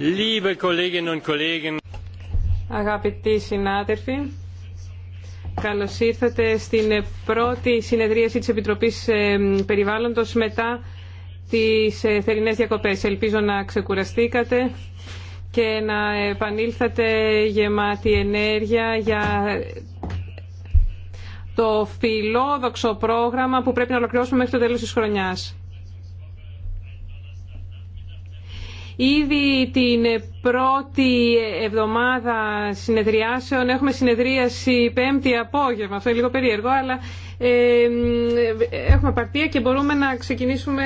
Liebe Kolleginnen Αγαπητοί συνάδελφοι, καλώς ήρθατε στην πρώτη συνεδρίαση της Επιτροπής ε, Περιβάλλοντος μετά τις ε, θερινές διακοπές. Ελπίζω να ξεκουραστήκατε και να επανήλθατε γεμάτη ενέργεια για το φιλόδοξο πρόγραμμα που πρέπει να ολοκληρώσουμε μέχρι το τέλος της χρονιάς. Ήδη την πρώτη εβδομάδα συνεδριάσεων έχουμε συνεδρίαση πέμπτη απόγευμα. Αυτό είναι λίγο περίεργο, αλλά έχουμε παρτία και μπορούμε να ξεκινήσουμε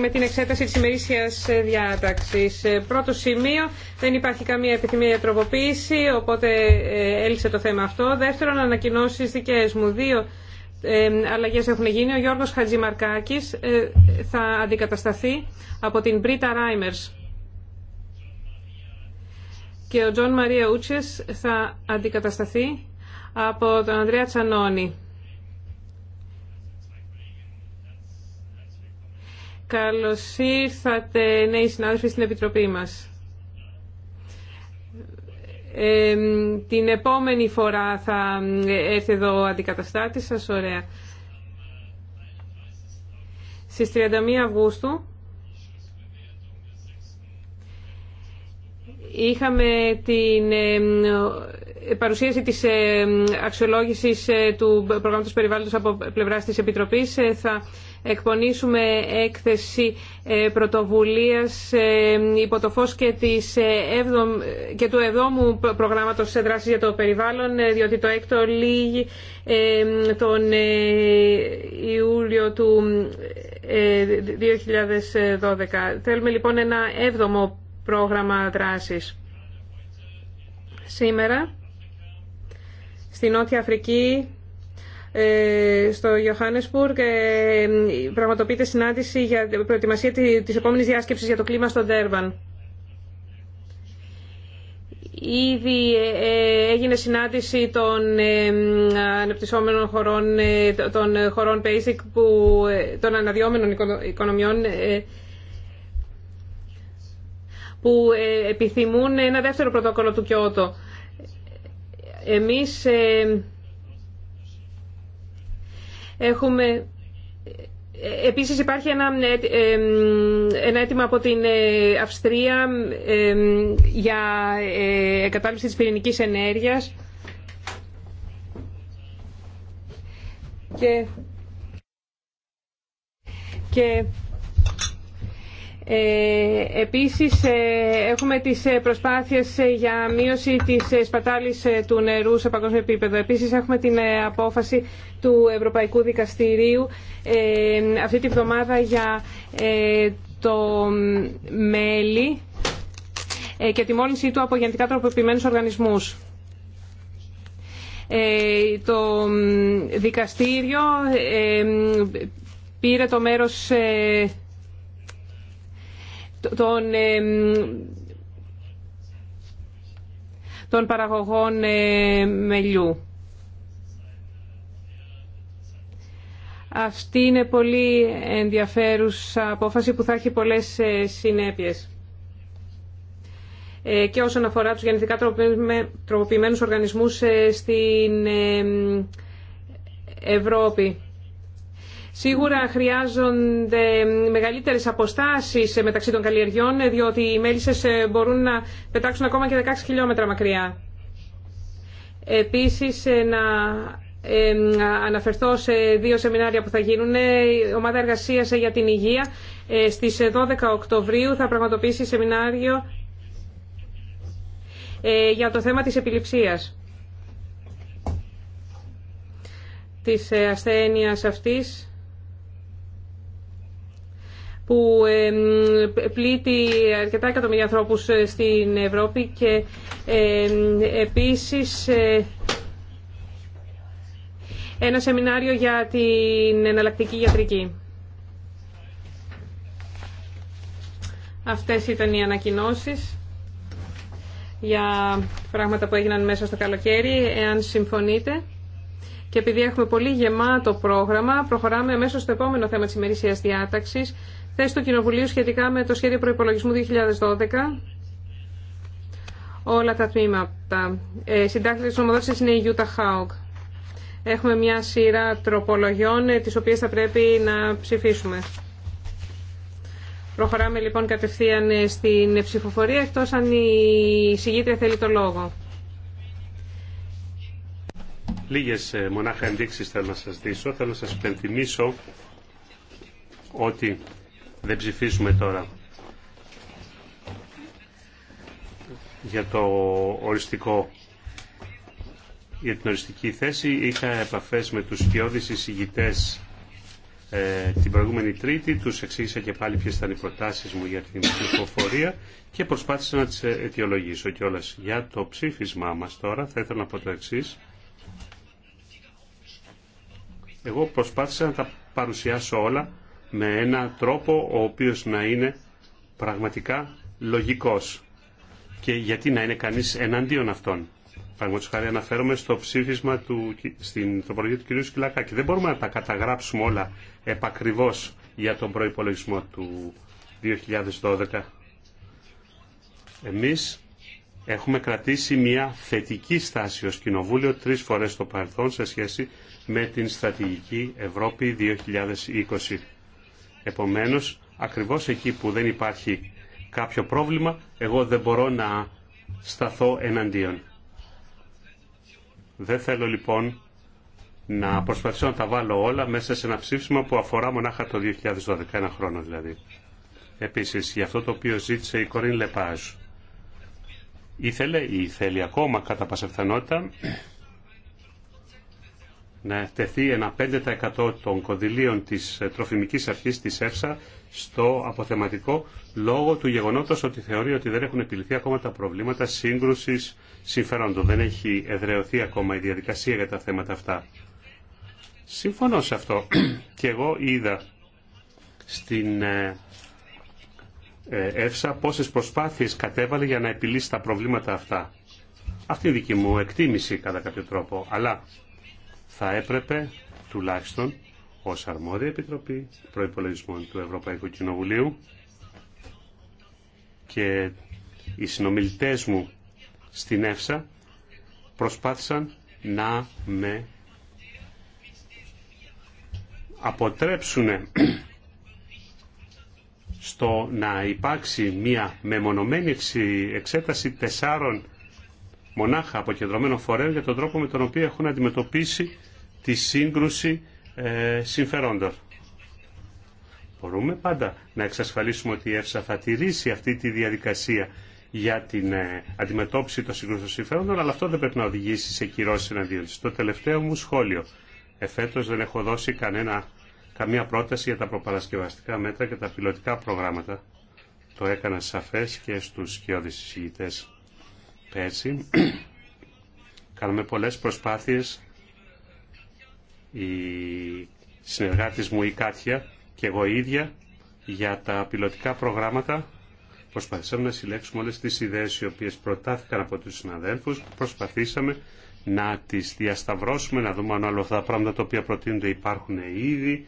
με την εξέταση της ημερήσιας διάταξης. Πρώτο σημείο, δεν υπάρχει καμία επιθυμία για τροποποίηση, οπότε ε, έλυσε το θέμα αυτό. Δεύτερον, ανακοινώσεις δικές μου. Δύο έχουν γίνει. Ο Γιώργος Χατζημαρκάκης ε, θα αντικατασταθεί από την Μπρίτα Ράιμερς και ο Τζον Μαρία Ούτσες θα αντικατασταθεί από τον Ανδρέα Τσανόνη. Καλώς ήρθατε νέοι συνάδελφοι στην Επιτροπή μας. την επόμενη φορά θα έρθει εδώ ο αντικαταστάτης σας, ωραία. Στις 31 Αυγούστου Είχαμε την ε, παρουσίαση της αξιολόγησης ε, του προγράμματος περιβάλλοντος από πλευράς της Επιτροπής. Ε, θα εκπονήσουμε έκθεση πρωτοβουλίας υπό το φως και, και του εβδόμου προγράμματος δράσης για το περιβάλλον, διότι το έκτο λύγει τον Ιούλιο του 2012. Θέλουμε λοιπόν ένα έβδομο πρόγραμμα δράσης. Σήμερα, στη Νότια Αφρική, ε, στο Ιωάννεσπουργκ πραγματοποιείται συνάντηση για προετοιμασία της επόμενης διάσκεψης για το κλίμα στο Ντέρβαν. Ήδη ε, έγινε συνάντηση των ε, ανεπτυσσόμενων χωρών, των χωρών basic, που, των αναδυόμενων οικονομιών, που ε, επιθυμούν ένα δεύτερο πρωτόκολλο του Κιώτο. Εμείς ε, έχουμε... Ε, επίσης υπάρχει ένα, ένα αίτημα από την Αυστρία για εγκατάλειψη της πυρηνικής ενέργειας. Και, και ε, επίσης ε, έχουμε τις ε, προσπάθειες για μείωση της σπατάλης του νερού σε παγκόσμιο επίπεδο. Επίσης έχουμε την απόφαση του Ευρωπαϊκού Δικαστηρίου αυτή τη βδομάδα για το μέλι και τη μόλυνση του από γενικά τροποποιημένους οργανισμούς. Το δικαστήριο πήρε το μέρος των, των παραγωγών ε, μελιού. Αυτή είναι πολύ ενδιαφέρουσα απόφαση που θα έχει πολλές ε, συνέπειες. Ε, και όσον αφορά τους γεννητικά τροποποιημένους οργανισμούς στην Ευρώπη. Σίγουρα χρειάζονται μεγαλύτερες αποστάσεις μεταξύ των καλλιεργιών, διότι οι μέλισσε ε, μπορούν να πετάξουν ακόμα και 16 χιλιόμετρα μακριά. Επίσης, ε, να ε, αναφερθώ σε δύο σεμινάρια που θα γίνουν. Η Ομάδα Εργασίας για την Υγεία στις 12 Οκτωβρίου θα πραγματοποιήσει σεμινάριο για το θέμα της επιληψίας. Της ασθένειας αυτής που πλήττει αρκετά εκατομμύρια ανθρώπου ε, στην Ευρώπη και επίσης ε, ένα σεμινάριο για την εναλλακτική γιατρική. Αυτές ήταν οι ανακοινώσεις για πράγματα που έγιναν μέσα στο καλοκαίρι, εάν συμφωνείτε. Και επειδή έχουμε πολύ γεμάτο πρόγραμμα, προχωράμε αμέσως στο επόμενο θέμα της ημερήσιας διάταξης, θέση του Κοινοβουλίου σχετικά με το σχέδιο προϋπολογισμού 2012. Όλα τα τμήματα. Ε, Συντάκτη της νομοδότησης είναι η Utah Hawk. Έχουμε μια σειρά τροπολογιών, ε, τις οποίες θα πρέπει να ψηφίσουμε. Προχωράμε λοιπόν κατευθείαν ε, στην ψηφοφορία, εκτός αν η συγγήτρια θέλει το λόγο. Λίγες ε, μονάχα ενδείξεις θέλω να σας δείσω. Θέλω να σας υπενθυμίσω ότι δεν ψηφίσουμε τώρα για το οριστικό για την οριστική θέση. Είχα επαφές με τους σκιώδεις εισηγητές ε, την προηγούμενη Τρίτη. Τους εξήγησα και πάλι ποιες ήταν οι προτάσεις μου για την ψηφοφορία και προσπάθησα να τις ε, αιτιολογήσω κιόλα. Για το ψήφισμά μας τώρα θα ήθελα να πω το εξή. Εγώ προσπάθησα να τα παρουσιάσω όλα με ένα τρόπο ο οποίος να είναι πραγματικά λογικός. Και γιατί να είναι κανείς εναντίον αυτών. Παραδείγματο χάρη αναφέρομαι στο ψήφισμα του, στην τροπολογία του κ. Σκυλακάκη. Δεν μπορούμε να τα καταγράψουμε όλα επακριβώς για τον προϋπολογισμό του 2012. Εμείς έχουμε κρατήσει μια θετική στάση ως Κοινοβούλιο τρεις φορές στο παρελθόν σε σχέση με την στρατηγική Ευρώπη 2020. Επομένως, ακριβώς εκεί που δεν υπάρχει κάποιο πρόβλημα, εγώ δεν μπορώ να σταθώ εναντίον. Δεν θέλω λοιπόν να προσπαθήσω να τα βάλω όλα μέσα σε ένα ψήφισμα που αφορά μονάχα το 2012, ένα χρόνο δηλαδή. Επίσης, για αυτό το οποίο ζήτησε η Κορίν Λεπάζ. Ήθελε ή θέλει ακόμα κατά πασαφθανότητα να τεθεί ένα 5% των κονδυλίων της ε, τροφιμικής αρχής της ΕΦΣΑ στο αποθεματικό λόγω του γεγονότος ότι θεωρεί ότι δεν έχουν επιληθεί ακόμα τα προβλήματα σύγκρουσης συμφερόντων. Δεν έχει εδρεωθεί ακόμα η διαδικασία για τα θέματα αυτά. Συμφωνώ σε αυτό. Και εγώ είδα στην ε, ε, ΕΦΣΑ πόσες προσπάθειες κατέβαλε για να επιλύσει τα προβλήματα αυτά. Αυτή είναι η δική μου εκτίμηση κατά κάποιο τρόπο. Αλλά θα έπρεπε τουλάχιστον ως αρμόδια επιτροπή προϋπολογισμών του Ευρωπαϊκού Κοινοβουλίου και οι συνομιλητές μου στην ΕΦΣΑ προσπάθησαν να με αποτρέψουν στο να υπάρξει μια μεμονωμένη εξέταση τεσσάρων μονάχα αποκεντρωμένων φορέων για τον τρόπο με τον οποίο έχουν αντιμετωπίσει τη σύγκρουση ε, συμφερόντων. Μπορούμε πάντα να εξασφαλίσουμε ότι η ΕΦΣΑ θα τηρήσει αυτή τη διαδικασία για την ε, αντιμετώπιση των σύγκρουσεων συμφερόντων, αλλά αυτό δεν πρέπει να οδηγήσει σε κυρώσει εναντίον Το τελευταίο μου σχόλιο. Εφέτος δεν έχω δώσει κανένα, καμία πρόταση για τα προπαρασκευαστικά μέτρα και τα πιλωτικά προγράμματα. Το έκανα σαφέ και στου σκιώδει συζητητέ Πέρσι, κάναμε πολλέ προσπάθειε οι συνεργάτες μου η Κάτια και εγώ ίδια για τα πιλωτικά προγράμματα προσπαθήσαμε να συλλέξουμε όλες τις ιδέες οι οποίες προτάθηκαν από τους συναδέλφους προσπαθήσαμε να τις διασταυρώσουμε να δούμε αν όλα αυτά τα πράγματα τα οποία προτείνονται υπάρχουν ήδη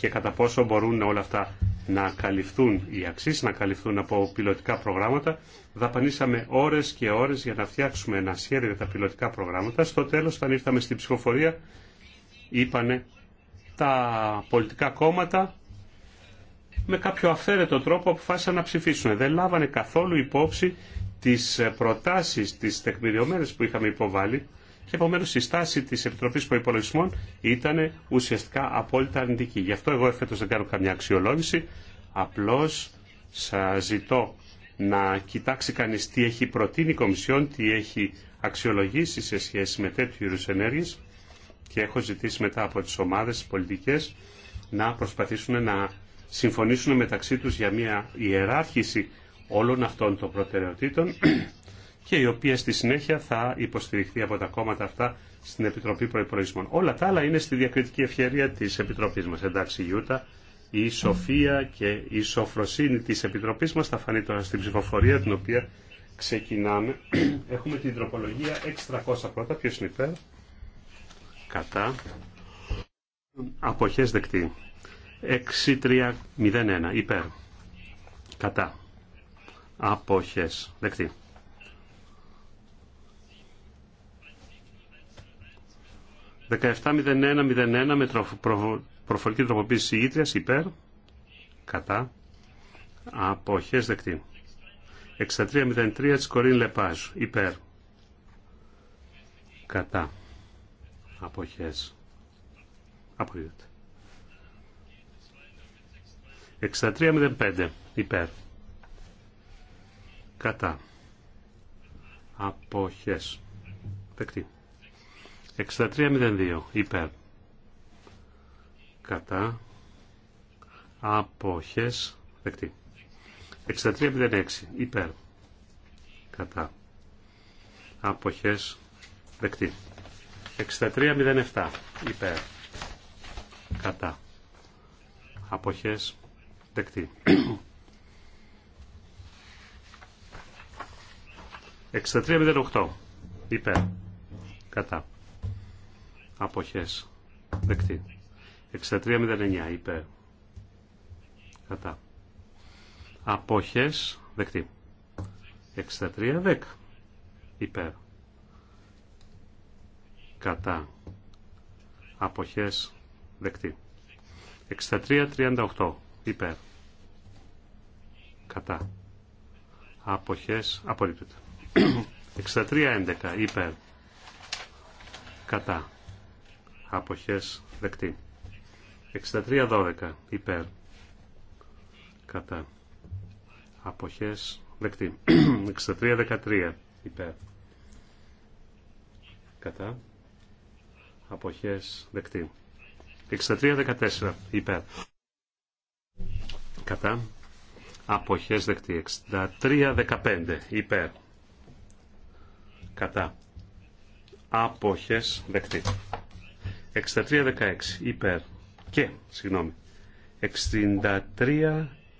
και κατά πόσο μπορούν όλα αυτά να καλυφθούν οι αξίες, να καλυφθούν από πιλωτικά προγράμματα. Δαπανίσαμε ώρες και ώρες για να φτιάξουμε ένα σχέδιο για τα πιλωτικά προγράμματα. Στο τέλος, όταν ήρθαμε στην ψηφοφορία, είπανε τα πολιτικά κόμματα με κάποιο αφαίρετο τρόπο αποφάσισαν να ψηφίσουν. Δεν λάβανε καθόλου υπόψη τις προτάσεις, τις τεκμηριωμένες που είχαμε υποβάλει και επομένω η στάση τη Επιτροπή Προπολογισμών ήταν ουσιαστικά απόλυτα αρνητική. Γι' αυτό εγώ εφέτο δεν κάνω καμιά αξιολόγηση. Απλώ σα ζητώ να κοιτάξει κανεί τι έχει προτείνει η Κομισιόν, τι έχει αξιολογήσει σε σχέση με τέτοιου είδου ενέργειε. Και έχω ζητήσει μετά από τι ομάδε πολιτικέ να προσπαθήσουν να συμφωνήσουν μεταξύ τους για μια ιεράρχηση όλων αυτών των προτεραιοτήτων και η οποία στη συνέχεια θα υποστηριχθεί από τα κόμματα αυτά στην Επιτροπή Προπολογισμών. Όλα τα άλλα είναι στη διακριτική ευχαίρεια τη Επιτροπή μα. Εντάξει, Γιούτα, η σοφία και η σοφροσύνη τη Επιτροπή μα θα φανεί τώρα στην ψηφοφορία την οποία ξεκινάμε. Έχουμε την τροπολογία 600 πρώτα. Ποιο είναι υπέρ. Κατά. κατά. δεκτή. 6301 υπέρ. Κατά. Αποχέ. δεκτή. 17.01.01 με προφορική τροποποίηση ήτριας υπέρ κατά αποχές δεκτή. 63.03 της Κορίν Λεπάζ υπέρ κατά αποχές απολύτω. 63.05 υπέρ κατά αποχές δεκτή. 6302 υπέρ κατά αποχές δεκτή 6306 υπέρ κατά αποχές δεκτή 6307 υπέρ κατά αποχές δεκτή 6308 υπέρ κατά αποχές δεκτή 6309 υπέρ κατά αποχές δεκτή 6310 υπέρ κατά αποχές δεκτή 6338 υπέρ κατά αποχές απορρίπτεται 6311 υπέρ κατά αποχές δεκτή. 63-12 υπέρ κατά αποχές δεκτή. 63-13 υπέρ κατά αποχές δεκτή. 63-14 υπέρ κατά αποχές δεκτή. 63-15 υπέρ κατά αποχές δεκτή. 6316 16 υπέρ και, συγγνώμη,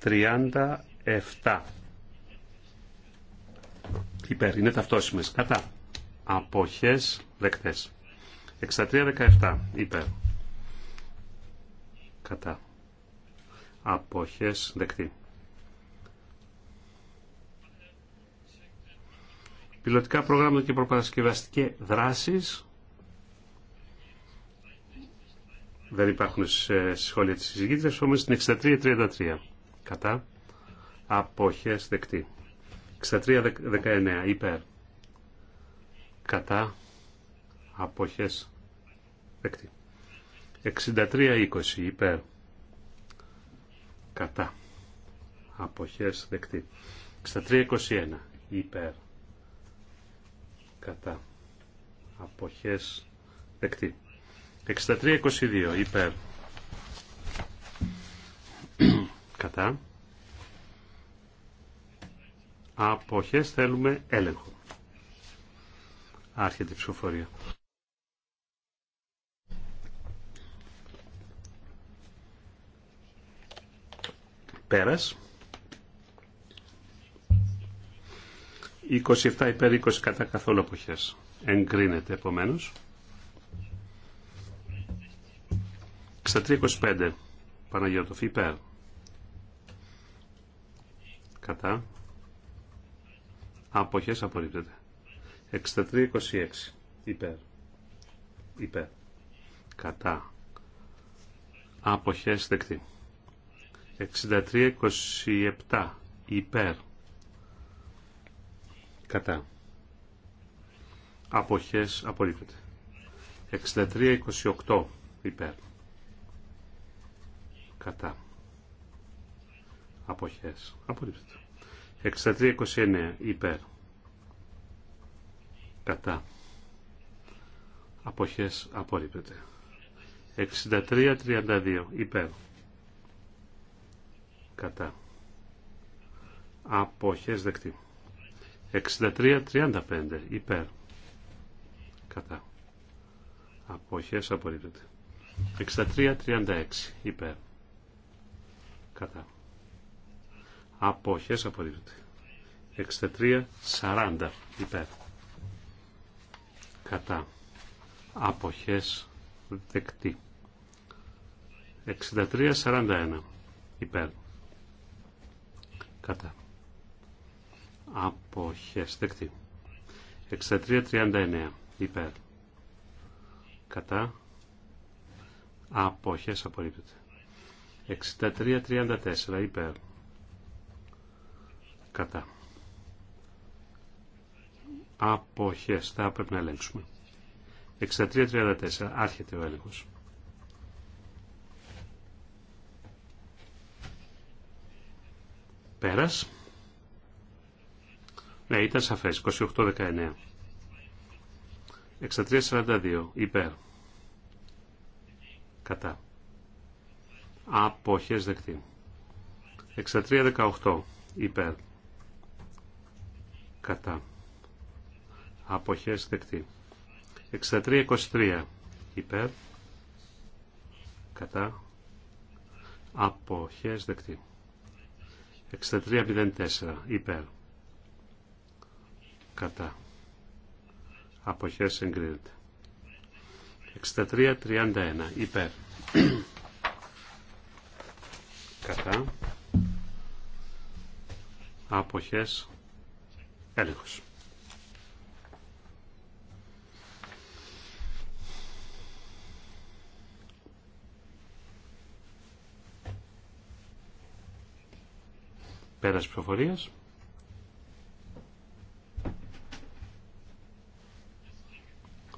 63-37 υπέρ, είναι ταυτόσιμες, κατά, αποχές δεκτες 6317 63-17 υπέρ, κατά, αποχές δεκτή. Πιλωτικά προγράμματα και προπαρασκευαστικές δράσεις Δεν υπάρχουν σχόλια της συζήτησης, όμως στην 63-33. Κατά. Αποχές δεκτή. 63-19. Υπέρ. Κατά. Αποχές δεκτή. 63-20. Υπέρ. Κατά. Αποχές δεκτή. 63-21. Υπέρ. Κατά. Αποχές δεκτή. 63-22 υπέρ κατά αποχές θέλουμε έλεγχο άρχεται η ψηφοφορία πέρας 27 υπέρ 20 κατά καθόλου αποχές εγκρίνεται επομένως 6325 Παναγιώτοφ υπέρ κατά αποχές απορρίπτεται 6326 υπέρ υπέρ κατά αποχές δεκτή 6327 υπέρ κατά αποχές απορρίπτεται 6328 υπέρ κατά αποχές απορρίπτεται 6329 υπέρ κατά αποχές απορρίπτεται 6332 υπέρ κατά αποχές δεκτή 6335 υπέρ κατά αποχές απορρίπτεται 6336 υπέρ κατά απόχες απορρίπτεται 63 40 υπέρ κατά απόχες δεκτή 63 41 υπέρ κατά απόχες δεκτή 63 39 υπέρ κατά απόχες απορρίπτεται 63-34 υπέρ. Κατά. Αποχές. Θα πρέπει να ελέγξουμε. 63-34. Άρχεται ο έλεγχος. Πέρας. Ναι, ήταν σαφές. 28-19. 63-42. Υπέρ. Κατά αποχές 6318 63-18 υπέρ κατά αποχές 6323 63-23 υπέρ κατά αποχές 6304 63-04 υπέρ κατά αποχές εγκρίνεται. 63-31 υπέρ κατά αποχές έλεγχος. Πέρας προφορίας.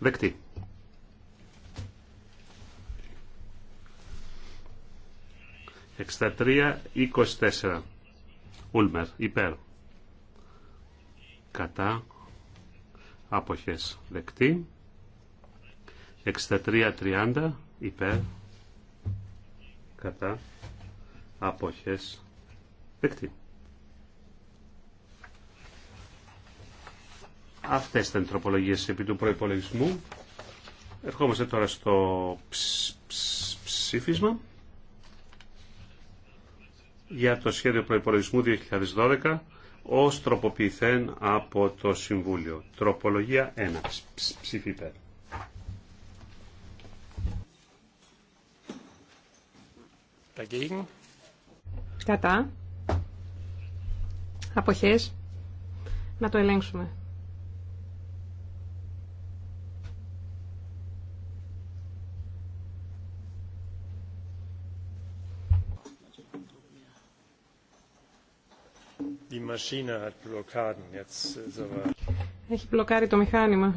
Δεκτή. 63-24. Ούλμερ, υπέρ. Κατά. Άποχες δεκτή. 63-30, υπέρ. Κατά. Άποχες δεκτή. Αυτές ήταν οι τροπολογίες επί του προϋπολογισμού. Ερχόμαστε τώρα στο ψ, ψήφισμα για το σχέδιο προϋπολογισμού 2012 ως τροποποιηθέν από το Συμβούλιο. Τροπολογία 1. Ψήφι Dagegen. Κατά. Αποχές. Να το ελέγξουμε. Έχει μπλοκάρει το μηχάνημα.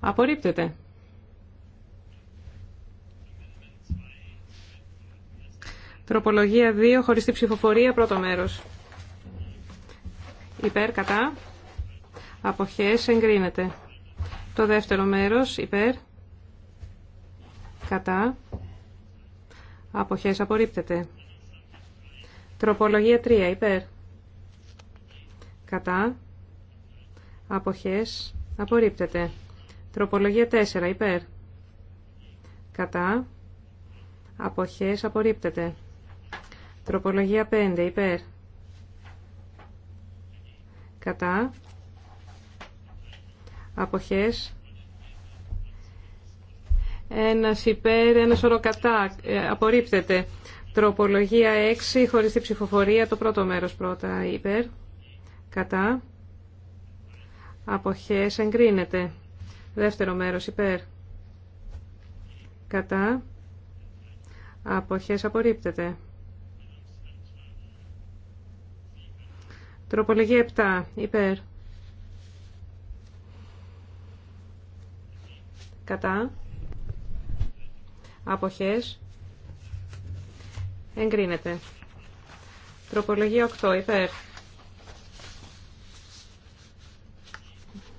Απορρίπτεται. Τροπολογία 2, τη ψηφοφορία, πρώτο μέρος. Υπέρ, κατά. Αποχές, εγκρίνεται. Το δεύτερο μέρος, υπέρ. Κατά. Αποχές απορρίπτεται. Τροπολογία 3. Υπέρ. Κατά. Αποχές απορρίπτεται. Τροπολογία 4. Υπέρ. Κατά. Αποχές απορρίπτεται. Τροπολογία 5. Υπέρ. Κατά. Αποχές ένας υπέρ, ένα σωρό κατά. Ε, απορρίπτεται. Τροπολογία 6, χωρίς τη ψηφοφορία, το πρώτο μέρος πρώτα υπέρ, κατά. Αποχές εγκρίνεται. Δεύτερο μέρος υπέρ, κατά. Αποχές απορρίπτεται. Τροπολογία 7, υπέρ. Κατά αποχές εγκρίνεται. Τροπολογία 8 υπέρ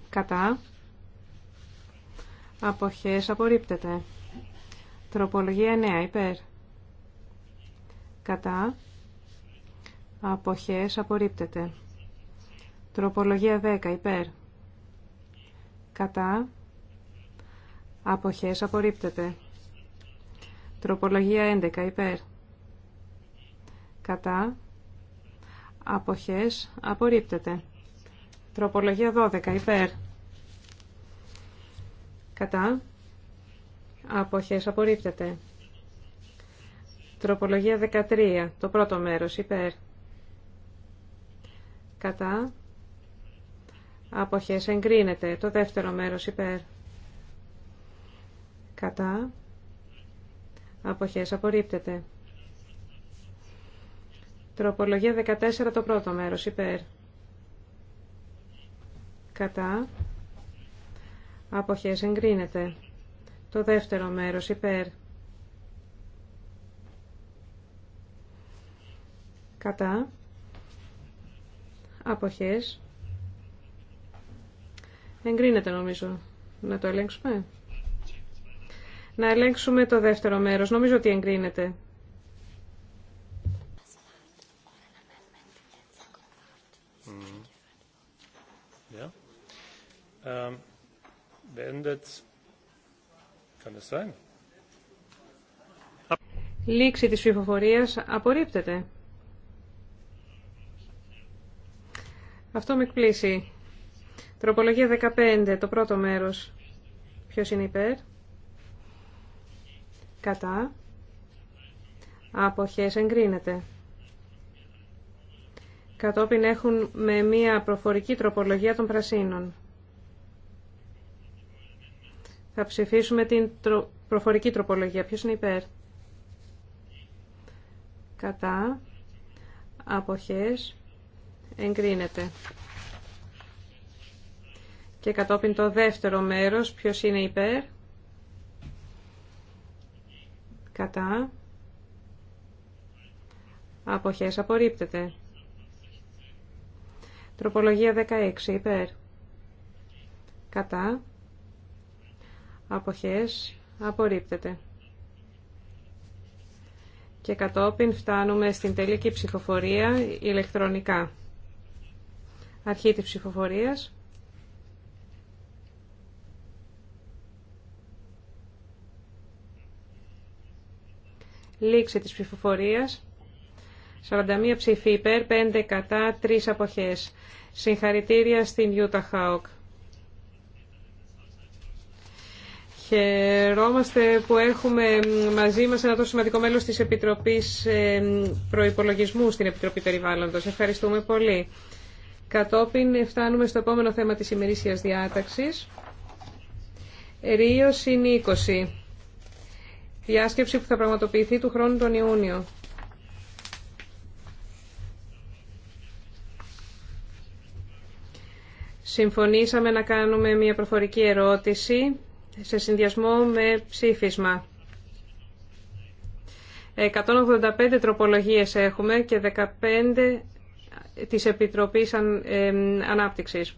κατά αποχές απορρίπτεται. Τροπολογία 9 υπέρ κατά αποχές απορρίπτεται. Τροπολογία 10 υπέρ κατά αποχές απορρίπτεται. Τροπολογία 11 υπέρ. Κατά. Αποχές απορρίπτεται. Τροπολογία 12 υπέρ. Κατά. Αποχές απορρίπτεται. Τροπολογία 13. Το πρώτο μέρος υπέρ. Κατά. Αποχές εγκρίνεται. Το δεύτερο μέρος υπέρ. Κατά. Αποχές. Απορρίπτεται. Τροπολογία 14 το πρώτο μέρος. Υπέρ. Κατά. Αποχές. Εγκρίνεται. Το δεύτερο μέρος. Υπέρ. Κατά. Αποχές. Εγκρίνεται νομίζω. Να το ελέγξουμε. Να ελέγξουμε το δεύτερο μέρος. Νομίζω ότι εγκρίνεται. Mm. Ähm, Λήξη της ψηφοφορίας απορρίπτεται. Αυτό με εκπλήσει. Τροπολογία 15, το πρώτο μέρος. Ποιος είναι υπέρ κατά, αποχές εγκρίνεται. Κατόπιν έχουν με μία προφορική τροπολογία των πρασίνων. Θα ψηφίσουμε την προφορική τροπολογία. Ποιος είναι υπέρ. Κατά. Αποχές. Εγκρίνεται. Και κατόπιν το δεύτερο μέρος. Ποιος είναι υπέρ κατά αποχές απορρίπτεται. Τροπολογία 16 υπέρ κατά αποχές απορρίπτεται. Και κατόπιν φτάνουμε στην τελική ψηφοφορία ηλεκτρονικά. Αρχή της ψηφοφορίας. Λήξη της ψηφοφορίας. 41 ψηφοί υπέρ, 5 κατά, 3 αποχές. Συγχαρητήρια στην Ιούτα Χάοκ. Χαιρόμαστε που έχουμε μαζί μας ένα τόσο σημαντικό μέλος της Επιτροπής ε, Προϋπολογισμού στην Επιτροπή Περιβάλλοντος. Ευχαριστούμε πολύ. Κατόπιν φτάνουμε στο επόμενο θέμα της ημερήσιας διάταξης. Ρίωση συν διάσκεψη που θα πραγματοποιηθεί του χρόνου τον Ιούνιο. Συμφωνήσαμε να κάνουμε μια προφορική ερώτηση σε συνδυασμό με ψήφισμα. 185 τροπολογίες έχουμε και 15 της Επιτροπής Ανάπτυξης.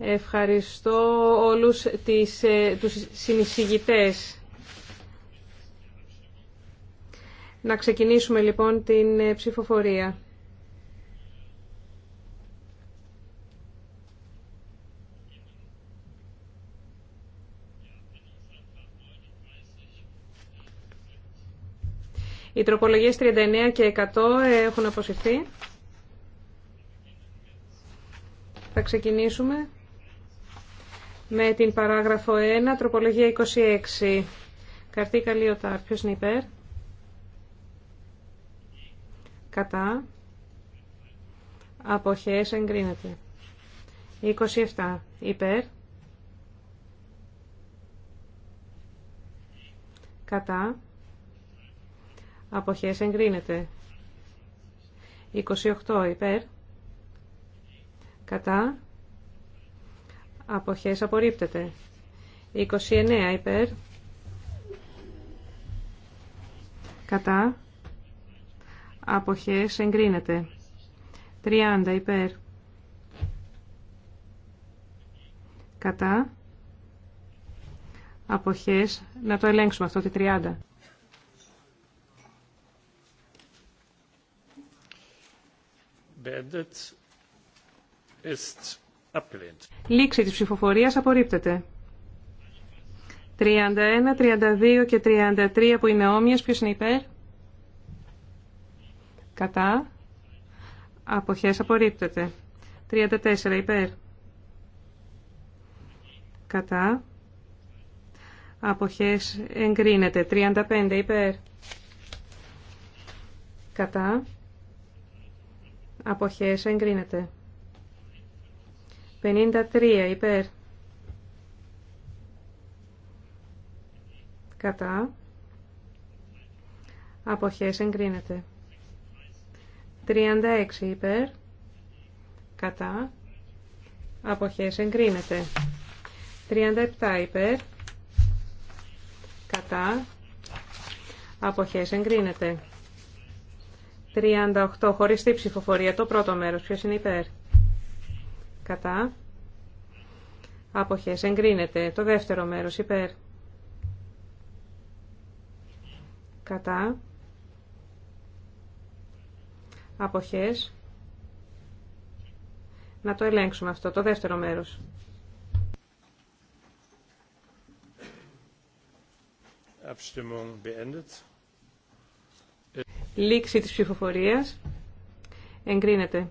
Ευχαριστώ όλους τις, ε, τους συνεισηγητές. Να ξεκινήσουμε λοιπόν την ε, ψηφοφορία. Οι τροπολογίες 39 και 100 ε, έχουν αποσυρθεί. Θα ξεκινήσουμε με την παράγραφο 1, τροπολογία 26. Καρτί οτάρ. Ποιος είναι υπέρ? Κατά. Αποχές εγκρίνεται. 27. Υπέρ. Κατά. Αποχές εγκρίνεται. 28. Υπέρ. Κατά. Αποχές απορρίπτεται. 29 υπέρ. Κατά. Αποχές εγκρίνεται. 30 υπέρ. Κατά. Αποχές. Να το ελέγξουμε αυτό τη 30. Beendet ist Λήξη της ψηφοφορίας απορρίπτεται. 31, 32 και 33 που είναι όμοιες. Ποιος είναι υπέρ? Κατά. Αποχές απορρίπτεται. 34 υπέρ. Κατά. Αποχές εγκρίνεται. 35 υπέρ. Κατά. Αποχές εγκρίνεται. 53 υπέρ. Κατά. Αποχές εγκρίνεται. 36 υπέρ. Κατά. Αποχές εγκρίνεται. 37 υπέρ. Κατά. Αποχές εγκρίνεται. 38 χωριστή ψηφοφορία. Το πρώτο μέρος. Ποιος είναι υπέρ κατά, άποχες, εγκρίνεται. Το δεύτερο μέρος, υπέρ, κατά, αποχές. Να το ελέγξουμε αυτό, το δεύτερο μέρος. Λήξη της ψηφοφορίας. Εγκρίνεται.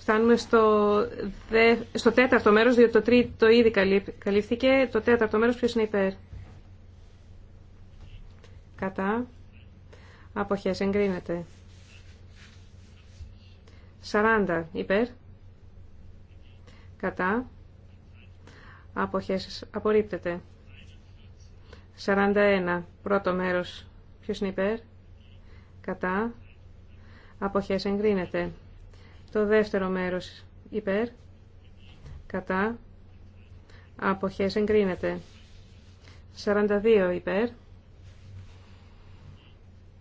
Φτάνουμε στο, τέταρτο μέρος, διότι το τρίτο ήδη καλύφθηκε. Το τέταρτο μέρος ποιος είναι υπέρ. Κατά. Αποχές εγκρίνεται. 40 υπέρ. Κατά. Αποχές απορρίπτεται. ένα, πρώτο μέρος. Ποιος είναι υπέρ. Κατά. Αποχές εγκρίνεται. Το δεύτερο μέρος υπέρ, κατά, αποχές εγκρίνεται. 42 υπέρ,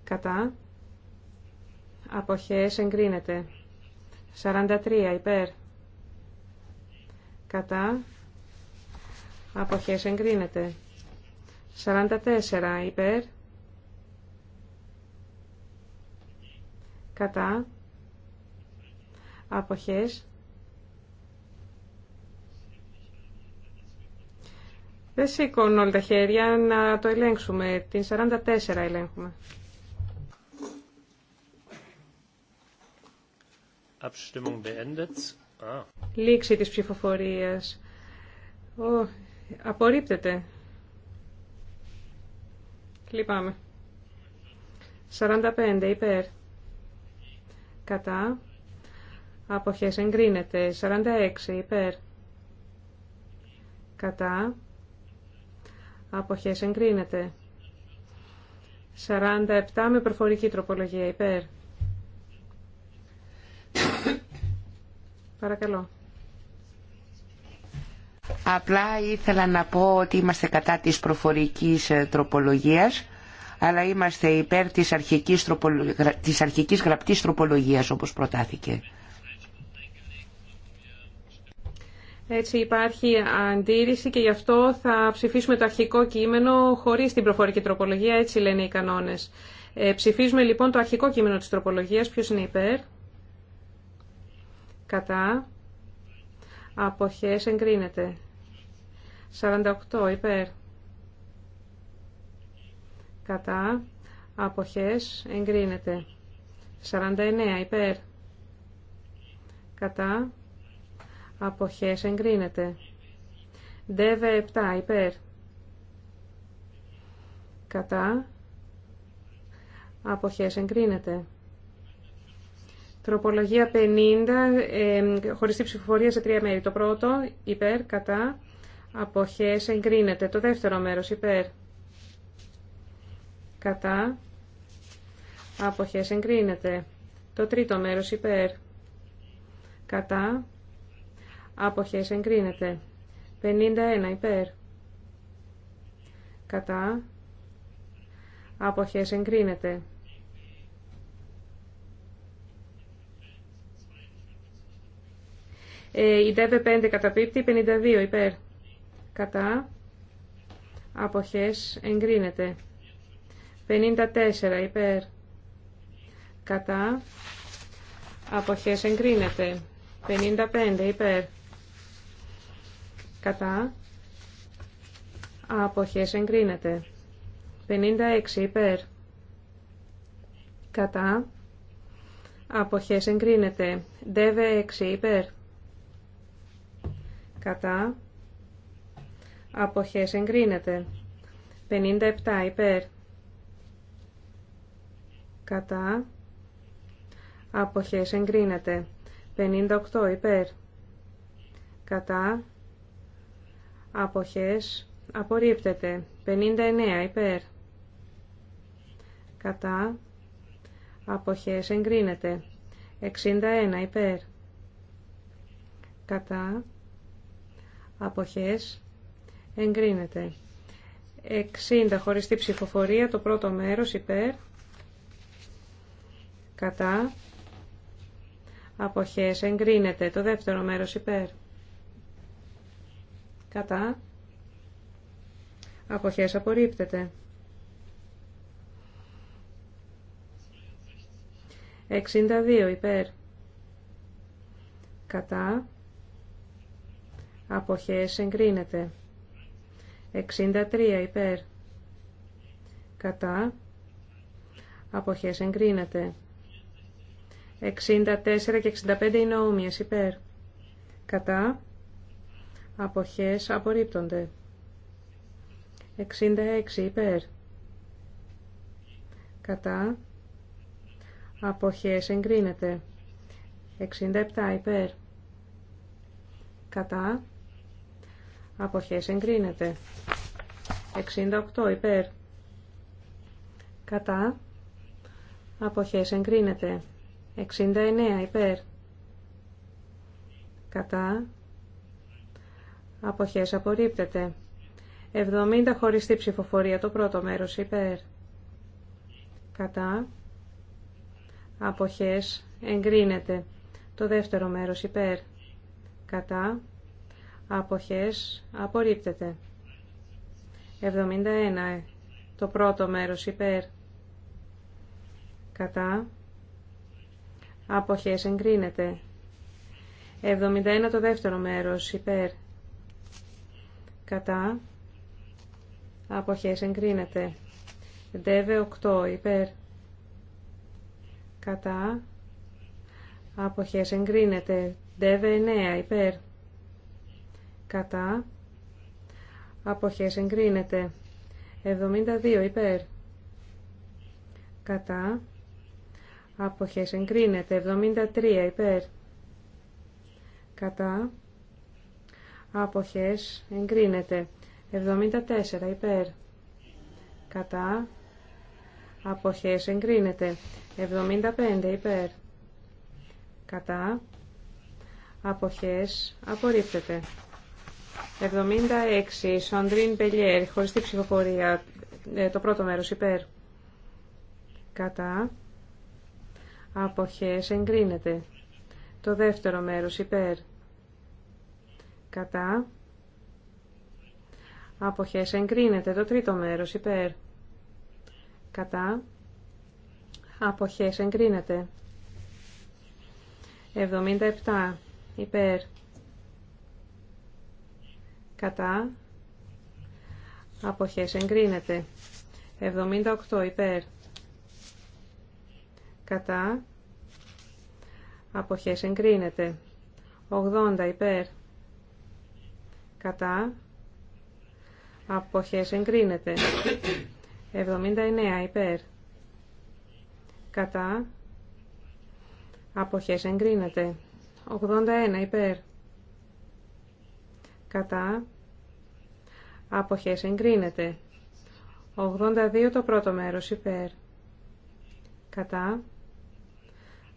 κατά, αποχές εγκρίνεται. 43 υπέρ, κατά, αποχές εγκρίνεται. 44 υπέρ, κατά, αποχές Δεν σηκώνουν όλα τα χέρια να το ελέγξουμε. Την 44 ελέγχουμε. Ah. Λήξη της ψηφοφορίας. Ο, απορρίπτεται. Λυπάμαι. 45 υπέρ. Κατά. Αποχές εγκρίνεται. 46 υπέρ. Κατά. Αποχές εγκρίνεται. 47 με προφορική τροπολογία υπέρ. Παρακαλώ. Απλά ήθελα να πω ότι είμαστε κατά της προφορικής ε, τροπολογίας, αλλά είμαστε υπέρ της αρχικής, τροπολο... της αρχικής γραπτής τροπολογίας όπως προτάθηκε. Έτσι υπάρχει αντίρρηση και γι' αυτό θα ψηφίσουμε το αρχικό κείμενο χωρίς την προφορική τροπολογία, έτσι λένε οι κανόνες. Ε, ψηφίζουμε λοιπόν το αρχικό κείμενο της τροπολογίας. Ποιος είναι υπέρ? Κατά. Αποχές εγκρίνεται. 48 υπέρ. Κατά. Αποχές εγκρίνεται. 49 υπέρ. Κατά. Αποχές εγκρίνεται. Δεύε ΕΠΤΑ υπέρ. Κατά. Αποχές εγκρίνεται. Τροπολογία 50, ε, χωριστή ψηφοφορία σε τρία μέρη. Το πρώτο, υπέρ, κατά, αποχές, εγκρίνεται. Το δεύτερο μέρος, υπέρ, κατά, αποχές, εγκρίνεται. Το τρίτο μέρος, υπέρ, κατά, Άποχες εγκρίνεται. 51 υπέρ. Κατά. Άποχες εγκρίνεται. Η 5 καταπίπτει. 52 υπέρ. Κατά. Αποχές εγκρίνεται. 54 ε, υπέρ. Κατά. Αποχές εγκρίνεται. 55 υπέρ κατά αποχές εγκρίνεται 56 υπέρ κατά αποχές εγκρίνεται δεύε 6 υπέρ κατά αποχές εγκρίνεται 57 υπέρ κατά αποχές εγκρίνεται 58 υπέρ κατά Αποχές. Απορρίπτεται. 59 υπέρ. Κατά. Αποχές εγκρίνεται. 61 υπέρ. Κατά. Αποχές εγκρίνεται. 60 χωριστή ψηφοφορία, το πρώτο μέρος υπέρ. Κατά. Αποχές εγκρίνεται. Το δεύτερο μέρος υπέρ κατά αποχές απορρίπτεται. 62 υπέρ κατά αποχές εγκρίνεται. 63 υπέρ κατά αποχές εγκρίνεται. 64 και 65 είναι όμοιες υπέρ κατά Αποχές απορρίπτονται. 66 υπέρ. Κατά. Αποχές εγκρίνεται. 67 υπέρ. Κατά. Αποχές εγκρίνεται. 68 υπέρ. Κατά. Αποχές εγκρίνεται. 69 υπέρ. Κατά. Αποχές απορρίπτεται. 70 χωριστή ψηφοφορία. Το πρώτο μέρος υπέρ. Κατά. Αποχές εγκρίνεται. Το δεύτερο μέρος υπέρ. Κατά. Αποχές απορρίπτεται. 71. Το πρώτο μέρος υπέρ. Κατά. Αποχές εγκρίνεται. 71 το δεύτερο μέρος υπέρ κατά αποχές εγκρίνεται. Δεύε 8 υπέρ κατά αποχές εγκρίνεται. Δεύε 9 υπέρ κατά αποχές εγκρίνεται. 72 υπέρ κατά αποχές εγκρίνεται. 73 υπέρ κατά αποχές εγκρίνεται 74 υπέρ κατά αποχές εγκρίνεται 75 υπέρ κατά αποχές απορρίπτεται 76 Σοντρίν Πελιέρ χωριστή ψηφοφορία ε, το πρώτο μέρος υπέρ κατά αποχές εγκρίνεται το δεύτερο μέρος υπέρ κατά αποχές εγκρίνεται το τρίτο μέρος υπέρ κατά αποχές εγκρίνεται 77 υπέρ κατά αποχές εγκρίνεται 78 υπέρ κατά αποχές εγκρίνεται 80 υπέρ κατά αποχές εγκρίνεται 79 υπέρ κατά αποχές εγκρίνεται 81 υπέρ κατά αποχές εγκρίνεται 82 το πρώτο μέρος υπέρ κατά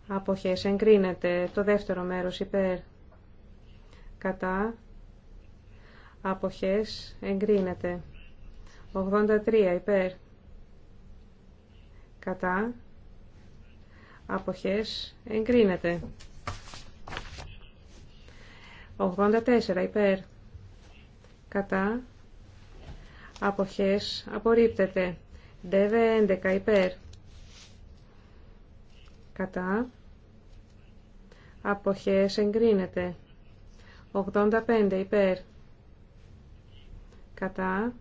αποχές εγκρίνεται το δεύτερο μέρος υπέρ κατά αποχές εγκρίνεται. 83 υπέρ κατά αποχές εγκρίνεται. 84 υπέρ κατά αποχές απορρίπτεται. ΔΕΒΕ 11 υπέρ κατά αποχές εγκρίνεται. 85 υπέρ κατά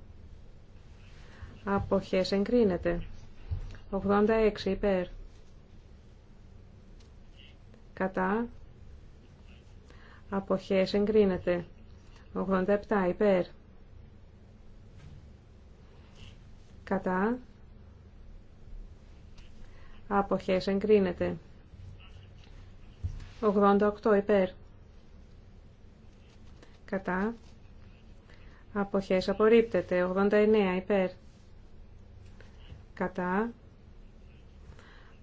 αποχές εγκρίνεται 86 υπέρ κατά αποχές εγκρίνεται 87 υπέρ κατά αποχές εγκρίνεται 88 υπέρ κατά Αποχές απορρίπτεται. 89 υπέρ. Κατά.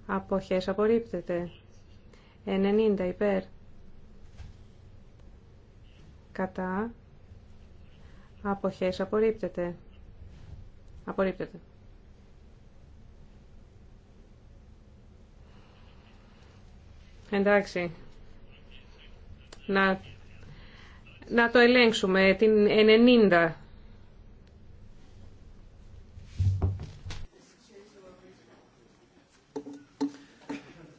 Αποχές απορρίπτεται. 90 υπέρ. Κατά. Αποχές απορρίπτεται. Απορρίπτεται. Εντάξει. Να να το ελέγξουμε, την 90.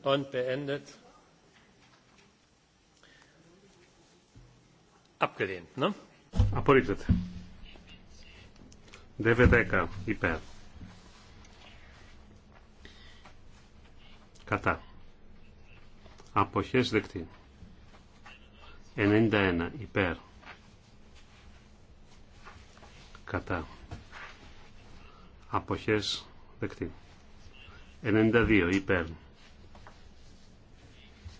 Und beendet. Abgelehnt, ne? Απορρίπτεται. ΔΒ10 υπέρ. Κατά. Αποχές δεκτή. 91 υπέρ κατά αποχές δεκτή 92 υπέρ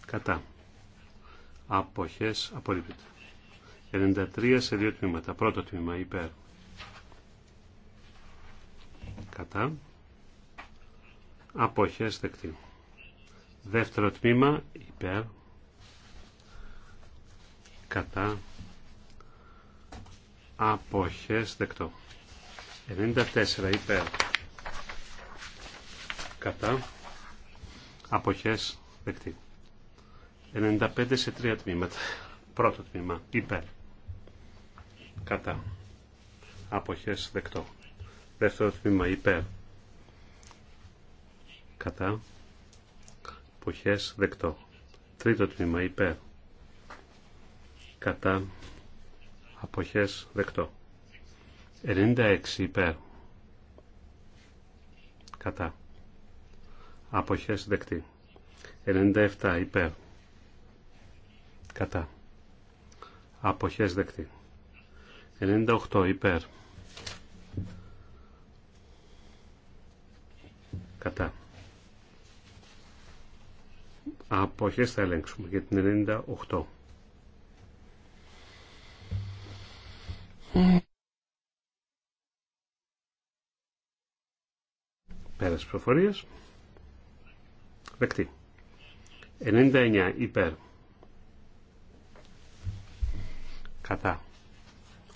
κατά αποχές απορρίπτεται 93 σε δύο τμήματα πρώτο τμήμα υπέρ κατά αποχές δεκτή δεύτερο τμήμα υπέρ κατά αποχές δεκτό 94 υπέρ κατά αποχές δεκτή 95 σε τρία τμήματα πρώτο τμήμα υπέρ κατά αποχές δεκτό δεύτερο τμήμα υπέρ κατά αποχές δεκτό τρίτο τμήμα υπέρ κατά αποχές δεκτό 96 υπέρ κατά αποχές δεκτή 97 υπέρ κατά αποχές δεκτή 98 υπέρ κατά αποχές θα ελέγξουμε για την 98 Πέρασε προφορίες. Δεκτή. 99 υπέρ. Κατά.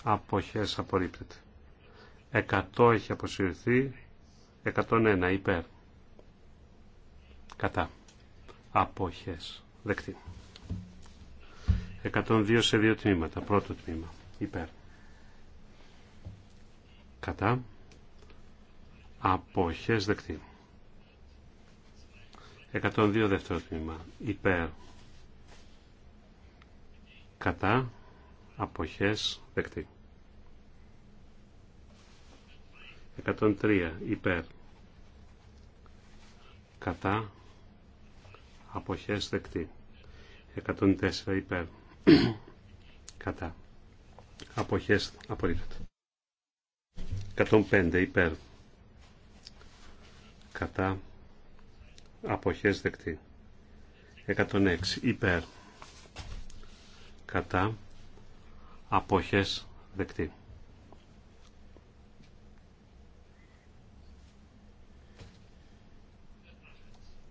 Αποχές απορρίπτεται. 100 έχει αποσυρθεί. 101 υπέρ. Κατά. Αποχές. Δεκτή. 102 σε δύο τμήματα. Πρώτο τμήμα. Υπέρ κατά αποχές δεκτή 102 δεύτερο τμήμα υπέρ κατά αποχές δεκτή 103 υπέρ κατά αποχές δεκτή 104 υπέρ κατά αποχές απορρίπτεται 105 υπέρ κατά αποχές δεκτή 106 υπέρ κατά αποχές δεκτή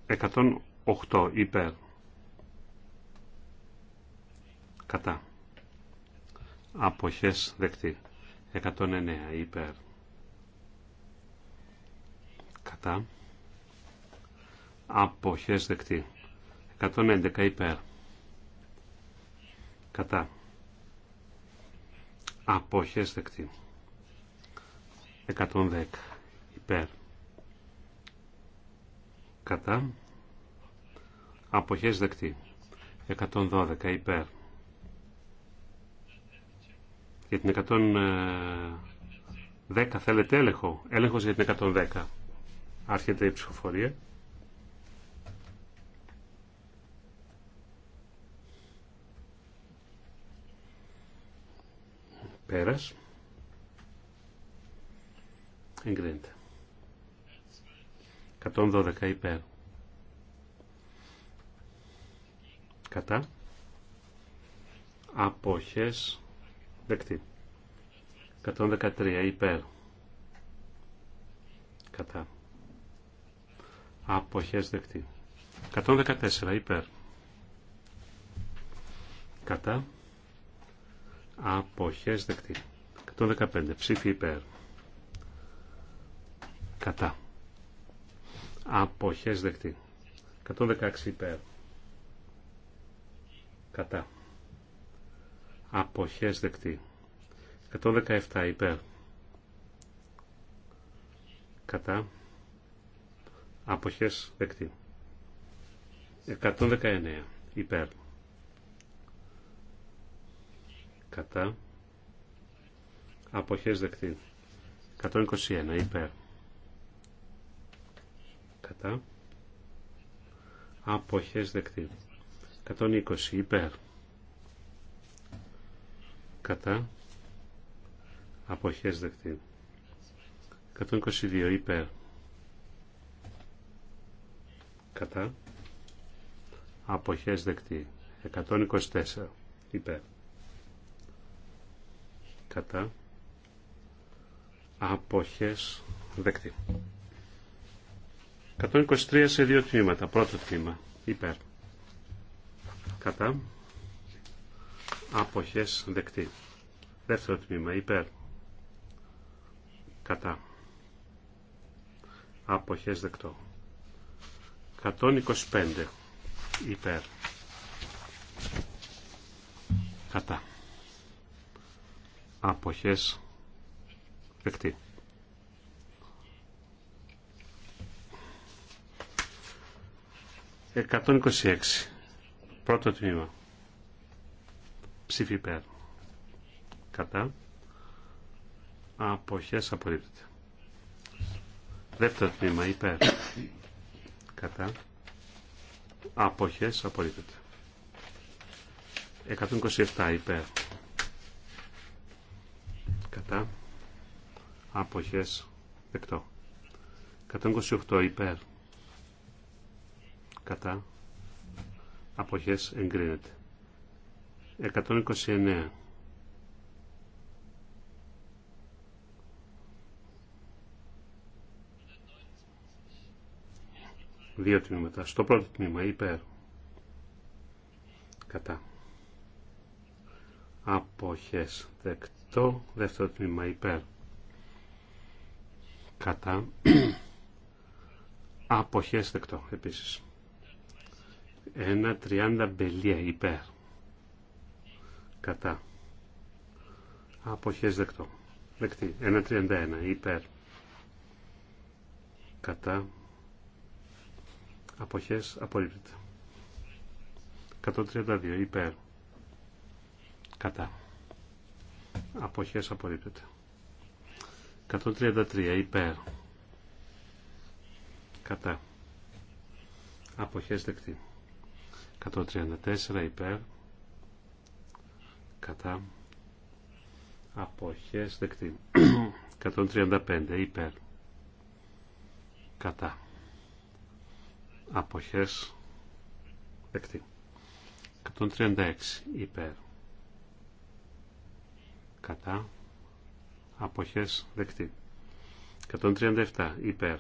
Εκατόν οχτώ υπέρ κατά αποχές δεκτή 109 υπέρ κατά αποχές δεκτή 111 υπέρ κατά αποχές δεκτή 110 υπέρ κατά αποχές δεκτή 112 υπέρ για την 110 ε, θέλετε έλεγχο έλεγχος για την 110 Άρχεται η ψηφοφορία. Πέρας. Εγκρίνεται. 112 υπέρ. Κατά. Αποχές. Δεκτή. 113 υπέρ. Κατά αποχές δεκτή. 114 υπέρ. Κατά. Αποχές δεκτή. 115 ψήφι υπέρ. Κατά. Αποχές δεκτή. 116 υπέρ. Κατά. Αποχές δεκτή. 117 υπέρ. Κατά αποχές δεκτή 119 υπέρ κατά αποχές δεκτή 121 υπέρ κατά αποχές δεκτή 120 υπέρ κατά αποχές δεκτή 122 υπέρ κατά αποχές δεκτή 124 υπέρ κατά αποχές δεκτή 123 σε δύο τμήματα πρώτο τμήμα υπέρ κατά αποχές δεκτή δεύτερο τμήμα υπέρ κατά αποχές δεκτό 125 υπέρ κατά αποχές δεκτή. 126 Πρώτο τμήμα. Ψήφι υπέρ. Κατά. Αποχές απορρίπτεται. Δεύτερο τμήμα υπέρ κατά αποχές απορρίπτεται 127 υπέρ κατά αποχές δεκτό 128 υπέρ κατά αποχές εγκρίνεται 129 Δύο τμήματα. Στο πρώτο τμήμα υπέρ. Κατά. Αποχές δεκτό. Δεύτερο τμήμα υπέρ. Κατά. Αποχές δεκτό επίσης. 1.30 μπελία υπέρ. Κατά. Αποχές δεκτό. Δεκτή. 1.31 υπέρ. Κατά αποχές απορρίπτεται 132 υπέρ κατά αποχές απορρίπτεται 133 υπέρ κατά αποχές δεκτή 134 υπέρ κατά αποχές δεκτή 135 υπέρ κατά αποχές δεκτή 136 υπέρ κατά αποχές δεκτή 137 υπέρ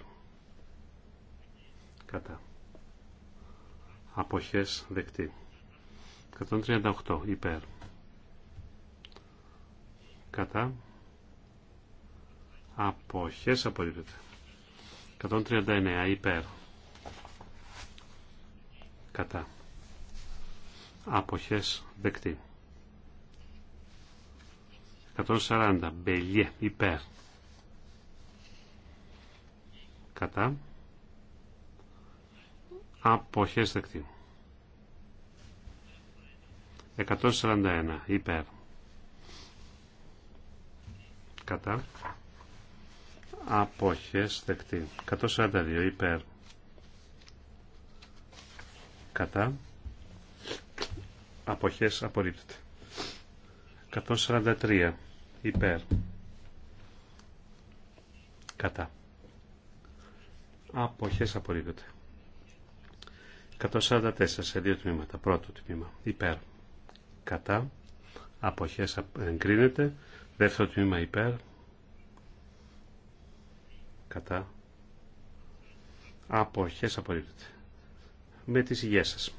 κατά αποχές δεκτή 138 υπέρ κατά αποχές απορρίπτεται 139 υπέρ κατά άποχες δεκτή 140 μπελιέ υπέρ κατά άποχες δεκτή 141 υπέρ κατά αποχές δεκτή 142 υπέρ κατά αποχές απορρίπτεται 143 υπέρ κατά αποχές απορρίπτεται 144 σε δύο τμήματα πρώτο τμήμα υπέρ κατά αποχές εγκρίνεται δεύτερο τμήμα υπέρ κατά αποχές απορρίπτεται με τις υγείας σας.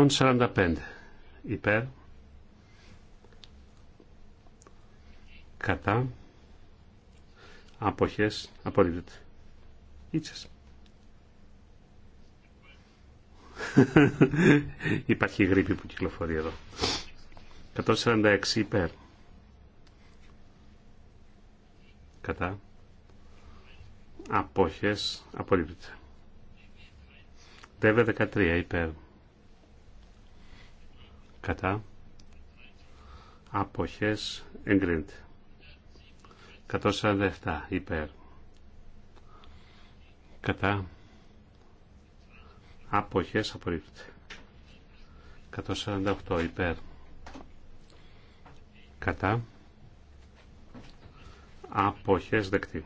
145 υπέρ κατά αποχές απορρίπτεται. Ήτσες. Υπάρχει γρήπη που κυκλοφορεί εδώ. 146 υπέρ. Κατά απόχες απορρίπτεται. Δεύε 13 υπέρ κατά απόχες εγκρίνεται. 147 υπέρ κατά απόχες απορρίπτεται. 148 υπέρ κατά απόχες δεκτή.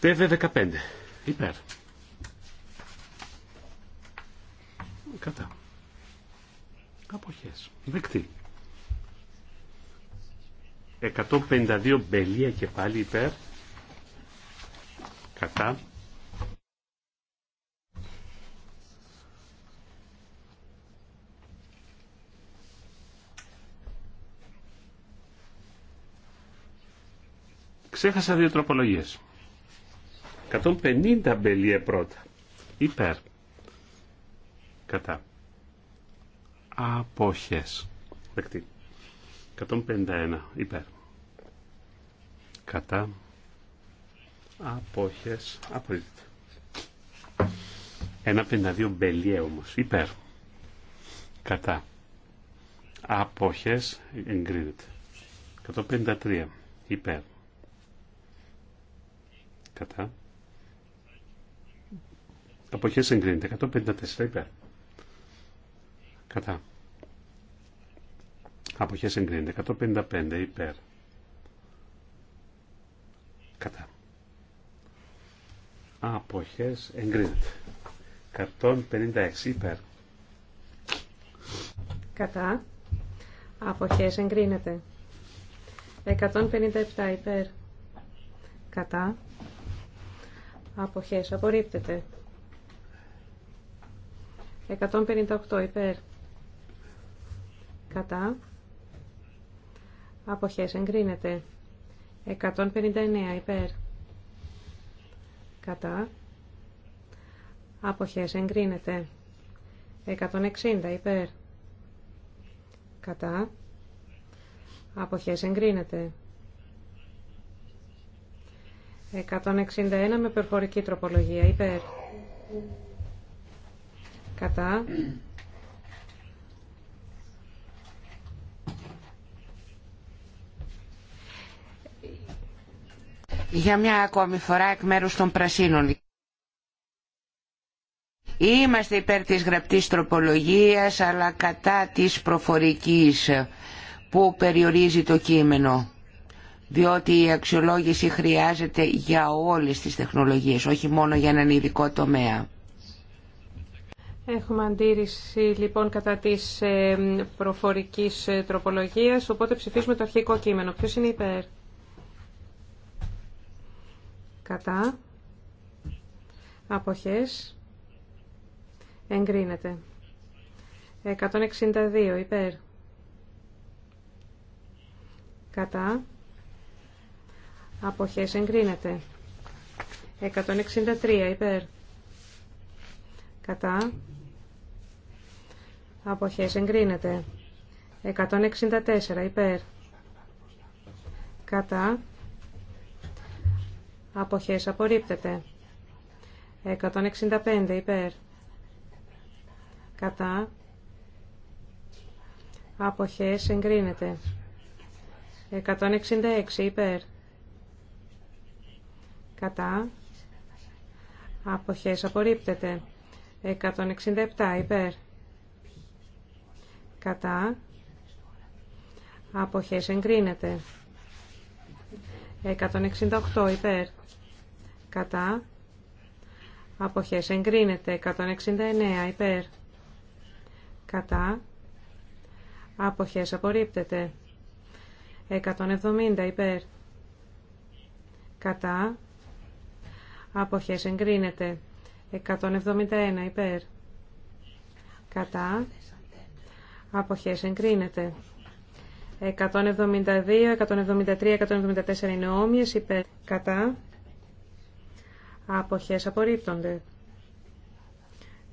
tv 15 Υπέρ. Κατά. Αποχές. Δεκτή. 152 μπελία και πάλι υπέρ. Κατά. Ξέχασα δύο τροπολογίες. 150 μπελιέ πρώτα. Υπέρ. Κατά. Αποχές. Δεκτή. 151. Υπέρ. Κατά. Αποχές. Απολύτω. 1,52 μπελιέ όμως. Υπέρ. Κατά. Αποχές. Εγκρίνεται. 153. Υπέρ. Κατά. Αποχές εγκρίνεται. 154 υπέρ. Κατά. Αποχές εγκρίνεται. 155 υπέρ. Κατά. Αποχές εγκρίνεται. 156 υπέρ. Κατά. Αποχές εγκρίνεται. 157 υπέρ. Κατά. Αποχές απορρίπτεται. 158 υπέρ κατά αποχές εγκρίνεται 159 υπέρ κατά αποχές εγκρίνεται 160 υπέρ κατά αποχές εγκρίνεται 161 με προφορική τροπολογία υπέρ κατά για μια ακόμη φορά εκ μέρους των πρασίνων. Είμαστε υπέρ της γραπτής τροπολογίας αλλά κατά της προφορικής που περιορίζει το κείμενο διότι η αξιολόγηση χρειάζεται για όλες τις τεχνολογίες, όχι μόνο για έναν ειδικό τομέα. Έχουμε αντίρρηση λοιπόν κατά της ε, προφορικής ε, τροπολογία οπότε ψηφίσουμε το αρχικό κείμενο. Ποιο είναι υπέρ? Κατά. Αποχές. Εγκρίνεται. 162 υπέρ. Κατά. Αποχές εγκρίνεται. 163 υπέρ. Κατά. Αποχές εγκρίνεται. 164 υπέρ. Κατά. Αποχές απορρίπτεται. 165 υπέρ. Κατά. Αποχές εγκρίνεται. 166 υπέρ. Κατά. Αποχές απορρίπτεται. 167 υπέρ κατά αποχές εγκρίνεται 168 υπέρ κατά αποχές εγκρίνεται 169 υπέρ κατά αποχές απορρίπτεται 170 υπέρ κατά αποχές εγκρίνεται 171 υπέρ κατά αποχές εγκρίνεται. 172, 173, 174 είναι όμοιες υπέρ κατά αποχές απορρίπτονται.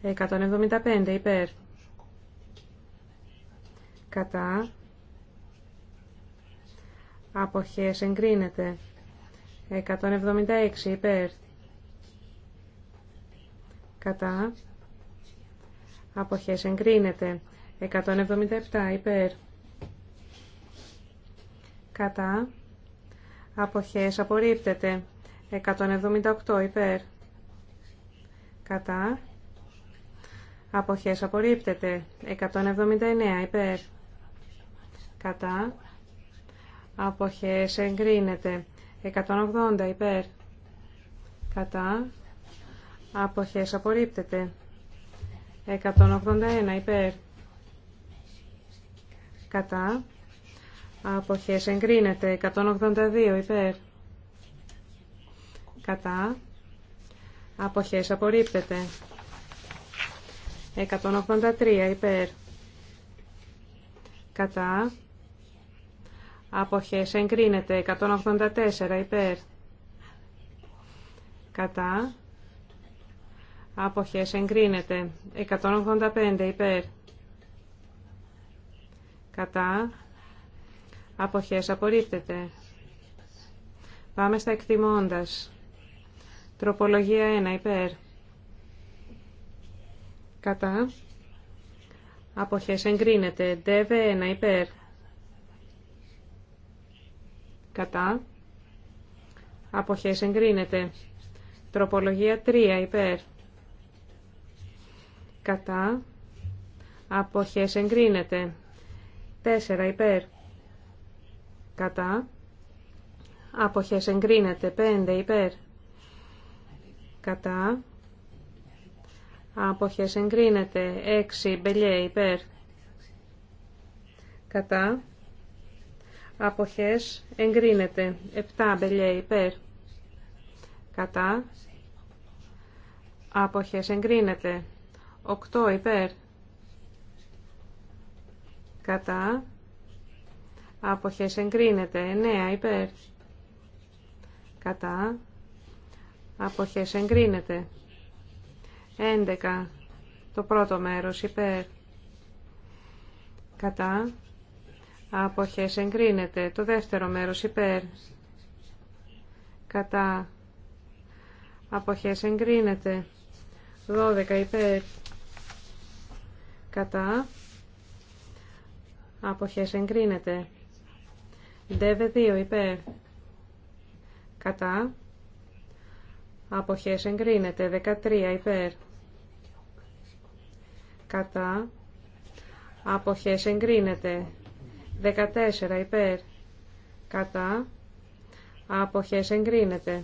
175 υπέρ κατά αποχές εγκρίνεται. 176 υπέρ κατά αποχές εγκρίνεται. 177 υπέρ. Κατά. Αποχές απορρίπτεται. 178 υπέρ. Κατά. Αποχές απορρίπτεται. 179 υπέρ. Κατά. Αποχές εγκρίνεται. 180 υπέρ. Κατά. Αποχές απορρίπτεται. 181 υπέρ κατά αποχές εγκρίνεται 182 υπέρ κατά αποχές απορρίπτεται 183 υπέρ κατά αποχές εγκρίνεται 184 υπέρ κατά αποχές εγκρίνεται 185 υπέρ κατά αποχές απορρίπτεται. Πάμε στα εκτιμώντας. Τροπολογία 1 υπέρ. Κατά. Αποχές εγκρίνεται. Δεύε 1 υπέρ. Κατά. Αποχές εγκρίνεται. Τροπολογία 3 υπέρ. Κατά. Αποχές εγκρίνεται. 4 υπέρ κατά αποχές εγκρίνεται 5 υπέρ κατά αποχές εγκρίνεται 6 μπελιέ υπέρ κατά αποχές εγκρίνεται 7 μπελιέ υπέρ κατά αποχές εγκρίνεται 8 υπέρ κατά αποχές εγκρίνεται 9 υπέρ κατά αποχές εγκρίνεται 11 το πρώτο μέρος υπέρ κατά αποχές εγκρίνεται το δεύτερο μέρος υπέρ κατά αποχές εγκρίνεται 12 υπέρ κατά Αποχές εγκρίνεται. ΔΕΒΕ 2 υπέρ. Κατά. Αποχές εγκρίνεται. 13 υπέρ. Κατά. Αποχές εγκρίνεται. 14 υπέρ. Κατά. Αποχές εγκρίνεται.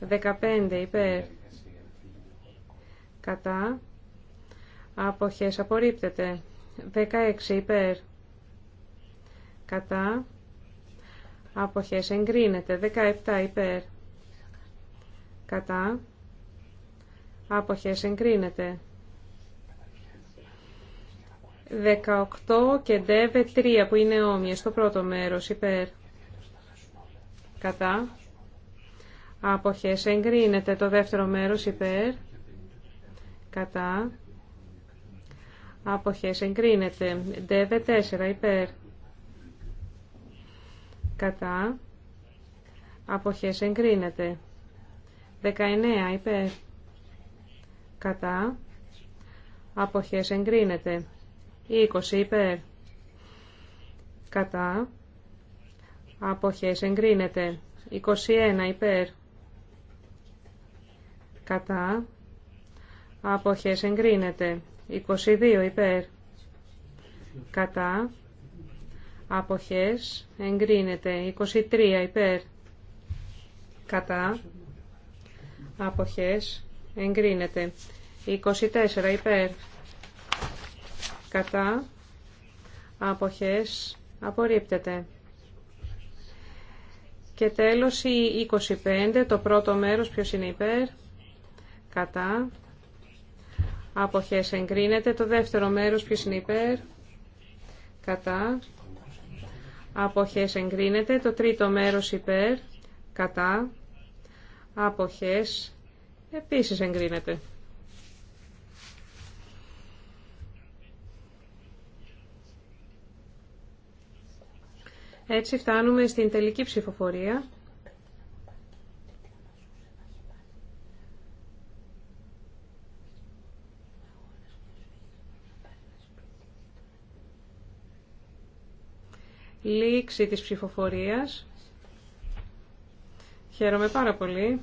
15 υπέρ. Κατά. Αποχές απορρίπτεται. 16 υπέρ κατά αποχές εγκρίνεται 17 υπέρ κατά αποχές εγκρίνεται 18 και ΔΕΒΕ 3 που είναι όμοιες στο πρώτο μέρος υπέρ κατά αποχές εγκρίνεται το δεύτερο μέρος υπέρ κατά αποχές εγκρίνεται εγκρίνει 4 υπέρ κατά, αποχές εγκρίνεται. 19 υπέρ, κατά, αποχές εγκρίνεται. 20 υπέρ, κατά, αποχές εγκρίνεται. 21 υπέρ, κατά, αποχές εγκρίνεται. 22 υπέρ, κατά, Αποχές εγκρίνεται. 23 υπέρ. Κατά. Αποχές εγκρίνεται. 24 υπέρ. Κατά. Αποχές απορρίπτεται. Και τέλος η 25, το πρώτο μέρος, ποιος είναι υπέρ, κατά, αποχές εγκρίνεται, το δεύτερο μέρος, ποιος είναι υπέρ, κατά, αποχές εγκρίνεται. Το τρίτο μέρος υπέρ, κατά, αποχές επίσης εγκρίνεται. Έτσι φτάνουμε στην τελική ψηφοφορία. λήξη της ψηφοφορίας. Χαίρομαι πάρα πολύ.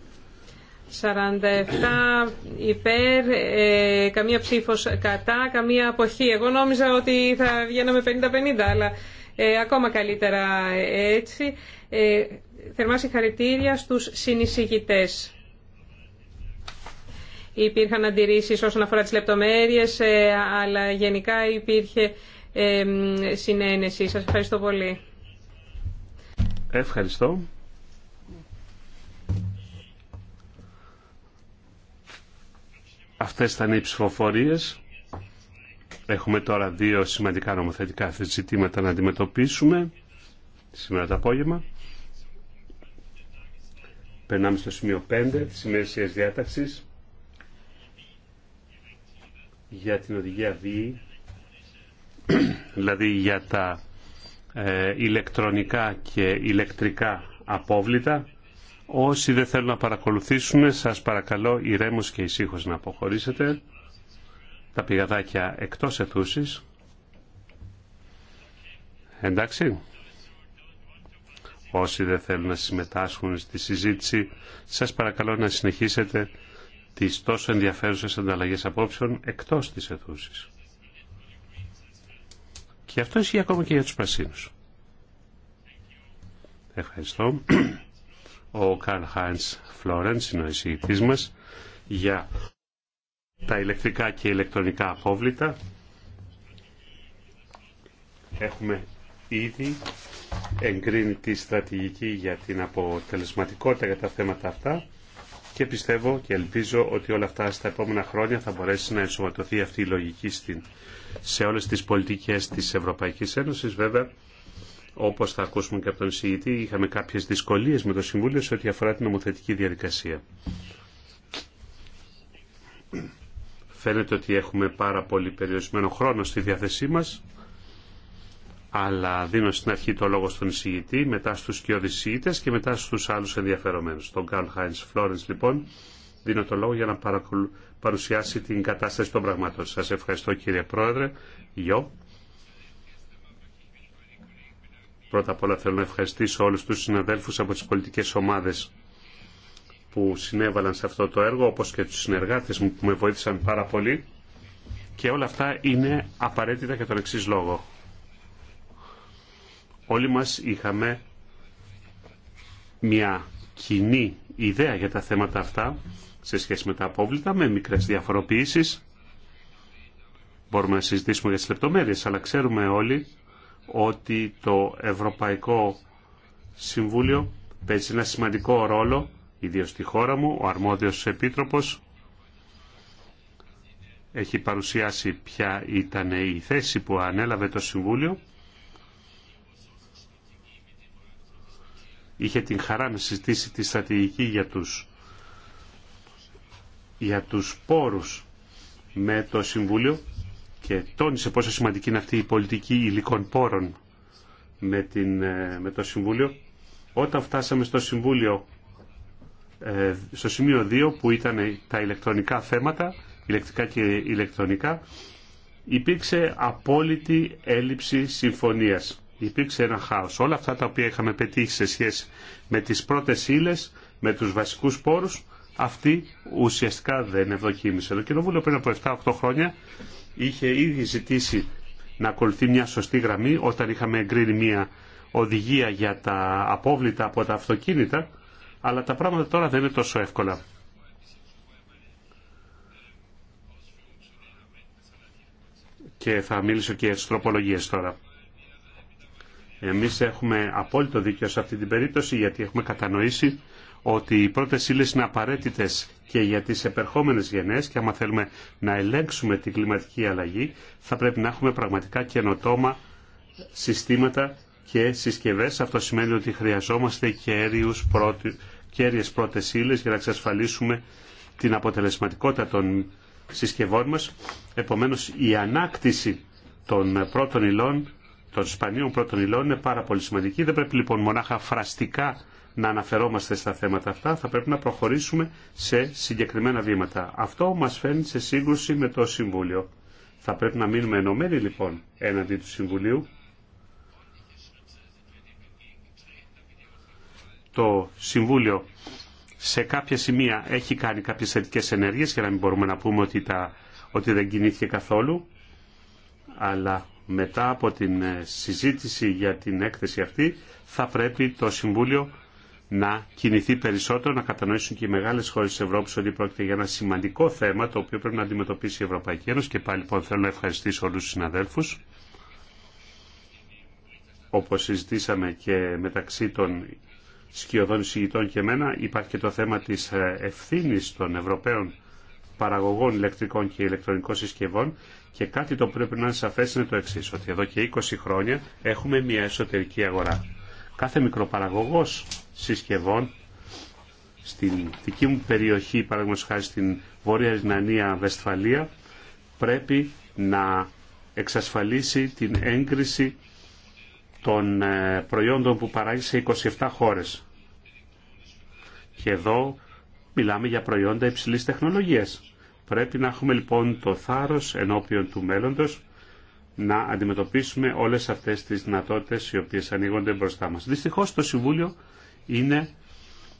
47 υπέρ, ε, καμία ψήφος κατά, καμία αποχή. Εγώ νόμιζα ότι θα βγαίναμε 50-50, αλλά ε, ακόμα καλύτερα έτσι. Ε, θερμά συγχαρητήρια στους συνεισηγητές. Υπήρχαν αντιρρήσεις όσον αφορά τις λεπτομέρειες, ε, αλλά γενικά υπήρχε συνένεση. Σας ευχαριστώ πολύ. Ευχαριστώ. Αυτές ήταν οι ψηφοφορίες. Έχουμε τώρα δύο σημαντικά νομοθετικά ζητήματα να αντιμετωπίσουμε σήμερα το απόγευμα. Περνάμε στο σημείο 5 της ημερησίας διάταξης για την οδηγία ΒΗ δηλαδή για τα ε, ηλεκτρονικά και ηλεκτρικά απόβλητα. Όσοι δεν θέλουν να παρακολουθήσουν, σας παρακαλώ ηρέμους και ησύχως να αποχωρήσετε. Τα πηγαδάκια εκτός αιθούσης. Εντάξει. Όσοι δεν θέλουν να συμμετάσχουν στη συζήτηση, σας παρακαλώ να συνεχίσετε τις τόσο ενδιαφέρουσες ανταλλαγές απόψεων εκτός της αιθούσης. Και αυτό ισχύει ακόμα και για τους πρασίνους. Ευχαριστώ. Ο Καρλ Χάιντς Φλόρενς είναι ο εισηγητής μας για τα ηλεκτρικά και ηλεκτρονικά απόβλητα. Έχουμε ήδη εγκρίνει τη στρατηγική για την αποτελεσματικότητα για τα θέματα αυτά και πιστεύω και ελπίζω ότι όλα αυτά στα επόμενα χρόνια θα μπορέσει να ενσωματωθεί αυτή η λογική στην σε όλες τις πολιτικές της Ευρωπαϊκής Ένωσης. Βέβαια, όπως θα ακούσουμε και από τον εισηγητή, είχαμε κάποιες δυσκολίες με το Συμβούλιο σε ό,τι αφορά την νομοθετική διαδικασία. Φαίνεται ότι έχουμε πάρα πολύ περιορισμένο χρόνο στη διάθεσή μας, αλλά δίνω στην αρχή το λόγο στον εισηγητή, μετά στους κοιόδης και μετά στους άλλους ενδιαφερομένους. Τον Καρλ Χάινς Φλόρενς λοιπόν δίνω το λόγο για να, παρακολου παρουσιάσει την κατάσταση των πραγμάτων. Σας ευχαριστώ κύριε Πρόεδρε. Γιο. Πρώτα απ' όλα θέλω να ευχαριστήσω όλους τους συναδέλφους από τις πολιτικές ομάδες που συνέβαλαν σε αυτό το έργο, όπως και τους συνεργάτες μου που με βοήθησαν πάρα πολύ. Και όλα αυτά είναι απαραίτητα για τον εξή λόγο. Όλοι μας είχαμε μια κοινή ιδέα για τα θέματα αυτά σε σχέση με τα απόβλητα, με μικρές διαφοροποιήσεις. Μπορούμε να συζητήσουμε για τις λεπτομέρειες, αλλά ξέρουμε όλοι ότι το Ευρωπαϊκό Συμβούλιο παίζει ένα σημαντικό ρόλο, ιδίως στη χώρα μου, ο αρμόδιος επίτροπος έχει παρουσιάσει ποια ήταν η θέση που ανέλαβε το Συμβούλιο. Είχε την χαρά να συζητήσει τη στρατηγική για τους για τους πόρους με το Συμβούλιο και τόνισε πόσο σημαντική είναι αυτή η πολιτική υλικών πόρων με, ε, το Συμβούλιο. Όταν φτάσαμε στο Συμβούλιο, ε, στο σημείο 2 που ήταν τα ηλεκτρονικά θέματα, ηλεκτρικά και ηλεκτρονικά, υπήρξε απόλυτη έλλειψη συμφωνίας. Υπήρξε ένα χάος. Όλα αυτά τα οποία είχαμε πετύχει σε σχέση με τις πρώτες ύλες, με τους βασικούς πόρους, αυτή ουσιαστικά δεν ευδοκίμησε. Το Κοινοβούλιο πριν από 7-8 χρόνια είχε ήδη ζητήσει να ακολουθεί μια σωστή γραμμή όταν είχαμε εγκρίνει μια οδηγία για τα απόβλητα από τα αυτοκίνητα, αλλά τα πράγματα τώρα δεν είναι τόσο εύκολα. Και θα μιλήσω και στις τροπολογίες τώρα. Εμείς έχουμε απόλυτο δίκιο σε αυτή την περίπτωση γιατί έχουμε κατανοήσει ότι οι πρώτες ύλε είναι απαραίτητες και για τις επερχόμενες γενναίες και άμα θέλουμε να ελέγξουμε την κλιματική αλλαγή θα πρέπει να έχουμε πραγματικά καινοτόμα συστήματα και συσκευές. Αυτό σημαίνει ότι χρειαζόμαστε κέρυες πρώτες ύλε για να εξασφαλίσουμε την αποτελεσματικότητα των συσκευών μας. Επομένως η ανάκτηση των πρώτων υλών των σπανίων πρώτων υλών είναι πάρα πολύ σημαντική. Δεν πρέπει λοιπόν μονάχα φραστικά να αναφερόμαστε στα θέματα αυτά, θα πρέπει να προχωρήσουμε σε συγκεκριμένα βήματα. Αυτό μας φέρνει σε σύγκρουση με το Συμβούλιο. Θα πρέπει να μείνουμε ενωμένοι λοιπόν έναντι του Συμβουλίου. Το Συμβούλιο σε κάποια σημεία έχει κάνει κάποιες θετικέ ενέργειες για να μην μπορούμε να πούμε ότι, τα, ότι δεν κινήθηκε καθόλου αλλά μετά από την ε, συζήτηση για την έκθεση αυτή θα πρέπει το Συμβούλιο να κινηθεί περισσότερο, να κατανοήσουν και οι μεγάλε χώρε τη Ευρώπη ότι πρόκειται για ένα σημαντικό θέμα το οποίο πρέπει να αντιμετωπίσει η Ευρωπαϊκή Ένωση. Και πάλι λοιπόν θέλω να ευχαριστήσω όλου του συναδέλφου. Όπω συζητήσαμε και μεταξύ των σκιωδών εισηγητών και εμένα, υπάρχει και το θέμα τη ε, ευθύνη των Ευρωπαίων παραγωγών ηλεκτρικών και ηλεκτρονικών συσκευών και κάτι το οποίο πρέπει να είναι σαφέ είναι το εξή, ότι εδώ και 20 χρόνια έχουμε μια εσωτερική αγορά Κάθε μικροπαραγωγός συσκευών στην δική μου περιοχή, παραδείγματος στην Βόρεια Ρινανία Βεσφαλία, πρέπει να εξασφαλίσει την έγκριση των ε, προϊόντων που παράγει σε 27 χώρες. Και εδώ μιλάμε για προϊόντα υψηλής τεχνολογίας. Πρέπει να έχουμε λοιπόν το θάρρος ενώπιον του μέλλοντος να αντιμετωπίσουμε όλες αυτές τις δυνατότητες οι οποίες ανοίγονται μπροστά μας. Δυστυχώς το Συμβούλιο είναι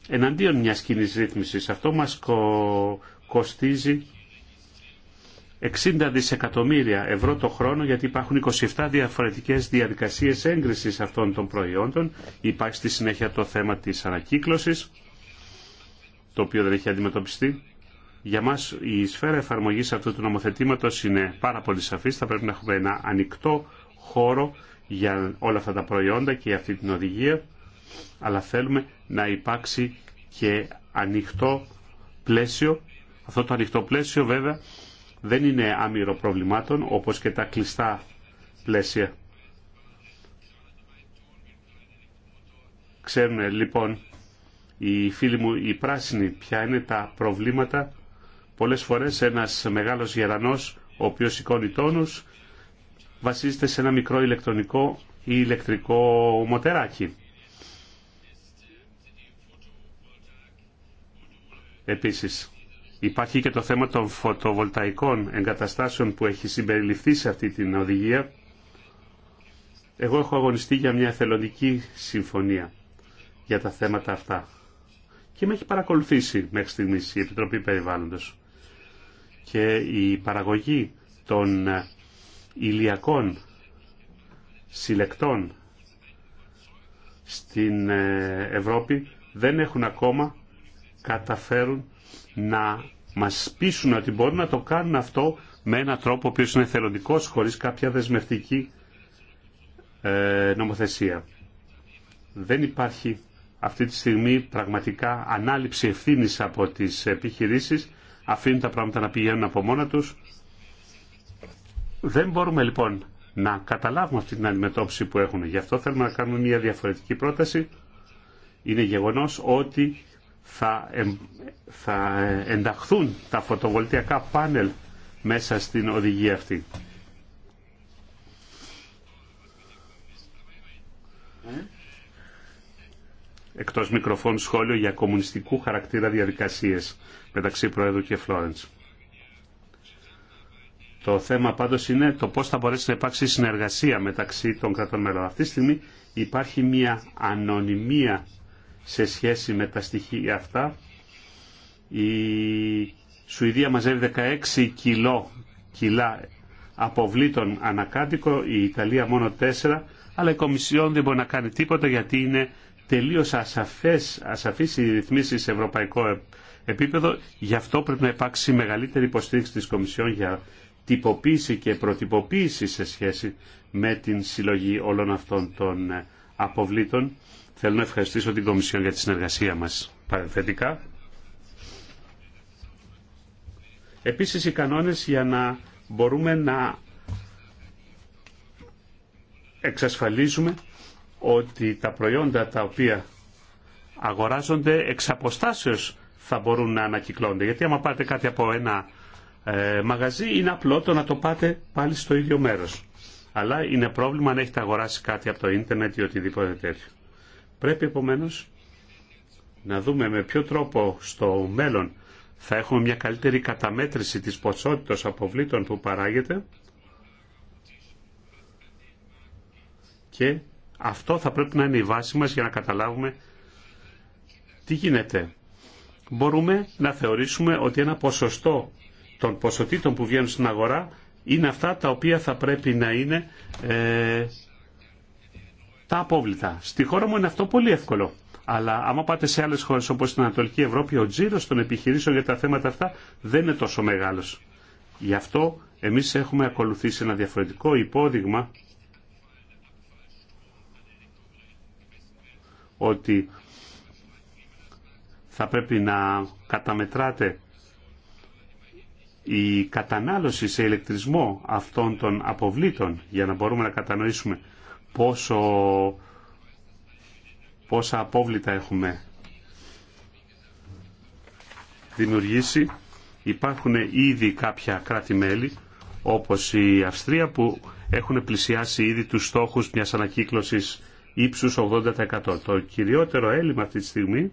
εναντίον μιας κοινή ρύθμισης. Αυτό μας κοστίζει 60 δισεκατομμύρια ευρώ το χρόνο γιατί υπάρχουν 27 διαφορετικές διαδικασίες έγκρισης αυτών των προϊόντων. Υπάρχει στη συνέχεια το θέμα της ανακύκλωσης το οποίο δεν έχει αντιμετωπιστεί. Για μας η σφαίρα εφαρμογής αυτού του νομοθετήματος είναι πάρα πολύ σαφής. Θα πρέπει να έχουμε ένα ανοιχτό χώρο για όλα αυτά τα προϊόντα και αυτή την οδηγία, αλλά θέλουμε να υπάρξει και ανοιχτό πλαίσιο. Αυτό το ανοιχτό πλαίσιο βέβαια δεν είναι άμυρο προβλημάτων όπως και τα κλειστά πλαίσια. Ξέρουμε λοιπόν οι φίλοι μου οι πράσινοι ποια είναι τα προβλήματα Πολλές φορές ένας μεγάλος γερανός, ο οποίος σηκώνει τόνους, βασίζεται σε ένα μικρό ηλεκτρονικό ή ηλεκτρικό μοτεράκι. Επίσης, υπάρχει και το θέμα των φωτοβολταϊκών εγκαταστάσεων που έχει συμπεριληφθεί σε αυτή την οδηγία. Εγώ έχω αγωνιστεί για μια θελοντική συμφωνία για τα θέματα αυτά και με έχει παρακολουθήσει μέχρι στιγμής η Επιτροπή Περιβάλλοντος και η παραγωγή των ηλιακών συλλεκτών στην ε, Ευρώπη δεν έχουν ακόμα καταφέρουν να μας πείσουν ότι μπορούν να το κάνουν αυτό με έναν τρόπο ο οποίος είναι θελοντικός χωρίς κάποια δεσμευτική ε, νομοθεσία. Δεν υπάρχει αυτή τη στιγμή πραγματικά ανάληψη ευθύνης από τις επιχειρήσεις αφήνουν τα πράγματα να πηγαίνουν από μόνα τους. Δεν μπορούμε λοιπόν να καταλάβουμε αυτή την αντιμετώπιση που έχουν. Γι' αυτό θέλουμε να κάνουμε μια διαφορετική πρόταση. Είναι γεγονός ότι θα, θα ενταχθούν τα φωτοβολτιακά πάνελ μέσα στην οδηγία αυτή. Ε? εκτός μικροφώνου σχόλιο για κομμουνιστικού χαρακτήρα διαδικασίες μεταξύ Προέδρου και Φλόρεντς. Το θέμα πάντω είναι το πώς θα μπορέσει να υπάρξει συνεργασία μεταξύ των κρατών μελών. Αυτή τη στιγμή υπάρχει μια ανωνυμία σε σχέση με τα στοιχεία αυτά. Η Σουηδία μαζεύει 16 κιλό, κιλά αποβλήτων ανακάτοικο, η Ιταλία μόνο 4, αλλά η Κομισιόν δεν μπορεί να κάνει τίποτα γιατί είναι τελείως ασαφές, ασαφείς οι ρυθμίσεις σε ευρωπαϊκό επίπεδο. Γι' αυτό πρέπει να υπάρξει μεγαλύτερη υποστήριξη της Κομισιόν για τυποποίηση και προτυποποίηση σε σχέση με την συλλογή όλων αυτών των ε, αποβλήτων. Θέλω να ευχαριστήσω την Κομισιόν για τη συνεργασία μας παρεμφετικά. Επίσης οι κανόνες για να μπορούμε να εξασφαλίζουμε ότι τα προϊόντα τα οποία αγοράζονται εξ αποστάσεως θα μπορούν να ανακυκλώνονται. Γιατί άμα πάρετε κάτι από ένα ε, μαγαζί είναι απλό το να το πάτε πάλι στο ίδιο μέρος. Αλλά είναι πρόβλημα αν έχετε αγοράσει κάτι από το ίντερνετ ή οτιδήποτε τέτοιο. Πρέπει επομένως να δούμε με ποιο τρόπο στο μέλλον θα έχουμε μια καλύτερη καταμέτρηση της ποσότητας αποβλήτων που παράγεται και αυτό θα πρέπει να είναι η βάση μας για να καταλάβουμε τι γίνεται. Μπορούμε να θεωρήσουμε ότι ένα ποσοστό των ποσοτήτων που βγαίνουν στην αγορά είναι αυτά τα οποία θα πρέπει να είναι ε, τα απόβλητα. Στη χώρα μου είναι αυτό πολύ εύκολο. Αλλά άμα πάτε σε άλλες χώρες όπως στην Ανατολική Ευρώπη, ο τζίρος των επιχειρήσεων για τα θέματα αυτά δεν είναι τόσο μεγάλος. Γι' αυτό εμείς έχουμε ακολουθήσει ένα διαφορετικό υπόδειγμα ότι θα πρέπει να καταμετράτε η κατανάλωση σε ηλεκτρισμό αυτών των αποβλήτων για να μπορούμε να κατανοήσουμε πόσο, πόσα απόβλητα έχουμε δημιουργήσει. Υπάρχουν ήδη κάποια κράτη-μέλη όπως η Αυστρία που έχουν πλησιάσει ήδη τους στόχους μιας ανακύκλωσης ύψους 80%. Το κυριότερο έλλειμμα αυτή τη στιγμή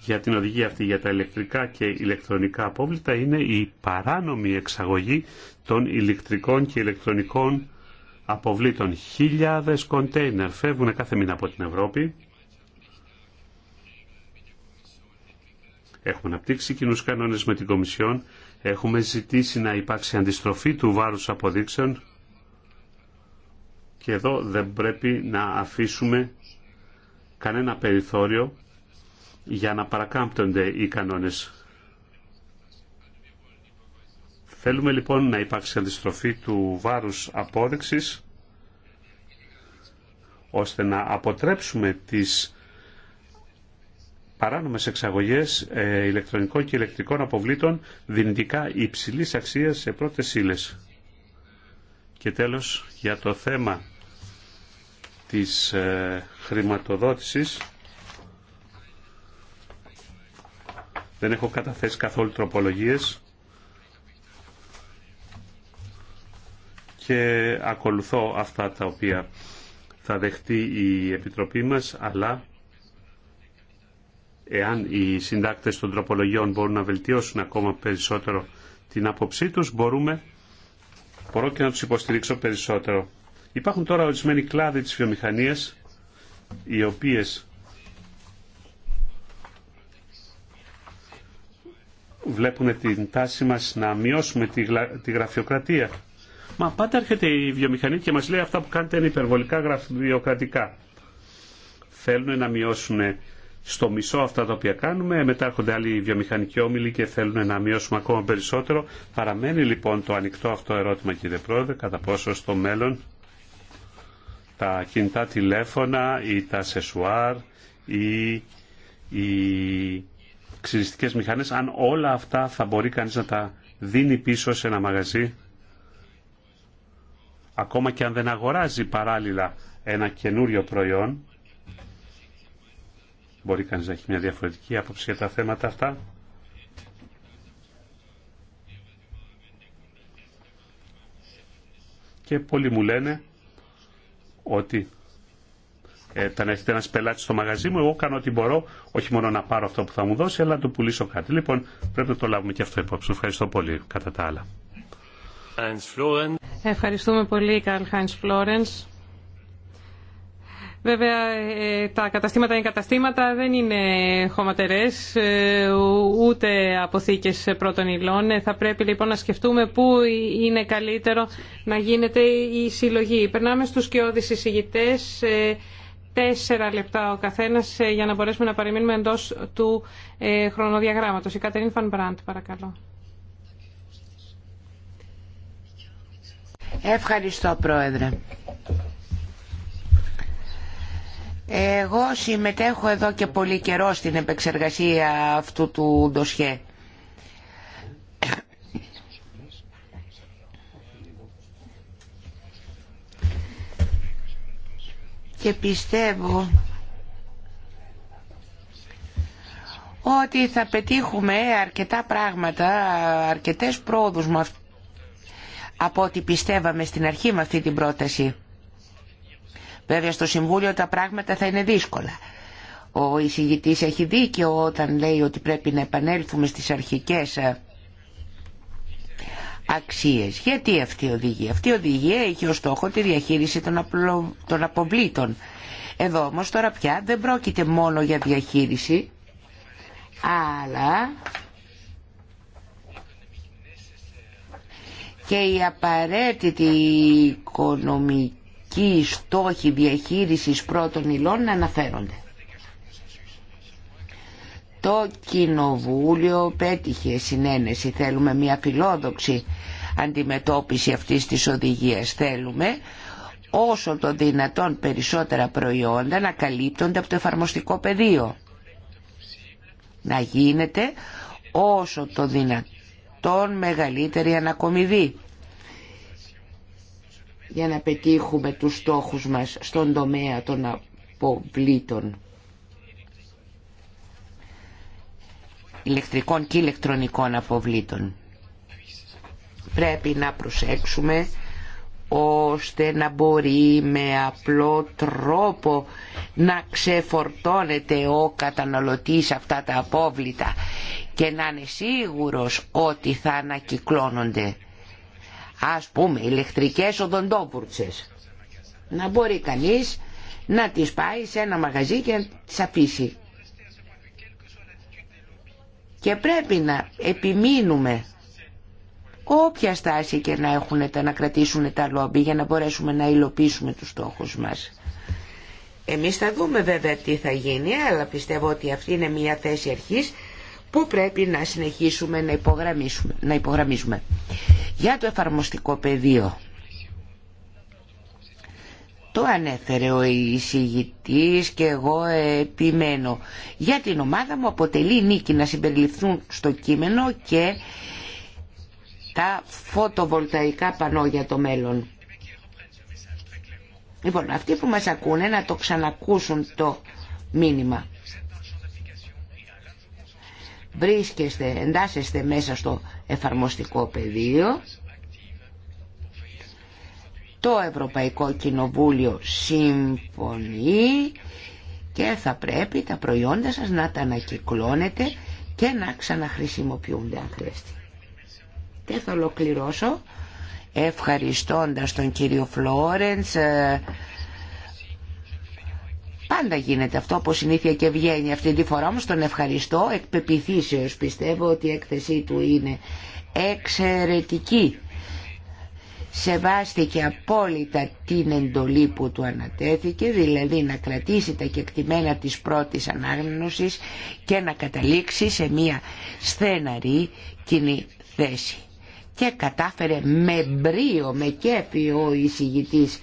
για την οδηγία αυτή για τα ηλεκτρικά και ηλεκτρονικά απόβλητα είναι η παράνομη εξαγωγή των ηλεκτρικών και ηλεκτρονικών αποβλήτων. Χιλιάδες κοντέινερ φεύγουν κάθε μήνα από την Ευρώπη. Έχουμε αναπτύξει κοινού κανόνες με την Κομισιόν. Έχουμε ζητήσει να υπάρξει αντιστροφή του βάρους αποδείξεων και εδώ δεν πρέπει να αφήσουμε κανένα περιθώριο για να παρακάμπτονται οι κανόνες. Θέλουμε λοιπόν να υπάρξει αντιστροφή του βάρους απόδειξης ώστε να αποτρέψουμε τις παράνομες εξαγωγές ε, ηλεκτρονικών και ηλεκτρικών αποβλήτων δυνητικά υψηλής αξίας σε πρώτες ύλες. Και τέλος, για το θέμα της ε, χρηματοδότησης. Δεν έχω καταθέσει καθόλου τροπολογίες και ακολουθώ αυτά τα οποία θα δεχτεί η Επιτροπή μας, αλλά εάν οι συντάκτες των τροπολογιών μπορούν να βελτιώσουν ακόμα περισσότερο την άποψή τους, μπορούμε, μπορώ και να τους υποστηρίξω περισσότερο. Υπάρχουν τώρα ορισμένοι κλάδοι της βιομηχανίας οι οποίες βλέπουν την τάση μας να μειώσουμε τη γραφειοκρατία. Μα πάντα έρχεται η βιομηχανία και μας λέει αυτά που κάνετε είναι υπερβολικά γραφειοκρατικά. Θέλουν να μειώσουν στο μισό αυτά τα οποία κάνουμε, μετά έρχονται άλλοι βιομηχανικοί όμιλοι και θέλουν να μειώσουμε ακόμα περισσότερο. Παραμένει λοιπόν το ανοιχτό αυτό ερώτημα κύριε Πρόεδρε, κατά πόσο στο μέλλον τα κινητά τηλέφωνα ή τα σεσουάρ ή οι ξυριστικές μηχανές, αν όλα αυτά θα μπορεί κανείς να τα δίνει πίσω σε ένα μαγαζί, ακόμα και αν δεν αγοράζει παράλληλα ένα καινούριο προϊόν, μπορεί κανείς να έχει μια διαφορετική άποψη για τα θέματα αυτά. Και πολλοί μου λένε ότι ε, θα έρχεται ένα πελάτη στο μαγαζί μου, εγώ κάνω ό,τι μπορώ, όχι μόνο να πάρω αυτό που θα μου δώσει, αλλά να του πουλήσω κάτι. Λοιπόν, πρέπει να το λάβουμε και αυτό υπόψη. Ευχαριστώ πολύ, κατά τα άλλα. Ευχαριστούμε πολύ, Καρλ Χάινς Φλόρενς. Βέβαια ε, τα καταστήματα είναι καταστήματα, δεν είναι χωματερές ε, ούτε αποθήκες πρώτων υλών. Ε, θα πρέπει λοιπόν να σκεφτούμε πού είναι καλύτερο να γίνεται η συλλογή. Περνάμε στους κοιόδης εισηγητές. Τέσσερα λεπτά ο καθένας για να μπορέσουμε να παραμείνουμε εντός του χρονοδιαγράμματος. Η Κατερίν Φανμπραντ παρακαλώ. Ευχαριστώ Πρόεδρε. Εγώ συμμετέχω εδώ και πολύ καιρό στην επεξεργασία αυτού του ντοσιέ. Και πιστεύω ότι θα πετύχουμε αρκετά πράγματα, αρκετές πρόοδους από ό,τι πιστεύαμε στην αρχή με αυτή την πρόταση. Βέβαια στο Συμβούλιο τα πράγματα θα είναι δύσκολα. Ο εισηγητής έχει δίκιο όταν λέει ότι πρέπει να επανέλθουμε στις αρχικές ε, αξίες. Γιατί αυτή η οδηγία. Αυτή η οδηγία έχει ως στόχο τη διαχείριση των αποβλήτων. Εδώ όμως τώρα πια δεν πρόκειται μόνο για διαχείριση, αλλά και η απαραίτητη οικονομική βασικοί στόχοι διαχείρισης πρώτων υλών να αναφέρονται. Το Κοινοβούλιο πέτυχε συνένεση. Θέλουμε μια φιλόδοξη αντιμετώπιση αυτής της οδηγίας. Θέλουμε όσο το δυνατόν περισσότερα προϊόντα να καλύπτονται από το εφαρμοστικό πεδίο. Να γίνεται όσο το δυνατόν μεγαλύτερη ανακομιδή για να πετύχουμε τους στόχους μας στον τομέα των αποβλήτων ηλεκτρικών και ηλεκτρονικών αποβλήτων. Πρέπει να προσέξουμε ώστε να μπορεί με απλό τρόπο να ξεφορτώνεται ο καταναλωτής αυτά τα απόβλητα και να είναι σίγουρος ότι θα ανακυκλώνονται ας πούμε ηλεκτρικές οδοντόπουρτσες να μπορεί κανείς να τις πάει σε ένα μαγαζί και να τις αφήσει και πρέπει να επιμείνουμε όποια στάση και να έχουν τα, να κρατήσουν τα λόμπι για να μπορέσουμε να υλοποιήσουμε τους στόχους μας. Εμείς θα δούμε βέβαια τι θα γίνει, αλλά πιστεύω ότι αυτή είναι μια θέση αρχής που πρέπει να συνεχίσουμε να υπογραμμίσουμε. Να υπογραμμίσουμε. Για το εφαρμοστικό πεδίο. Το ανέφερε ο εισηγητής και εγώ επιμένω. Για την ομάδα μου αποτελεί νίκη να συμπεριληφθούν στο κείμενο και τα φωτοβολταϊκά πανό για το μέλλον. Λοιπόν, αυτοί που μας ακούνε να το ξανακούσουν το μήνυμα βρίσκεστε, εντάσσεστε μέσα στο εφαρμοστικό πεδίο. Το Ευρωπαϊκό Κοινοβούλιο συμφωνεί και θα πρέπει τα προϊόντα σας να τα ανακυκλώνετε και να ξαναχρησιμοποιούνται αν χρειαστεί. Και θα ολοκληρώσω ευχαριστώντας τον κύριο Φλόρεντς ε, Πάντα γίνεται αυτό από συνήθεια και βγαίνει. Αυτή τη φορά όμως τον ευχαριστώ εκ Πιστεύω ότι η έκθεσή του είναι εξαιρετική. Σεβάστηκε απόλυτα την εντολή που του ανατέθηκε, δηλαδή να κρατήσει τα κεκτημένα της πρώτης ανάγνωσης και να καταλήξει σε μια στέναρη κοινή θέση. Και κατάφερε με μπρίο, με κέφι ο εισηγητής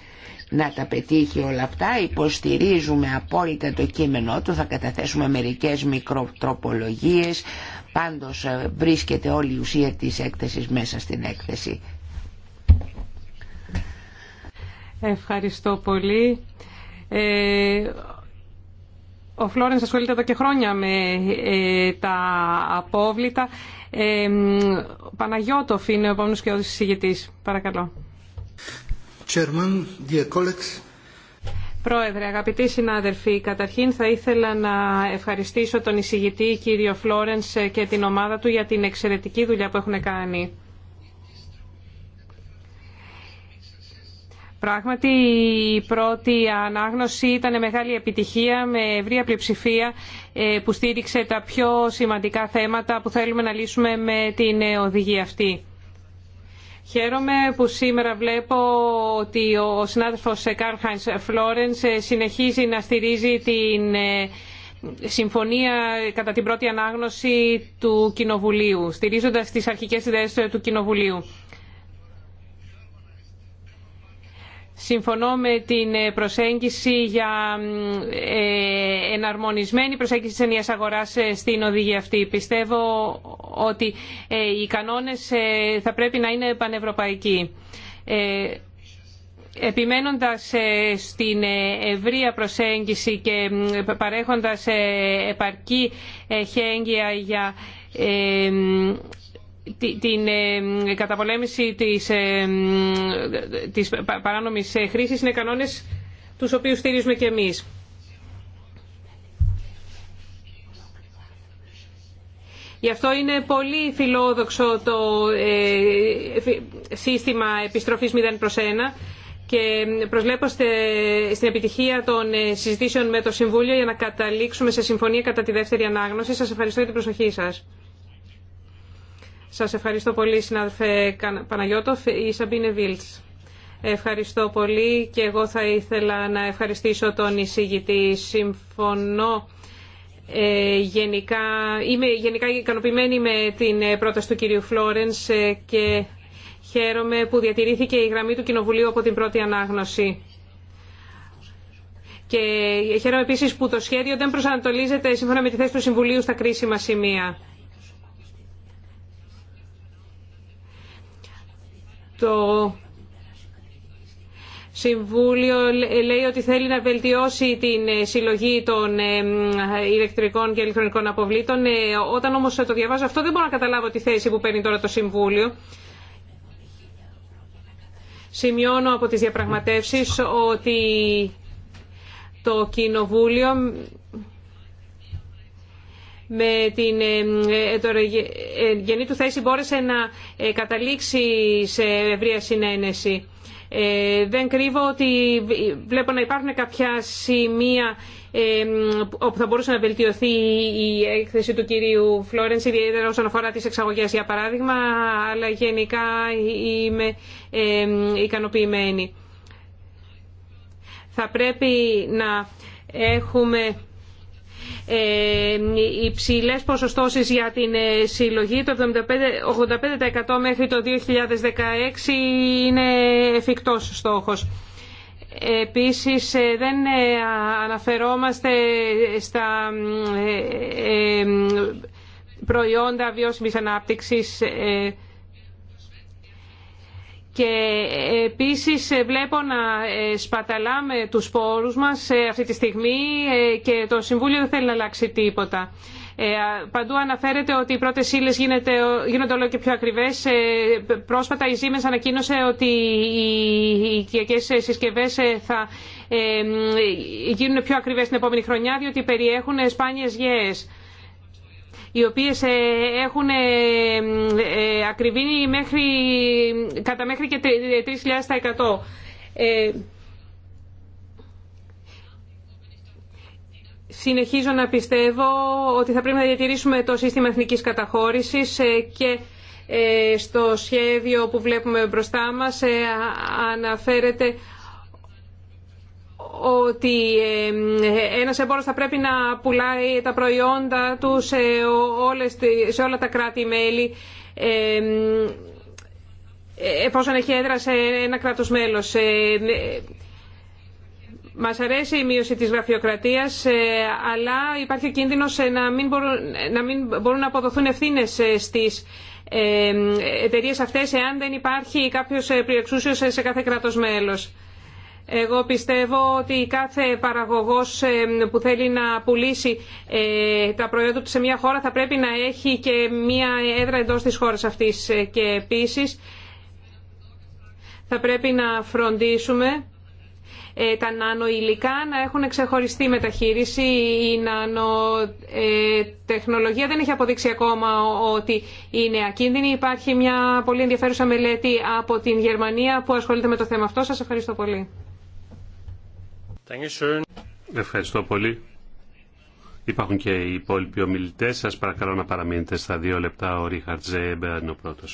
να τα πετύχει όλα αυτά. Υποστηρίζουμε απόλυτα το κείμενό του, θα καταθέσουμε μερικές μικροτροπολογίες, πάντως ε, βρίσκεται όλη η ουσία της έκθεσης μέσα στην έκθεση. Ευχαριστώ πολύ. Ε, ο Φλόρενς ασχολείται εδώ και χρόνια με ε, τα απόβλητα. Ε, Παναγιώτοφ είναι ο επόμενος και ο συζητητής. Παρακαλώ. Πρόεδρε, αγαπητοί συνάδελφοι, καταρχήν θα ήθελα να ευχαριστήσω τον εισηγητή κύριο Φλόρενς και την ομάδα του για την εξαιρετική δουλειά που έχουν κάνει. Πράγματι, η πρώτη ανάγνωση ήταν μεγάλη επιτυχία με ευρία πλειοψηφία ε, που στήριξε τα πιο σημαντικά θέματα που θέλουμε να λύσουμε με την οδηγία αυτή. Χαίρομαι που σήμερα βλέπω ότι ο συνάδελφος Καρλ Χάινς Φλόρενς συνεχίζει να στηρίζει την ε, συμφωνία κατά την πρώτη ανάγνωση του Κοινοβουλίου, στηρίζοντας τις αρχικές ιδέες του Κοινοβουλίου. Συμφωνώ με την ε, προσέγγιση για ε, εναρμονισμένη προσέγγιση της ενίας αγοράς ε, στην οδηγία αυτή. Πιστεύω ότι οι κανόνες θα πρέπει να είναι πανευρωπαϊκοί. Επιμένοντας στην ευρεία προσέγγιση και παρέχοντας επαρκή χέγγυα για την ε, καταπολέμηση της, ε, της παράνομης ε, χρήσης είναι κανόνες τους οποίους στηρίζουμε και εμείς. Γι' αυτό είναι πολύ φιλόδοξο το σύστημα επιστροφής 0 προς 1 και προσλέπω στην επιτυχία των συζητήσεων με το Συμβούλιο για να καταλήξουμε σε συμφωνία κατά τη δεύτερη ανάγνωση. Σας ευχαριστώ για την προσοχή σας. Σας ευχαριστώ πολύ, συνάδελφε Παναγιώτοφ. Η Σαμπίνε Βίλτς. Ευχαριστώ πολύ και εγώ θα ήθελα να ευχαριστήσω τον εισηγητή. Συμφωνώ ε, γενικά, είμαι γενικά ικανοποιημένη με την ε, πρόταση του κυρίου Φλόρενς ε, και χαίρομαι που διατηρήθηκε η γραμμή του Κοινοβουλίου από την πρώτη ανάγνωση. Και χαίρομαι επίσης που το σχέδιο δεν προσανατολίζεται σύμφωνα με τη θέση του Συμβουλίου στα κρίσιμα σημεία. Το Συμβούλιο λέει ότι θέλει να βελτιώσει την συλλογή των ε, ηλεκτρικών και ηλεκτρονικών αποβλήτων. Ε, όταν όμως το διαβάζω αυτό δεν μπορώ να καταλάβω τη θέση που παίρνει τώρα το Συμβούλιο. Σημειώνω από τις διαπραγματεύσεις ότι το Κοινοβούλιο με την ε, ε, ε, γενή του θέση μπόρεσε να καταλήξει σε ευρεία συνένεση. Δεν κρύβω ότι βλέπω να υπάρχουν κάποια σημεία όπου θα μπορούσε να βελτιωθεί η έκθεση του κυρίου Φλόρενς, ιδιαίτερα όσον αφορά τις εξαγωγές για παράδειγμα, αλλά γενικά είμαι ικανοποιημένη. Θα πρέπει να έχουμε ψηλές ποσοστώσεις για την ε, συλλογή. Το 85% μέχρι το 2016 είναι εφικτός στόχος. Επίσης ε, δεν ε, αναφερόμαστε στα προϊόντα βιώσιμης ανάπτυξης και επίσης ε, βλέπω να ε, σπαταλάμε τους πόρους μας ε, αυτή τη στιγμή και το Συμβούλιο δεν θέλει να αλλάξει τίποτα. Παντού αναφέρεται ότι οι πρώτε γίνεται γίνονται όλο και πιο ακριβέ. Πρόσφατα η Ζήμες ανακοίνωσε ότι οι οικιακές συσκευές θα γίνουν πιο ακριβές την επόμενη χρονιά διότι περιέχουν σπάνιε γέε οι οποίες ε, έχουν ε, ε, ακριβήνει μέχρι, κατά μέχρι και 3.000%. Ε, συνεχίζω να πιστεύω ότι θα πρέπει να διατηρήσουμε το σύστημα εθνικής καταχώρησης και στο σχέδιο που βλέπουμε μπροστά μας αναφέρεται ότι ένας εμπόρος θα πρέπει να πουλάει τα προϊόντα του σε, όλες, σε όλα τα κράτη-μέλη εφόσον έχει έδρα σε ένα κράτος μέλος. Ε, μας αρέσει η μείωση της γραφειοκρατίας, ε, αλλά υπάρχει ο κίνδυνος ε, να μην μπορούν να, αποδοθούν ευθύνες στις εταιρείες αυτές εάν δεν υπάρχει κάποιος ε, σε κάθε κράτος μέλος. Εγώ πιστεύω ότι κάθε παραγωγός ε, που θέλει να πουλήσει ε, τα προϊόντα του σε μια χώρα θα πρέπει να έχει και μια έδρα εντός της χώρας αυτής. Ε, και επίσης θα πρέπει να φροντίσουμε τα νανοηλικά να έχουν ξεχωριστή μεταχείριση. Η νανοτεχνολογία δεν έχει αποδείξει ακόμα ότι είναι ακίνδυνη. Υπάρχει μια πολύ ενδιαφέρουσα μελέτη από την Γερμανία που ασχολείται με το θέμα αυτό. Σας ευχαριστώ πολύ. Ευχαριστώ πολύ. Υπάρχουν και οι υπόλοιποι ομιλητέ. Σα παρακαλώ να παραμείνετε στα δύο λεπτά. Ο Ρίχαρτ Ζέμπερ είναι ο πρώτο.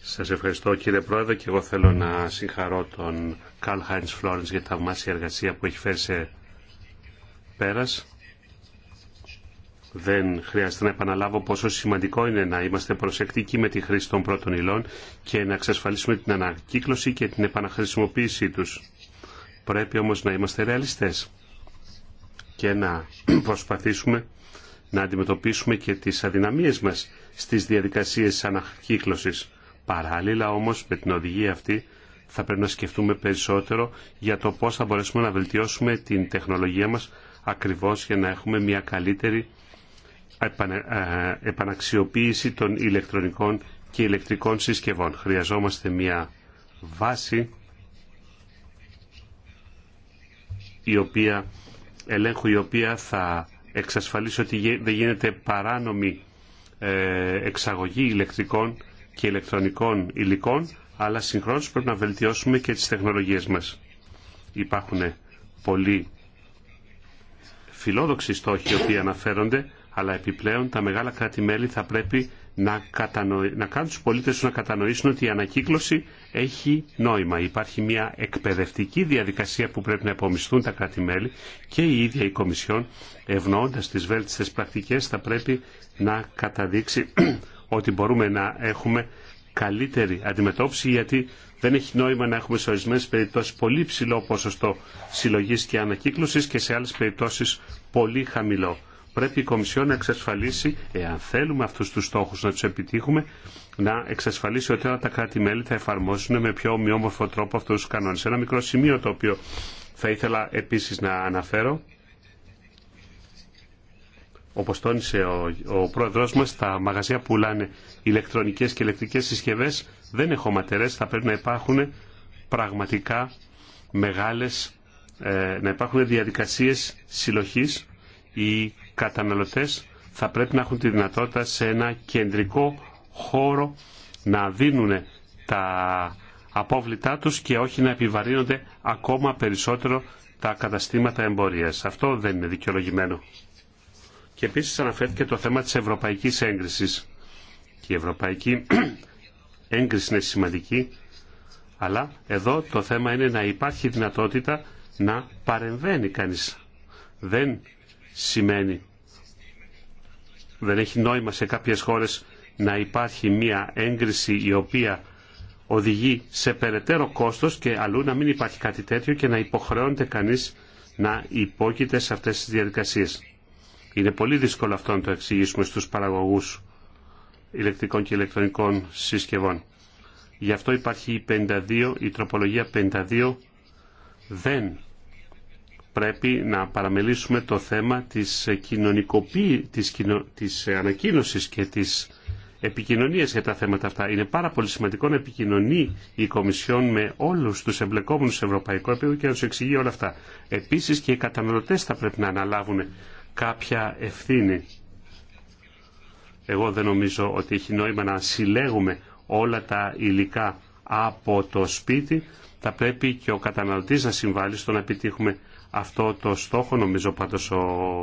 Σα ευχαριστώ κύριε Πρόεδρε και εγώ θέλω να συγχαρώ τον Καλ Χάιντ Φλόρεν για τα θαυμάσια εργασία που έχει φέρει σε πέρα. Δεν χρειάζεται να επαναλάβω πόσο σημαντικό είναι να είμαστε προσεκτικοί με τη χρήση των πρώτων υλών και να εξασφαλίσουμε την ανακύκλωση και την επαναχρησιμοποίησή τους Πρέπει όμως να είμαστε ρεαλιστές και να προσπαθήσουμε να αντιμετωπίσουμε και τις αδυναμίες μας στις διαδικασίες της ανακύκλωσης. Παράλληλα όμως με την οδηγία αυτή θα πρέπει να σκεφτούμε περισσότερο για το πώς θα μπορέσουμε να βελτιώσουμε την τεχνολογία μας ακριβώς για να έχουμε μια καλύτερη ε, επαναξιοποίηση των ηλεκτρονικών και ηλεκτρικών συσκευών. Χρειαζόμαστε μια βάση η οποία, ελέγχου η οποία θα εξασφαλίσει ότι δεν γίνεται παράνομη ε, εξαγωγή ηλεκτρικών και ηλεκτρονικών υλικών, αλλά συγχρόνως πρέπει να βελτιώσουμε και τις τεχνολογίες μας. Υπάρχουν πολλοί φιλόδοξοι στόχοι οι οποίοι αναφέρονται, αλλά επιπλέον τα μεγάλα κράτη-μέλη θα πρέπει να, κάνουν τους πολίτες να κατανοήσουν ότι η ανακύκλωση έχει νόημα. Υπάρχει μια εκπαιδευτική διαδικασία που πρέπει να επομισθούν τα κράτη-μέλη και η ίδια η Κομισιόν ευνοώντας τις βέλτιστες πρακτικές θα πρέπει να καταδείξει ότι μπορούμε να έχουμε καλύτερη αντιμετώπιση γιατί δεν έχει νόημα να έχουμε σε ορισμένε περιπτώσει πολύ ψηλό ποσοστό συλλογή και ανακύκλωση και σε άλλε περιπτώσει πολύ χαμηλό πρέπει η Κομισιόν να εξασφαλίσει, εάν θέλουμε αυτού του στόχου να του επιτύχουμε, να εξασφαλίσει ότι όλα τα κράτη-μέλη θα εφαρμόσουν με πιο ομοιόμορφο τρόπο αυτού του κανόνε. Ένα μικρό σημείο το οποίο θα ήθελα επίση να αναφέρω, Όπω τόνισε ο, ο πρόεδρός μας, τα μαγαζιά που πουλάνε ηλεκτρονικέ και ηλεκτρικέ συσκευέ, δεν έχω ματερές, θα πρέπει να υπάρχουν πραγματικά μεγάλε, ε, να υπάρχουν διαδικασίες Οι καταναλωτές θα πρέπει να έχουν τη δυνατότητα σε ένα κεντρικό χώρο να δίνουν τα απόβλητά τους και όχι να επιβαρύνονται ακόμα περισσότερο τα καταστήματα εμπορίας. Αυτό δεν είναι δικαιολογημένο. Και επίσης αναφέρθηκε το θέμα της ευρωπαϊκής έγκρισης. Και η ευρωπαϊκή έγκριση είναι σημαντική, αλλά εδώ το θέμα είναι να υπάρχει δυνατότητα να παρεμβαίνει κανείς. Δεν σημαίνει δεν έχει νόημα σε κάποιες χώρες να υπάρχει μια έγκριση η οποία οδηγεί σε περαιτέρω κόστος και αλλού να μην υπάρχει κάτι τέτοιο και να υποχρεώνεται κανείς να υπόκειται σε αυτές τις διαδικασίες. Είναι πολύ δύσκολο αυτό να το εξηγήσουμε στους παραγωγούς ηλεκτρικών και ηλεκτρονικών συσκευών. Γι' αυτό υπάρχει η, 52, η τροπολογία 52 δεν πρέπει να παραμελήσουμε το θέμα της, κοινωνικοποίη, της, κοινο, της ανακοίνωσης και της επικοινωνίας για τα θέματα αυτά. Είναι πάρα πολύ σημαντικό να επικοινωνεί η Κομισιόν με όλους τους εμπλεκόμενους σε ευρωπαϊκό επίπεδο και να τους εξηγεί όλα αυτά. Επίσης και οι καταναλωτές θα πρέπει να αναλάβουν κάποια ευθύνη. Εγώ δεν νομίζω ότι έχει νόημα να συλλέγουμε όλα τα υλικά από το σπίτι. Θα πρέπει και ο καταναλωτής να συμβάλλει στο να επιτύχουμε αυτό το στόχο. Νομίζω πάντως ο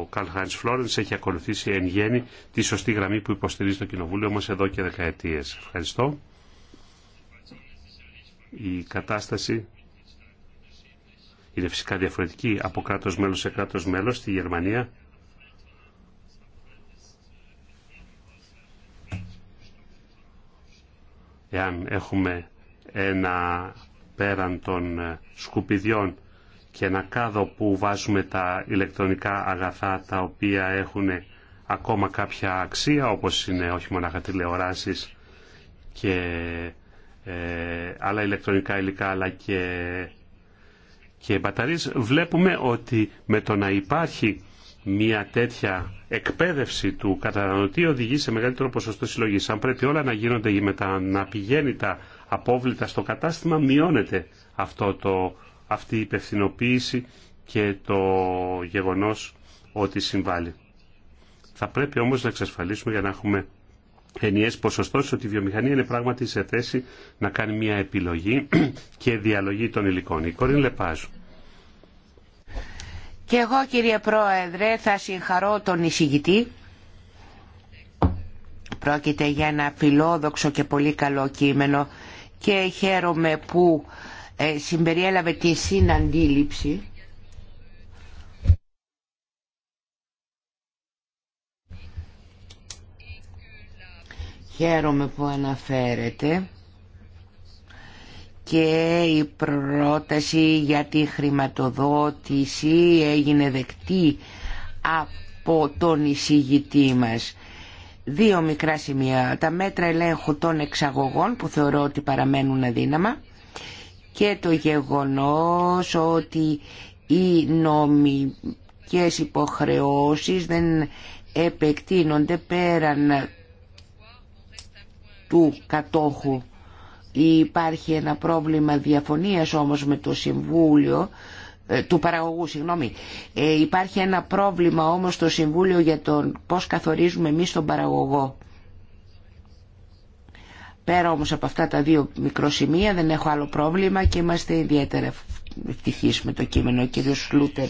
Καρλ Χάιντς Φλόρενς έχει ακολουθήσει εν γέννη τη σωστή γραμμή που υποστηρίζει το Κοινοβούλιο μας εδώ και δεκαετίες. Ευχαριστώ. Η κατάσταση είναι φυσικά διαφορετική από κράτος μέλος σε κράτος μέλος στη Γερμανία. Εάν έχουμε ένα πέραν των σκουπιδιών και ένα κάδο που βάζουμε τα ηλεκτρονικά αγαθά τα οποία έχουν ακόμα κάποια αξία όπως είναι όχι μόνο τηλεοράσεις και ε, άλλα ηλεκτρονικά υλικά αλλά και, και μπαταρίες βλέπουμε ότι με το να υπάρχει μια τέτοια εκπαίδευση του καταναλωτή οδηγεί σε μεγαλύτερο ποσοστό συλλογή. Αν πρέπει όλα να γίνονται με τα να πηγαίνει τα απόβλητα στο κατάστημα, μειώνεται αυτό το αυτή η υπευθυνοποίηση και το γεγονός ότι συμβάλλει. Θα πρέπει όμως να εξασφαλίσουμε για να έχουμε ενιαίες ποσοστώσεις ότι η βιομηχανία είναι πράγματι σε θέση να κάνει μια επιλογή και διαλογή των υλικών. Η Κορίν Λεπάζου. Και εγώ κύριε Πρόεδρε θα συγχαρώ τον εισηγητή. Πρόκειται για ένα φιλόδοξο και πολύ καλό κείμενο και χαίρομαι που ε, συμπεριέλαβε τη συναντήληψη Χαίρομαι που αναφέρεται και η πρόταση για τη χρηματοδότηση έγινε δεκτή από τον εισηγητή μας. Δύο μικρά σημεία. Τα μέτρα ελέγχου των εξαγωγών που θεωρώ ότι παραμένουν αδύναμα και το γεγονός ότι οι νομικές υποχρεώσεις δεν επεκτείνονται πέραν του κατόχου. Υπάρχει ένα πρόβλημα διαφωνίας όμως με το Συμβούλιο ε, του παραγωγού, συγγνώμη. Ε, υπάρχει ένα πρόβλημα όμως στο Συμβούλιο για τον πώς καθορίζουμε εμείς τον παραγωγό. Πέρα όμως από αυτά τα δύο μικροσημεία δεν έχω άλλο πρόβλημα και είμαστε ιδιαίτερα ευτυχείς με το κείμενο. Ο κύριος Σλούτερ.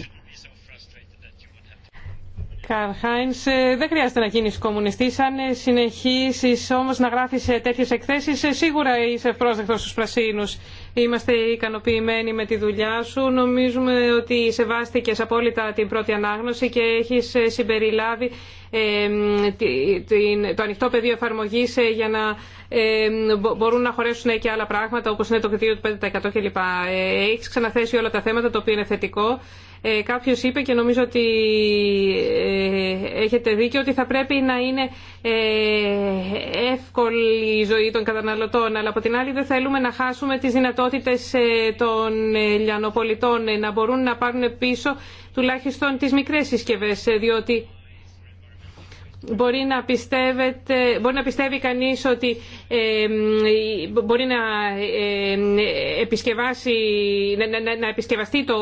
Χάινς, ε, δεν χρειάζεται να γίνεις κομμουνιστής. Αν ε, συνεχίσεις όμως να γράφεις ε, τέτοιες εκθέσεις, σίγουρα είσαι πρόσδεκτος στους πρασίνους. Είμαστε ικανοποιημένοι με τη δουλειά σου. Νομίζουμε ότι σεβάστηκε απόλυτα την πρώτη ανάγνωση και έχει ε, συμπεριλάβει ε, το ανοιχτό πεδίο εφαρμογή ε, για να μπορούν να χωρέσουν και άλλα πράγματα όπως είναι το κριτήριο του 5% κλπ. Έχει ξαναθέσει όλα τα θέματα, το οποίο είναι θετικό. Ε, κάποιος είπε και νομίζω ότι ε, έχετε δίκιο ότι θα πρέπει να είναι ε, εύκολη η ζωή των καταναλωτών αλλά από την άλλη δεν θέλουμε να χάσουμε τις δυνατότητες των λιανοπολιτών να μπορούν να πάρουν πίσω τουλάχιστον τις μικρές συσκευές διότι Μπορεί να, μπορεί να πιστεύει κανείς ότι μπορεί να επισκευάσει, να, να, να, επισκευαστεί το,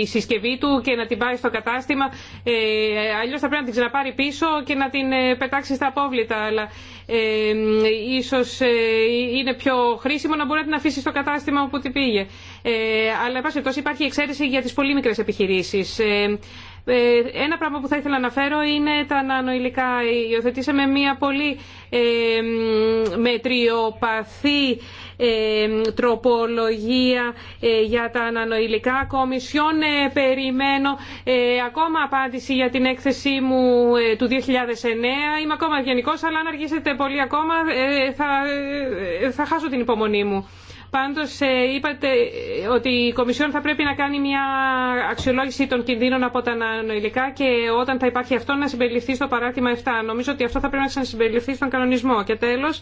η συσκευή του και να την πάει στο κατάστημα. Ε, αλλιώς θα πρέπει να την ξαναπάρει πίσω και να την ε, πετάξει στα απόβλητα. Αλλά ε, ίσως είναι πιο χρήσιμο να μπορεί να την αφήσει στο κατάστημα όπου την πήγε. Ε, αλλά, υπάρχει εξαίρεση για τις πολύ μικρές επιχειρήσεις. Ε, ε, ένα πράγμα που θα ήθελα να φέρω είναι τα νανοηλικά. Υιοθετήσαμε μια πολύ ε, μετριοπαθή ε, τροπολογία για τα νανοηλικά. Κομισιόν περιμένω ακόμα απάντηση για την έκθεσή μου του 2009. Είμαι ακόμα γενικός, αλλά αν αργήσετε πολύ ακόμα θα, θα χάσω την υπομονή μου. Πάντως ε, είπατε ότι η Κομισιόν θα πρέπει να κάνει μια αξιολόγηση των κινδύνων από τα νανοηλικά και όταν θα υπάρχει αυτό να συμπεριληφθεί στο παράρτημα 7. Νομίζω ότι αυτό θα πρέπει να συμπεριληφθεί στον κανονισμό. Και τέλο.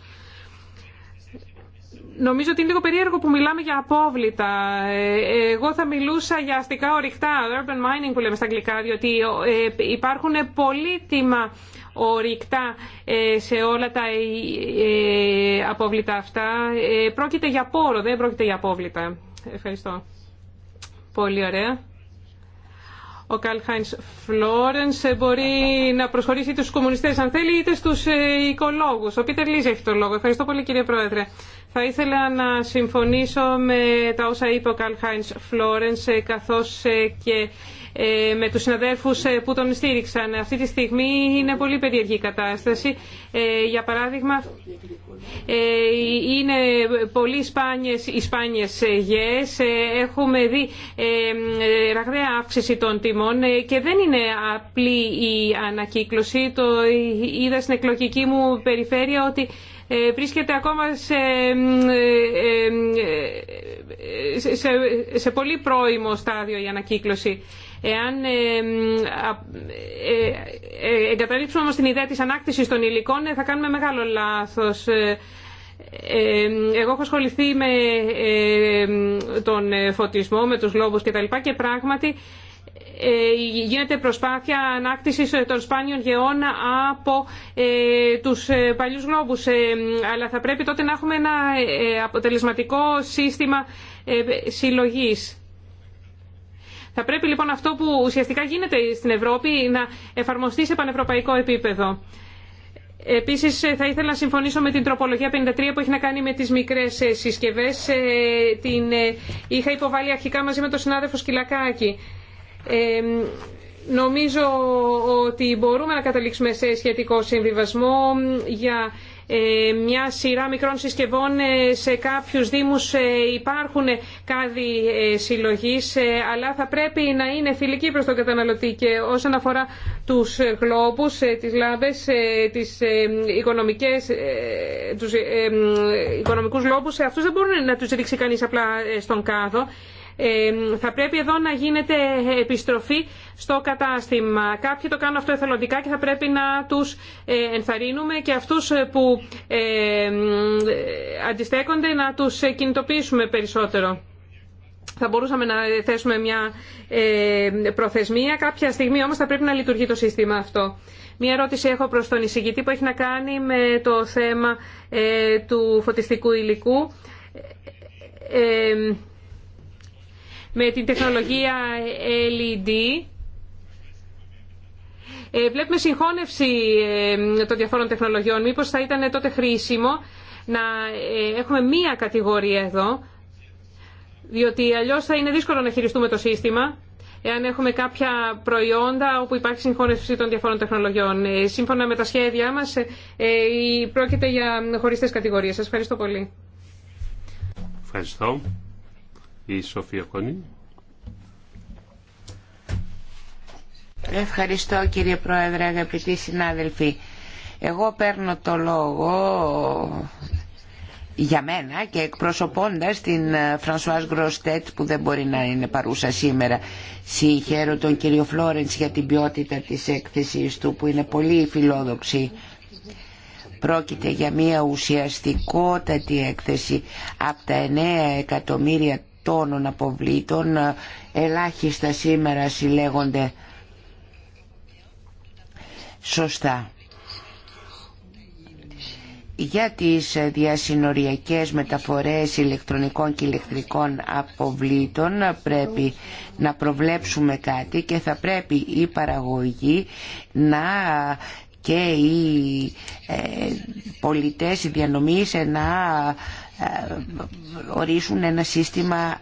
Νομίζω ότι είναι λίγο περίεργο που μιλάμε για απόβλητα. Ε, εγώ θα μιλούσα για αστικά ορυχτά, urban mining που λέμε στα αγγλικά, διότι ε, υπάρχουν πολύτιμα ορυκτά ε, σε όλα τα ε, ε, απόβλητα αυτά. Πρόκειται για πόρο, δεν πρόκειται για απόβλητα. Ευχαριστώ. Πολύ ωραία. Ο Καλχάινς Φλόρενς μπορεί να προσχωρήσει τους κομμουνιστές αν θέλει είτε στους οικολόγους. Ο Πίτερ Λίζα έχει το λόγο. Ευχαριστώ πολύ κύριε Πρόεδρε. Θα ήθελα να συμφωνήσω με τα όσα είπε ο Καλχάινς Φλόρενς καθώς και ε, με τους συναδέλφους ε, που τον στήριξαν. Αυτή τη στιγμή είναι πολύ περίεργη η κατάσταση. Ε, για παράδειγμα, είναι πολύ σπάνιες, οι σπάνιες Ε, Έχουμε δει ραγδαία αύξηση των τιμών και δεν είναι απλή η ανακύκλωση. Το είδα στην εκλογική μου περιφέρεια ότι βρίσκεται ακόμα σε, σε, σε, σε πολύ πρώιμο στάδιο η ανακύκλωση. Εάν ε, ε, ε, εγκαταλείψουμε όμως την ιδέα της ανάκτησης των υλικών θα κάνουμε μεγάλο λάθος. Εγώ έχω ασχοληθεί με τον φωτισμό, με τους λόγους κτλ. Και πράγματι γίνεται προσπάθεια ανάκτησης των σπάνιων γεών από τους παλιούς γλώβους. Αλλά θα πρέπει τότε να έχουμε ένα αποτελεσματικό σύστημα συλλογής. Θα πρέπει λοιπόν αυτό που ουσιαστικά γίνεται στην Ευρώπη να εφαρμοστεί σε πανευρωπαϊκό επίπεδο. Επίσης θα ήθελα να συμφωνήσω με την τροπολογία 53 που έχει να κάνει με τις μικρές ε, συσκευές. Ε, την ε, είχα υποβάλει αρχικά μαζί με τον συνάδελφο Σκυλακάκη. Ε, νομίζω ότι μπορούμε να καταλήξουμε σε σχετικό συμβιβασμό για ε, μια σειρά μικρών συσκευών ε, σε κάποιους δήμους ε, υπάρχουν κάδοι συλλογής αλλά θα πρέπει να είναι φιλική προς τον καταναλωτή και όσον αφορά τους γλώπους, τις λάμπες, τις οικονομικές, τους οικονομικούς λόπους αυτούς δεν μπορούν να τους ρίξει κανείς απλά στον κάδο θα πρέπει εδώ να γίνεται επιστροφή στο κατάστημα. Κάποιοι το κάνουν αυτό εθελοντικά και θα πρέπει να τους ε, ενθαρρύνουμε και αυτούς ε, που αντιστέκονται να τους ε, κινητοποιήσουμε περισσότερο. Θα μπορούσαμε να θέσουμε μια προθεσμία. Κάποια στιγμή όμως θα πρέπει να λειτουργεί το σύστημα αυτό. Μία ερώτηση έχω προς τον εισηγητή που έχει να κάνει με το θέμα του φωτιστικού υλικού με την τεχνολογία LED. Ε, βλέπουμε συγχώνευση ε, των διαφόρων τεχνολογιών. Μήπως θα ήταν τότε χρήσιμο να ε, έχουμε μία κατηγορία εδώ, διότι αλλιώς θα είναι δύσκολο να χειριστούμε το σύστημα εάν έχουμε κάποια προϊόντα όπου υπάρχει συγχώνευση των διαφόρων τεχνολογιών. Σύμφωνα με τα σχέδιά μας, πρόκειται για χωριστές κατηγορίες. Σας ευχαριστώ πολύ. Ευχαριστώ η Σοφία Κονή. Ευχαριστώ κύριε Πρόεδρε, αγαπητοί συνάδελφοι. Εγώ παίρνω το λόγο για μένα και εκπροσωπώντας την Φρανσουάς ε, Γκροστέτ που δεν μπορεί να είναι παρούσα σήμερα. Συγχαίρω τον κύριο Φλόρεντς για την ποιότητα της έκθεσης του που είναι πολύ φιλόδοξη. Πρόκειται για μια ουσιαστικότατη έκθεση από τα 9 εκατομμύρια τόνων αποβλήτων ε, ελάχιστα σήμερα συλλέγονται σωστά. Για τις διασυνοριακές μεταφορές ηλεκτρονικών και ηλεκτρικών αποβλήτων πρέπει να προβλέψουμε κάτι και θα πρέπει η παραγωγή να και οι ε, πολιτές, οι διανομής να ε, ορίσουν ένα σύστημα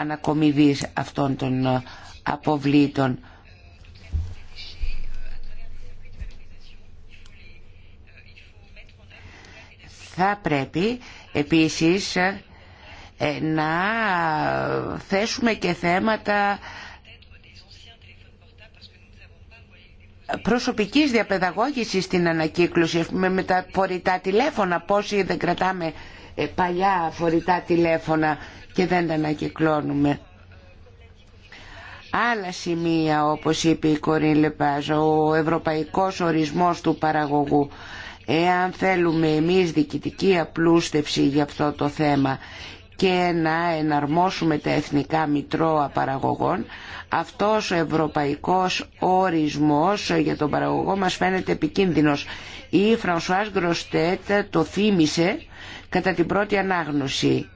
ανακομιδής αυτών των ε, αποβλήτων. Θα πρέπει επίσης ε, να θέσουμε και θέματα προσωπικής διαπαιδαγώγησης στην ανακύκλωση, με τα πορητά τηλέφωνα, πόσοι δεν κρατάμε ε, παλιά φορητά τηλέφωνα και δεν τα ανακυκλώνουμε. Άλλα σημεία όπως είπε η Κορίν Λεπάζο, ο ευρωπαϊκός ορισμός του παραγωγού. Εάν θέλουμε εμείς διοικητική απλούστευση για αυτό το θέμα και να εναρμόσουμε τα εθνικά μητρώα παραγωγών, αυτός ο ευρωπαϊκός ορισμός για τον παραγωγό μας φαίνεται επικίνδυνος. Η Φρανσουάς Γκροστέτ το θύμισε κατά την πρώτη ανάγνωση.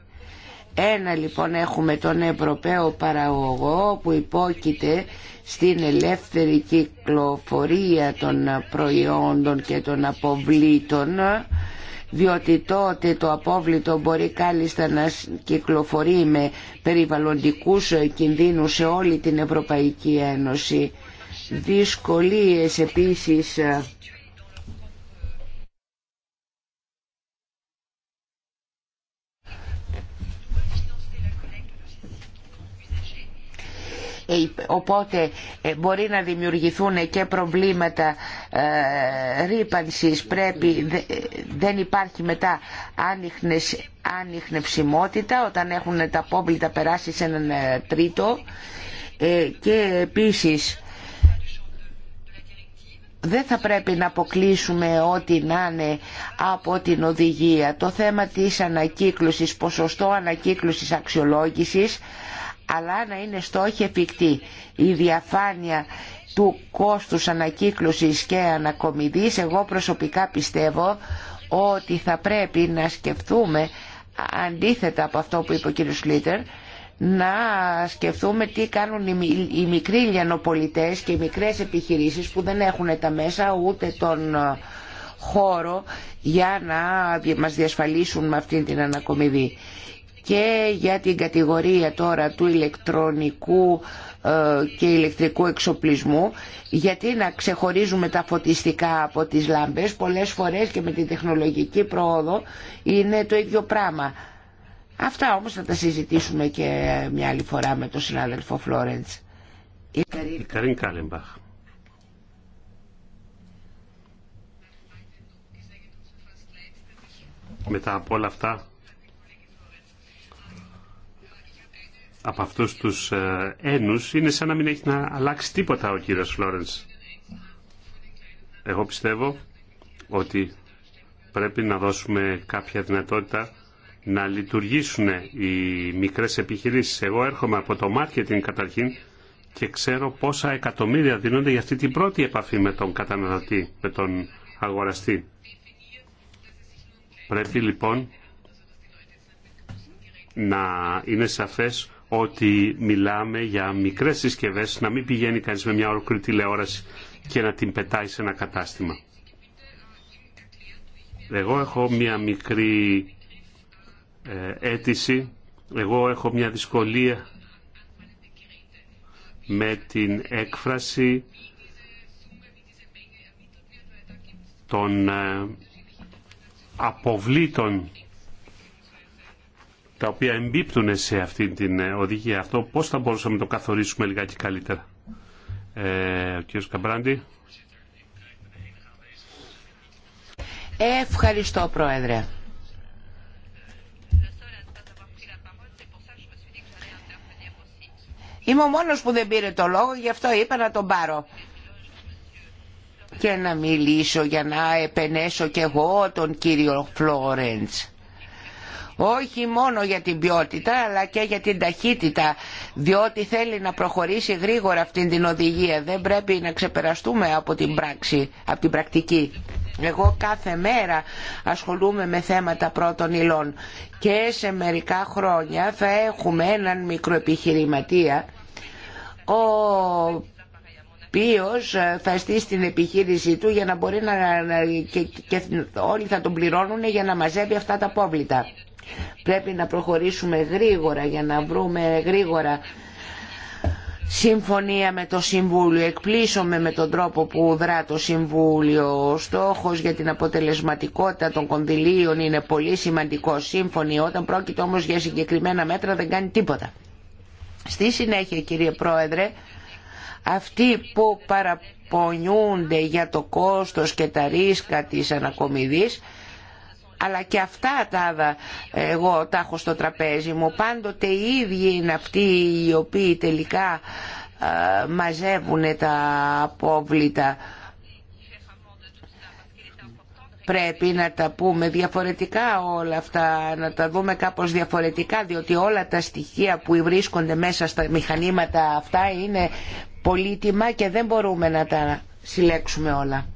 Ένα λοιπόν έχουμε τον Ευρωπαίο παραγωγό που υπόκειται στην ελεύθερη κυκλοφορία των προϊόντων και των αποβλήτων διότι τότε το απόβλητο μπορεί κάλλιστα να κυκλοφορεί με περιβαλλοντικούς κινδύνους σε όλη την Ευρωπαϊκή Ένωση. Δυσκολίες επίσης Ε, οπότε ε, μπορεί να δημιουργηθούν και προβλήματα ε, ρήπανσης πρέπει δεν υπάρχει μετά άνοιχνες, άνοιχνευσιμότητα όταν έχουν τα πόβλητα περάσει σε έναν τρίτο και επίσης δεν θα πρέπει να αποκλείσουμε ό,τι να είναι από την οδηγία. Το θέμα της ανακύκλωσης, ποσοστό ανακύκλωσης αξιολόγησης αλλά να είναι στόχοι εφικτοί. Η διαφάνεια του κόστους ανακύκλωσης και ανακομιδής, εγώ προσωπικά πιστεύω ότι θα πρέπει να σκεφτούμε, αντίθετα από αυτό που είπε ο κ. Σλίτερ, να σκεφτούμε τι κάνουν οι μικροί λιανοπολιτές και οι μικρές επιχειρήσεις που δεν έχουν τα μέσα ούτε τον ε, χώρο για να μας διασφαλίσουν με αυτή την ανακομιδή και για την κατηγορία τώρα του ηλεκτρονικού ε, και ηλεκτρικού εξοπλισμού γιατί να ξεχωρίζουμε τα φωτιστικά από τις λάμπες πολλές φορές και με την τεχνολογική πρόοδο είναι το ίδιο πράγμα. Αυτά όμως θα τα συζητήσουμε και μια άλλη φορά με τον συνάδελφο Φλόρεντς. Η Καρίν Κάλεμπαχ. Μετά από όλα αυτά από αυτούς τους ε, ένους είναι σαν να μην έχει να αλλάξει τίποτα ο κύριος Φλόρενς. Εγώ πιστεύω ότι πρέπει να δώσουμε κάποια δυνατότητα να λειτουργήσουν οι μικρές επιχειρήσεις. Εγώ έρχομαι από το μάρκετινγκ καταρχήν και ξέρω πόσα εκατομμύρια δίνονται για αυτή την πρώτη επαφή με τον καταναλωτή, με τον αγοραστή. Πρέπει λοιπόν να είναι σαφές ότι μιλάμε για μικρές συσκευές, να μην πηγαίνει κανείς με μια ολοκληρή τηλεόραση και να την πετάει σε ένα κατάστημα. Εγώ έχω μια μικρή ε, αίτηση, εγώ έχω μια δυσκολία με την έκφραση των ε, αποβλήτων τα οποία εμπίπτουν σε αυτή την ε, οδηγία. Αυτό πώς θα μπορούσαμε να το καθορίσουμε λιγάκι καλύτερα. Ε, ο κ. Καμπράντη. Ευχαριστώ Πρόεδρε. Είμαι ο μόνος που δεν πήρε το λόγο, γι' αυτό είπα να τον πάρω. Και να μιλήσω για να επενέσω κι εγώ τον κύριο Φλόρεντς όχι μόνο για την ποιότητα αλλά και για την ταχύτητα διότι θέλει να προχωρήσει γρήγορα αυτή την οδηγία δεν πρέπει να ξεπεραστούμε από την πράξη, από την πρακτική εγώ κάθε μέρα ασχολούμαι με θέματα πρώτων υλών και σε μερικά χρόνια θα έχουμε έναν μικροεπιχειρηματία ο οποίο θα στήσει την επιχείρηση του για να μπορεί να και όλοι θα τον πληρώνουν για να μαζεύει αυτά τα απόβλητα. Πρέπει να προχωρήσουμε γρήγορα για να βρούμε γρήγορα συμφωνία με το Συμβούλιο. Εκπλήσωμε με τον τρόπο που δρά το Συμβούλιο. Ο στόχος για την αποτελεσματικότητα των κονδυλίων είναι πολύ σημαντικό σύμφωνοι. Όταν πρόκειται όμως για συγκεκριμένα μέτρα δεν κάνει τίποτα. Στη συνέχεια κύριε Πρόεδρε, αυτοί που παραπονιούνται για το κόστος και τα ρίσκα της ανακομιδής αλλά και αυτά τα εγώ τα έχω στο τραπέζι μου. Πάντοτε οι ίδιοι είναι αυτοί οι οποίοι τελικά μαζεύουν τα απόβλητα. Πρέπει να τα πούμε διαφορετικά όλα αυτά, να τα δούμε κάπως διαφορετικά, διότι όλα τα στοιχεία που βρίσκονται μέσα στα μηχανήματα αυτά είναι πολύτιμα και δεν μπορούμε να τα συλλέξουμε όλα.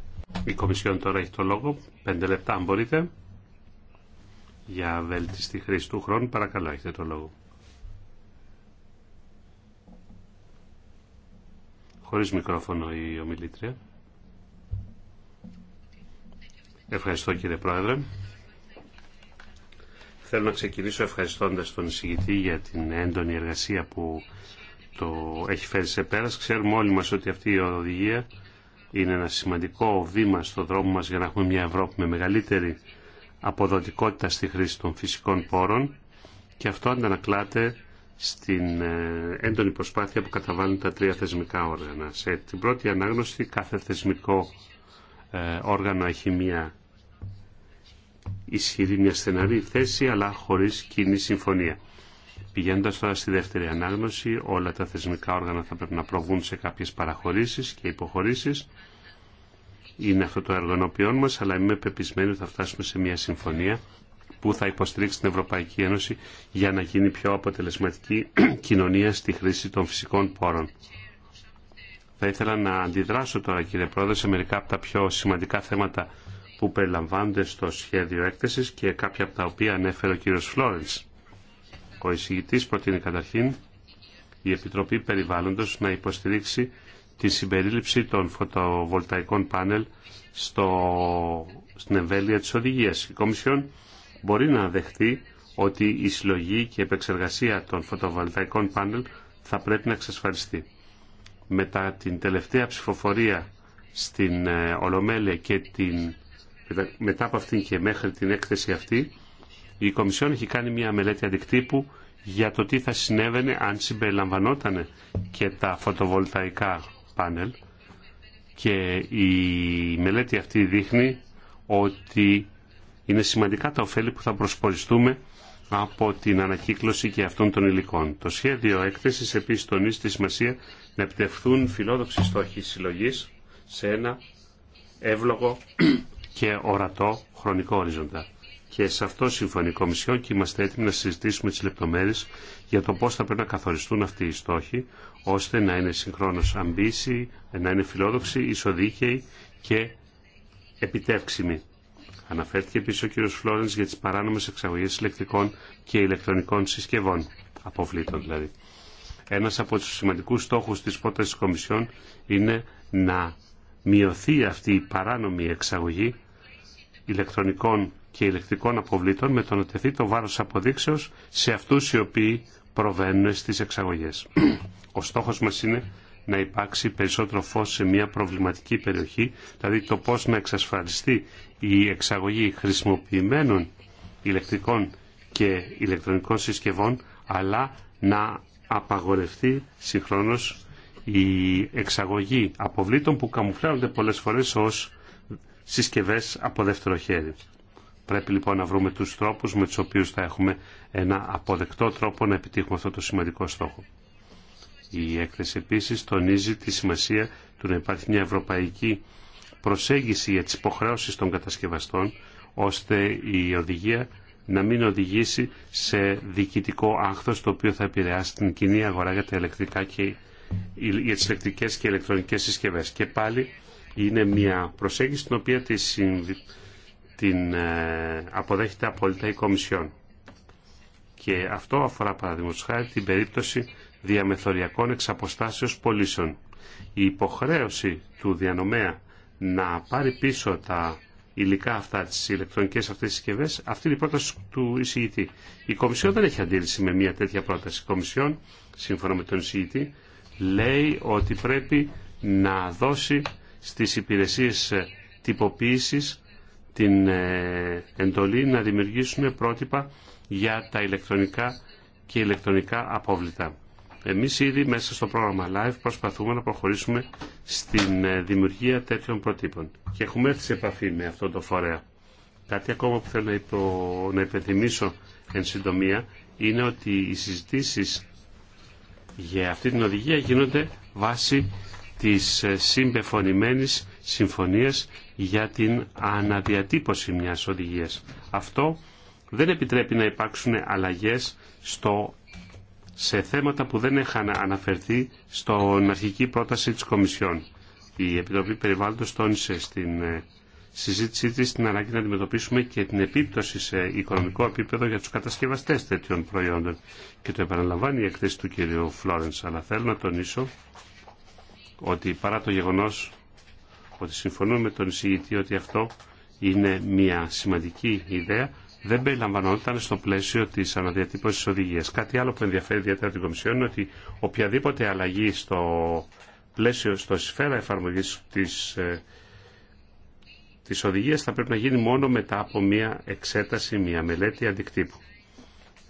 Η Κομισιόν τώρα έχει το λόγο. Πέντε λεπτά αν μπορείτε για βέλτιστη χρήση του χρόνου. Παρακαλώ, έχετε το λόγο. Χωρίς μικρόφωνο η ομιλήτρια. Ευχαριστώ κύριε Πρόεδρε. Θέλω να ξεκινήσω ευχαριστώντας τον εισηγητή για την έντονη εργασία που το έχει φέρει σε πέρας. Ξέρουμε όλοι μας ότι αυτή η οδηγία είναι ένα σημαντικό βήμα στο δρόμο μας για να έχουμε μια Ευρώπη με μεγαλύτερη αποδοτικότητα στη χρήση των φυσικών πόρων και αυτό αντανακλάται στην ε, έντονη προσπάθεια που καταβάλουν τα τρία θεσμικά όργανα. Σε την πρώτη ανάγνωση κάθε θεσμικό ε, όργανο έχει μία ισχυρή, μια στεναρή θέση, αλλά χωρίς κοινή συμφωνία. Πηγαίνοντα τώρα στη δεύτερη ανάγνωση, όλα τα θεσμικά όργανα θα πρέπει να προβούν σε κάποιες παραχωρήσεις και υποχωρήσεις είναι αυτό το έργο ενώπιόν μας, αλλά είμαι πεπισμένοι ότι θα φτάσουμε σε μια συμφωνία που θα υποστηρίξει την Ευρωπαϊκή Ένωση για να γίνει πιο αποτελεσματική κοινωνία στη χρήση των φυσικών πόρων. Θα ήθελα να αντιδράσω τώρα κύριε Πρόεδρε σε μερικά από τα πιο σημαντικά θέματα που περιλαμβάνονται στο σχέδιο έκθεση και κάποια από τα οποία ανέφερε ο κύριο Φλόρεν. Ο εισηγητή προτείνει καταρχήν η Επιτροπή Περιβάλλοντος να υποστηρίξει τη συμπερίληψη των φωτοβολταϊκών πάνελ στο, στην εμβέλεια της οδηγίας. Η Κομισιόν μπορεί να δεχτεί ότι η συλλογή και η επεξεργασία των φωτοβολταϊκών πάνελ θα πρέπει να εξασφαλιστεί. Μετά την τελευταία ψηφοφορία στην ε, Ολομέλεια και την, μετά από αυτήν και μέχρι την έκθεση αυτή, η Κομισιόν έχει κάνει μια μελέτη αντικτύπου για το τι θα συνέβαινε αν συμπεριλαμβανόταν και τα φωτοβολταϊκά και η μελέτη αυτή δείχνει ότι είναι σημαντικά τα ωφέλη που θα προσποριστούμε από την ανακύκλωση και αυτών των υλικών. Το σχέδιο έκθεσης επίσης τονίζει τη σημασία να επιτευχθούν φιλόδοξοι στόχοι συλλογή σε ένα εύλογο και ορατό χρονικό οριζόντα. Και σε αυτό συμφωνεί η Κομισιόν και είμαστε έτοιμοι να συζητήσουμε τις λεπτομέρειες για το πώς θα πρέπει να καθοριστούν αυτοί οι στόχοι, ώστε να είναι συγχρόνως αμπίση, να είναι φιλόδοξη, ισοδίκαιη και επιτεύξιμη. Αναφέρθηκε επίση ο κ. Φλόρενς για τις παράνομες εξαγωγές ηλεκτρικών και ηλεκτρονικών συσκευών, αποβλήτων δηλαδή. Ένας από τους σημαντικούς στόχου της πρόταση τη Κομισιόν είναι να μειωθεί αυτή η παράνομη εξαγωγή ηλεκτρονικών και ηλεκτρικών αποβλήτων με το να τεθεί το βάρο αποδείξεως σε αυτού οι οποίοι προβαίνουν στις εξαγωγές. Ο στόχος μας είναι να υπάρξει περισσότερο φως σε μια προβληματική περιοχή, δηλαδή το πώς να εξασφαλιστεί η εξαγωγή χρησιμοποιημένων ηλεκτρικών και ηλεκτρονικών συσκευών, αλλά να απαγορευτεί συγχρόνως η εξαγωγή αποβλήτων που καμουφλέονται πολλές φορές ως συσκευές από δεύτερο χέρι. Πρέπει λοιπόν να βρούμε τους τρόπους με τους οποίους θα έχουμε ένα αποδεκτό τρόπο να επιτύχουμε αυτό το σημαντικό στόχο. Η έκθεση επίσης τονίζει τη σημασία του να υπάρχει μια ευρωπαϊκή προσέγγιση για τις υποχρεώσεις των κατασκευαστών ώστε η οδηγία να μην οδηγήσει σε διοικητικό άγχος το οποίο θα επηρεάσει την κοινή αγορά για, τα ηλεκτρικά και, για τις ηλεκτρικές και ηλεκτρονικές συσκευές. Και πάλι είναι μια προσέγγιση την οποία τη την ε, αποδέχεται απόλυτα η Κομισιόν. Και αυτό αφορά παραδείγματος χάρη την περίπτωση διαμεθοριακών εξαποστάσεως πωλήσεων. Η υποχρέωση του διανομέα να πάρει πίσω τα υλικά αυτά, τις ηλεκτρονικέ αυτέ συσκευέ, αυτή είναι η πρόταση του εισηγητή. Η Κομισιόν δεν έχει αντίρρηση με μια τέτοια πρόταση. Η Κομισιόν, σύμφωνα με τον εισηγητή, λέει ότι πρέπει να δώσει στις υπηρεσίες τυποποίησης την ε, εντολή να δημιουργήσουν πρότυπα για τα ηλεκτρονικά και ηλεκτρονικά απόβλητα. Εμείς ήδη μέσα στο πρόγραμμα Live προσπαθούμε να προχωρήσουμε στην ε, δημιουργία τέτοιων προτύπων και έχουμε έρθει σε επαφή με αυτό το φορέα. Κάτι ακόμα που θέλω να υπενθυμίσω εν συντομία είναι ότι οι συζητήσεις για αυτή την οδηγία γίνονται βάσει της ε, συμπεφωνημένης συμφωνίες για την αναδιατύπωση μιας οδηγίας. Αυτό δεν επιτρέπει να υπάρξουν αλλαγές στο, σε θέματα που δεν είχαν αναφερθεί στην αρχική πρόταση της Κομισιόν. Η Επιτροπή Περιβάλλοντος τόνισε στην ε, συζήτησή της την ανάγκη να αντιμετωπίσουμε και την επίπτωση σε οικονομικό επίπεδο για τους κατασκευαστές τέτοιων προϊόντων. Και το επαναλαμβάνει η εκθέση του κ. Φλόρενς, αλλά θέλω να τονίσω ότι παρά το γεγονός ότι συμφωνούμε με τον εισηγητή ότι αυτό είναι μια σημαντική ιδέα, δεν περιλαμβανόταν στο πλαίσιο τη αναδιατύπωση τη οδηγία. Κάτι άλλο που ενδιαφέρει ιδιαίτερα την Κομισιόν είναι ότι οποιαδήποτε αλλαγή στο πλαίσιο, στο σφαίρα εφαρμογή τη ε, της οδηγίας θα πρέπει να γίνει μόνο μετά από μια εξέταση, μια μελέτη αντικτύπου.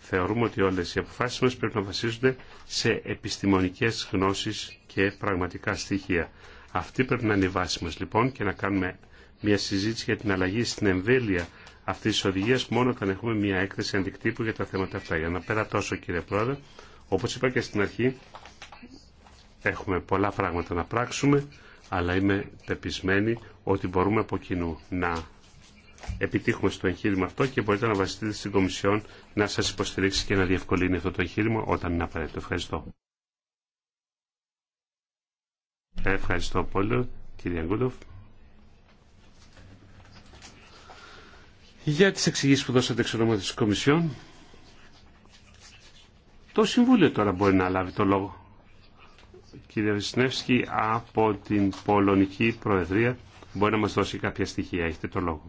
Θεωρούμε ότι όλε οι αποφάσει μα πρέπει να βασίζονται σε επιστημονικέ γνώσει και πραγματικά στοιχεία. Αυτή πρέπει να είναι η βάση μας λοιπόν και να κάνουμε μια συζήτηση για την αλλαγή στην εμβέλεια αυτή τη οδηγία μόνο όταν έχουμε μια έκθεση αντικτύπου για τα θέματα αυτά. Για να πέρα τόσο κύριε Πρόεδρε, όπω είπα και στην αρχή, έχουμε πολλά πράγματα να πράξουμε, αλλά είμαι πεπισμένη ότι μπορούμε από κοινού να επιτύχουμε στο εγχείρημα αυτό και μπορείτε να βασιστείτε στην Κομισιόν να σας υποστηρίξει και να διευκολύνει αυτό το εγχείρημα όταν είναι απαραίτητο. Ευχαριστώ. Ευχαριστώ πολύ, κύριε Γκούλοφ. Για τις εξηγήσεις που δώσατε εξ ονόματο της Κομισιόν, το Συμβούλιο τώρα μπορεί να λάβει το λόγο. Κύριε Βυσνεύσκη, από την Πολωνική Προεδρία μπορεί να μας δώσει κάποια στοιχεία. Έχετε το λόγο.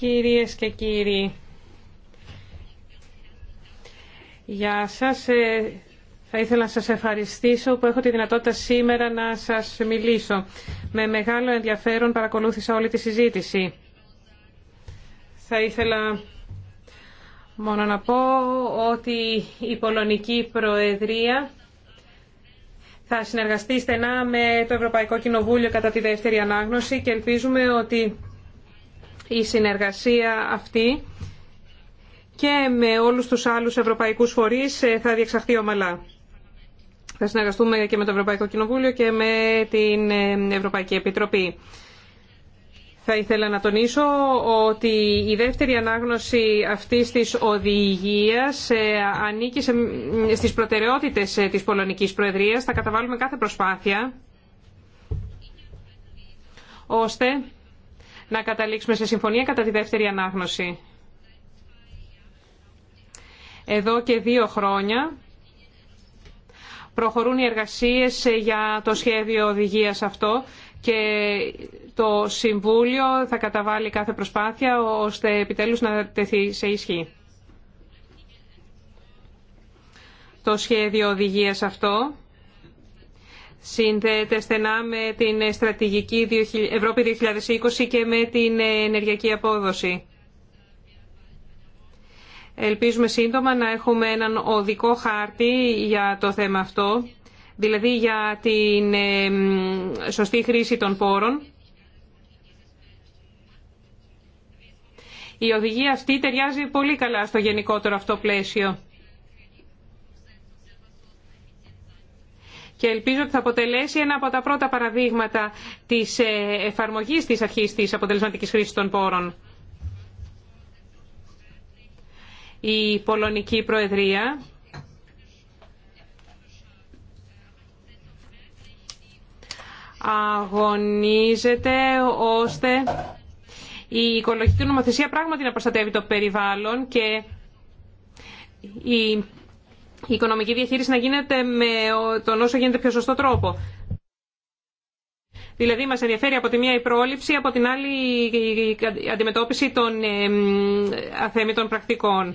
Κυρίες και κύριοι, γεια σας. Ε, θα ήθελα να σας ευχαριστήσω που έχω τη δυνατότητα σήμερα να σας μιλήσω. Με μεγάλο ενδιαφέρον παρακολούθησα όλη τη συζήτηση. Θα ήθελα μόνο να πω ότι η Πολωνική Προεδρία θα συνεργαστεί στενά με το Ευρωπαϊκό Κοινοβούλιο κατά τη δεύτερη ανάγνωση και ελπίζουμε ότι η συνεργασία αυτή και με όλους τους άλλους ευρωπαϊκούς φορείς ε, θα διεξαχθεί ομαλά. Θα συνεργαστούμε και με το Ευρωπαϊκό Κοινοβούλιο και με την ε, Ευρωπαϊκή Επιτροπή. Θα ήθελα να τονίσω ότι η δεύτερη ανάγνωση αυτής της οδηγίας ε, ανήκει στις προτεραιότητες της Πολωνικής Προεδρίας. Θα καταβάλουμε κάθε προσπάθεια ώστε να καταλήξουμε σε συμφωνία κατά τη δεύτερη ανάγνωση. Εδώ και δύο χρόνια προχωρούν οι εργασίες για το σχέδιο οδηγίας αυτό και το Συμβούλιο θα καταβάλει κάθε προσπάθεια ώστε επιτέλους να τεθεί σε ισχύ. Το σχέδιο οδηγίας αυτό συνδέεται στενά με την στρατηγική Ευρώπη 2020 και με την ενεργειακή απόδοση. Ελπίζουμε σύντομα να έχουμε έναν οδικό χάρτη για το θέμα αυτό, δηλαδή για την σωστή χρήση των πόρων. Η οδηγία αυτή ταιριάζει πολύ καλά στο γενικότερο αυτό πλαίσιο. και ελπίζω ότι θα αποτελέσει ένα από τα πρώτα παραδείγματα της ε, εφαρμογής της αρχής της αποτελεσματικής χρήσης των πόρων. Η Πολωνική Προεδρία αγωνίζεται ώστε η οικολογική νομοθεσία πράγματι να προστατεύει το περιβάλλον και η η οικονομική διαχείριση να γίνεται με τον όσο γίνεται πιο σωστό τρόπο. Δηλαδή μα ενδιαφέρει από τη μία η πρόληψη, από την άλλη η αντιμετώπιση των αθέμητων πρακτικών.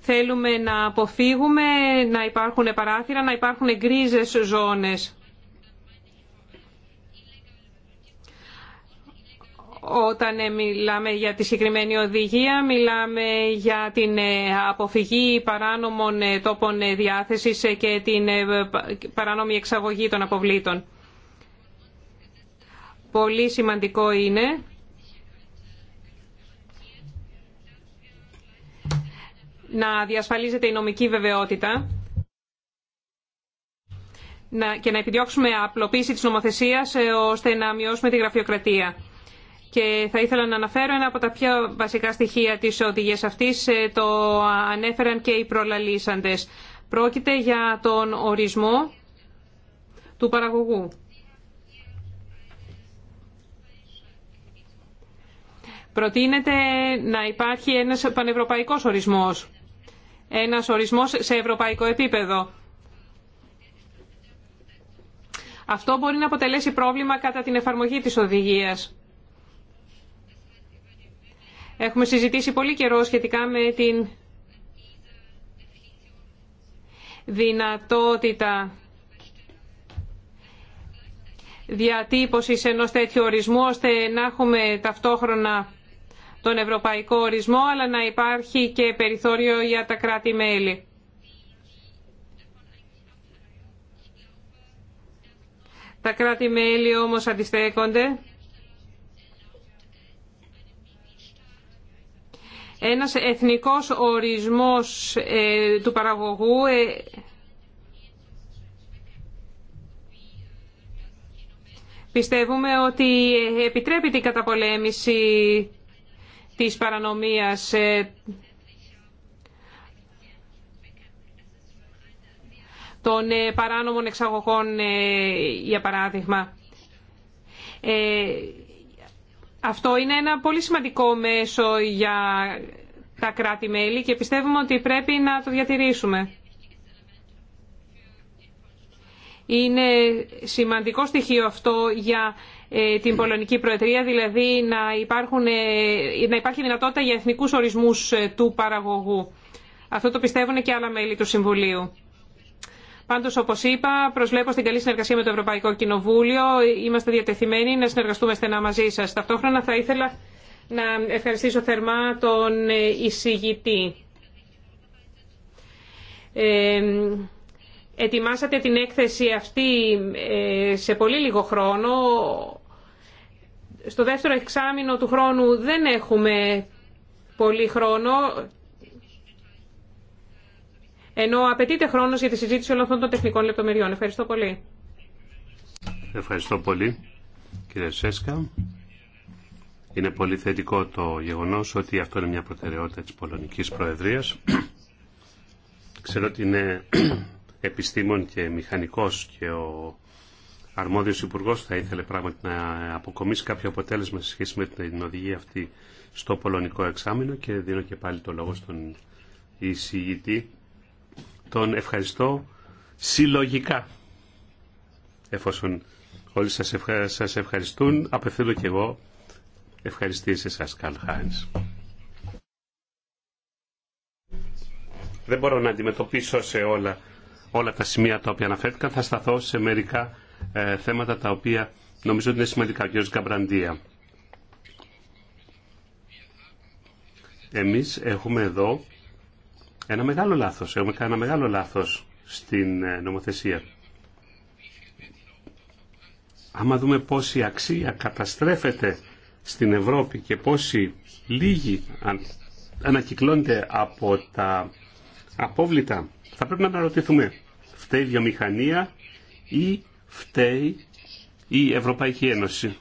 Θέλουμε να αποφύγουμε να υπάρχουν παράθυρα, να υπάρχουν γκρίζε ζώνες. Όταν ε, μιλάμε για τη συγκεκριμένη οδηγία, μιλάμε για την ε, αποφυγή παράνομων ε, τόπων διάθεσης και την παράνομη εξαγωγή των αποβλήτων. Πολύ σημαντικό είναι να διασφαλίζεται η νομική βεβαιότητα και να επιδιώξουμε απλοποίηση της νομοθεσίας ώστε να μειώσουμε τη γραφειοκρατία και θα ήθελα να αναφέρω ένα από τα πιο βασικά στοιχεία της οδηγίας αυτής, ε, το ανέφεραν και οι προλαλήσαντες. Πρόκειται για τον ορισμό του παραγωγού. Προτείνεται να υπάρχει ένας πανευρωπαϊκός ορισμός, ένας ορισμός σε ευρωπαϊκό επίπεδο. Αυτό μπορεί να αποτελέσει πρόβλημα κατά την εφαρμογή της οδηγίας. Έχουμε συζητήσει πολύ καιρό σχετικά με την δυνατότητα διατύπωσης ενός τέτοιου ορισμού ώστε να έχουμε ταυτόχρονα τον ευρωπαϊκό ορισμό αλλά να υπάρχει και περιθώριο για τα κράτη-μέλη. Τα κράτη-μέλη όμως αντιστέκονται Ένας εθνικός ορισμός ε, του παραγωγού ε, πιστεύουμε ότι ε, επιτρέπει την καταπολέμηση της παρανομίας των παράνομων εξαγωγών, για παράδειγμα. Αυτό είναι ένα πολύ σημαντικό μέσο για τα κράτη-μέλη και πιστεύουμε ότι πρέπει να το διατηρήσουμε. Είναι σημαντικό στοιχείο αυτό για ε, την Πολωνική Προεδρία, δηλαδή να, υπάρχουν, ε, να υπάρχει δυνατότητα για εθνικούς ορισμούς ε, του παραγωγού. Αυτό το πιστεύουν και άλλα μέλη του Συμβουλίου. Πάντως, όπως είπα, προσβλέπω στην καλή συνεργασία με το Ευρωπαϊκό Κοινοβούλιο. Είμαστε διατεθειμένοι να συνεργαστούμε στενά μαζί σα. Ταυτόχρονα θα ήθελα να ευχαριστήσω θερμά τον εισηγητή. Ε, ετοιμάσατε την έκθεση αυτή ε, σε πολύ λίγο χρόνο. Στο δεύτερο εξάμεινο του χρόνου δεν έχουμε πολύ χρόνο ενώ απαιτείται χρόνος για τη συζήτηση όλων αυτών των τεχνικών λεπτομεριών. Ευχαριστώ πολύ. Ευχαριστώ πολύ, κύριε Σέσκα. Είναι πολύ θετικό το γεγονός ότι αυτό είναι μια προτεραιότητα της Πολωνικής Προεδρίας. Ξέρω ότι είναι επιστήμον και μηχανικός και ο αρμόδιος υπουργός θα ήθελε πράγματι να αποκομίσει κάποιο αποτέλεσμα σε σχέση με την οδηγία αυτή στο πολωνικό εξάμεινο και δίνω και πάλι το λόγο στον εισηγητή τον ευχαριστώ συλλογικά. Εφόσον όλοι σας, ευχαριστούν, απευθύνω και εγώ ευχαριστήσεις σας, Καλ Χάινς. Δεν μπορώ να αντιμετωπίσω σε όλα, όλα τα σημεία τα οποία αναφέρθηκαν. Θα σταθώ σε μερικά ε, θέματα τα οποία νομίζω ότι είναι σημαντικά. Ο Γκαμπραντία. Εμείς έχουμε εδώ ένα μεγάλο λάθος, έχουμε κάνει ένα μεγάλο λάθος στην ε, νομοθεσία. Άμα δούμε πόση αξία καταστρέφεται στην Ευρώπη και πόση λίγη ανακυκλώνεται από τα απόβλητα, θα πρέπει να αναρωτηθούμε, φταίει η βιομηχανία ή φταίει η Ευρωπαϊκή Ένωση.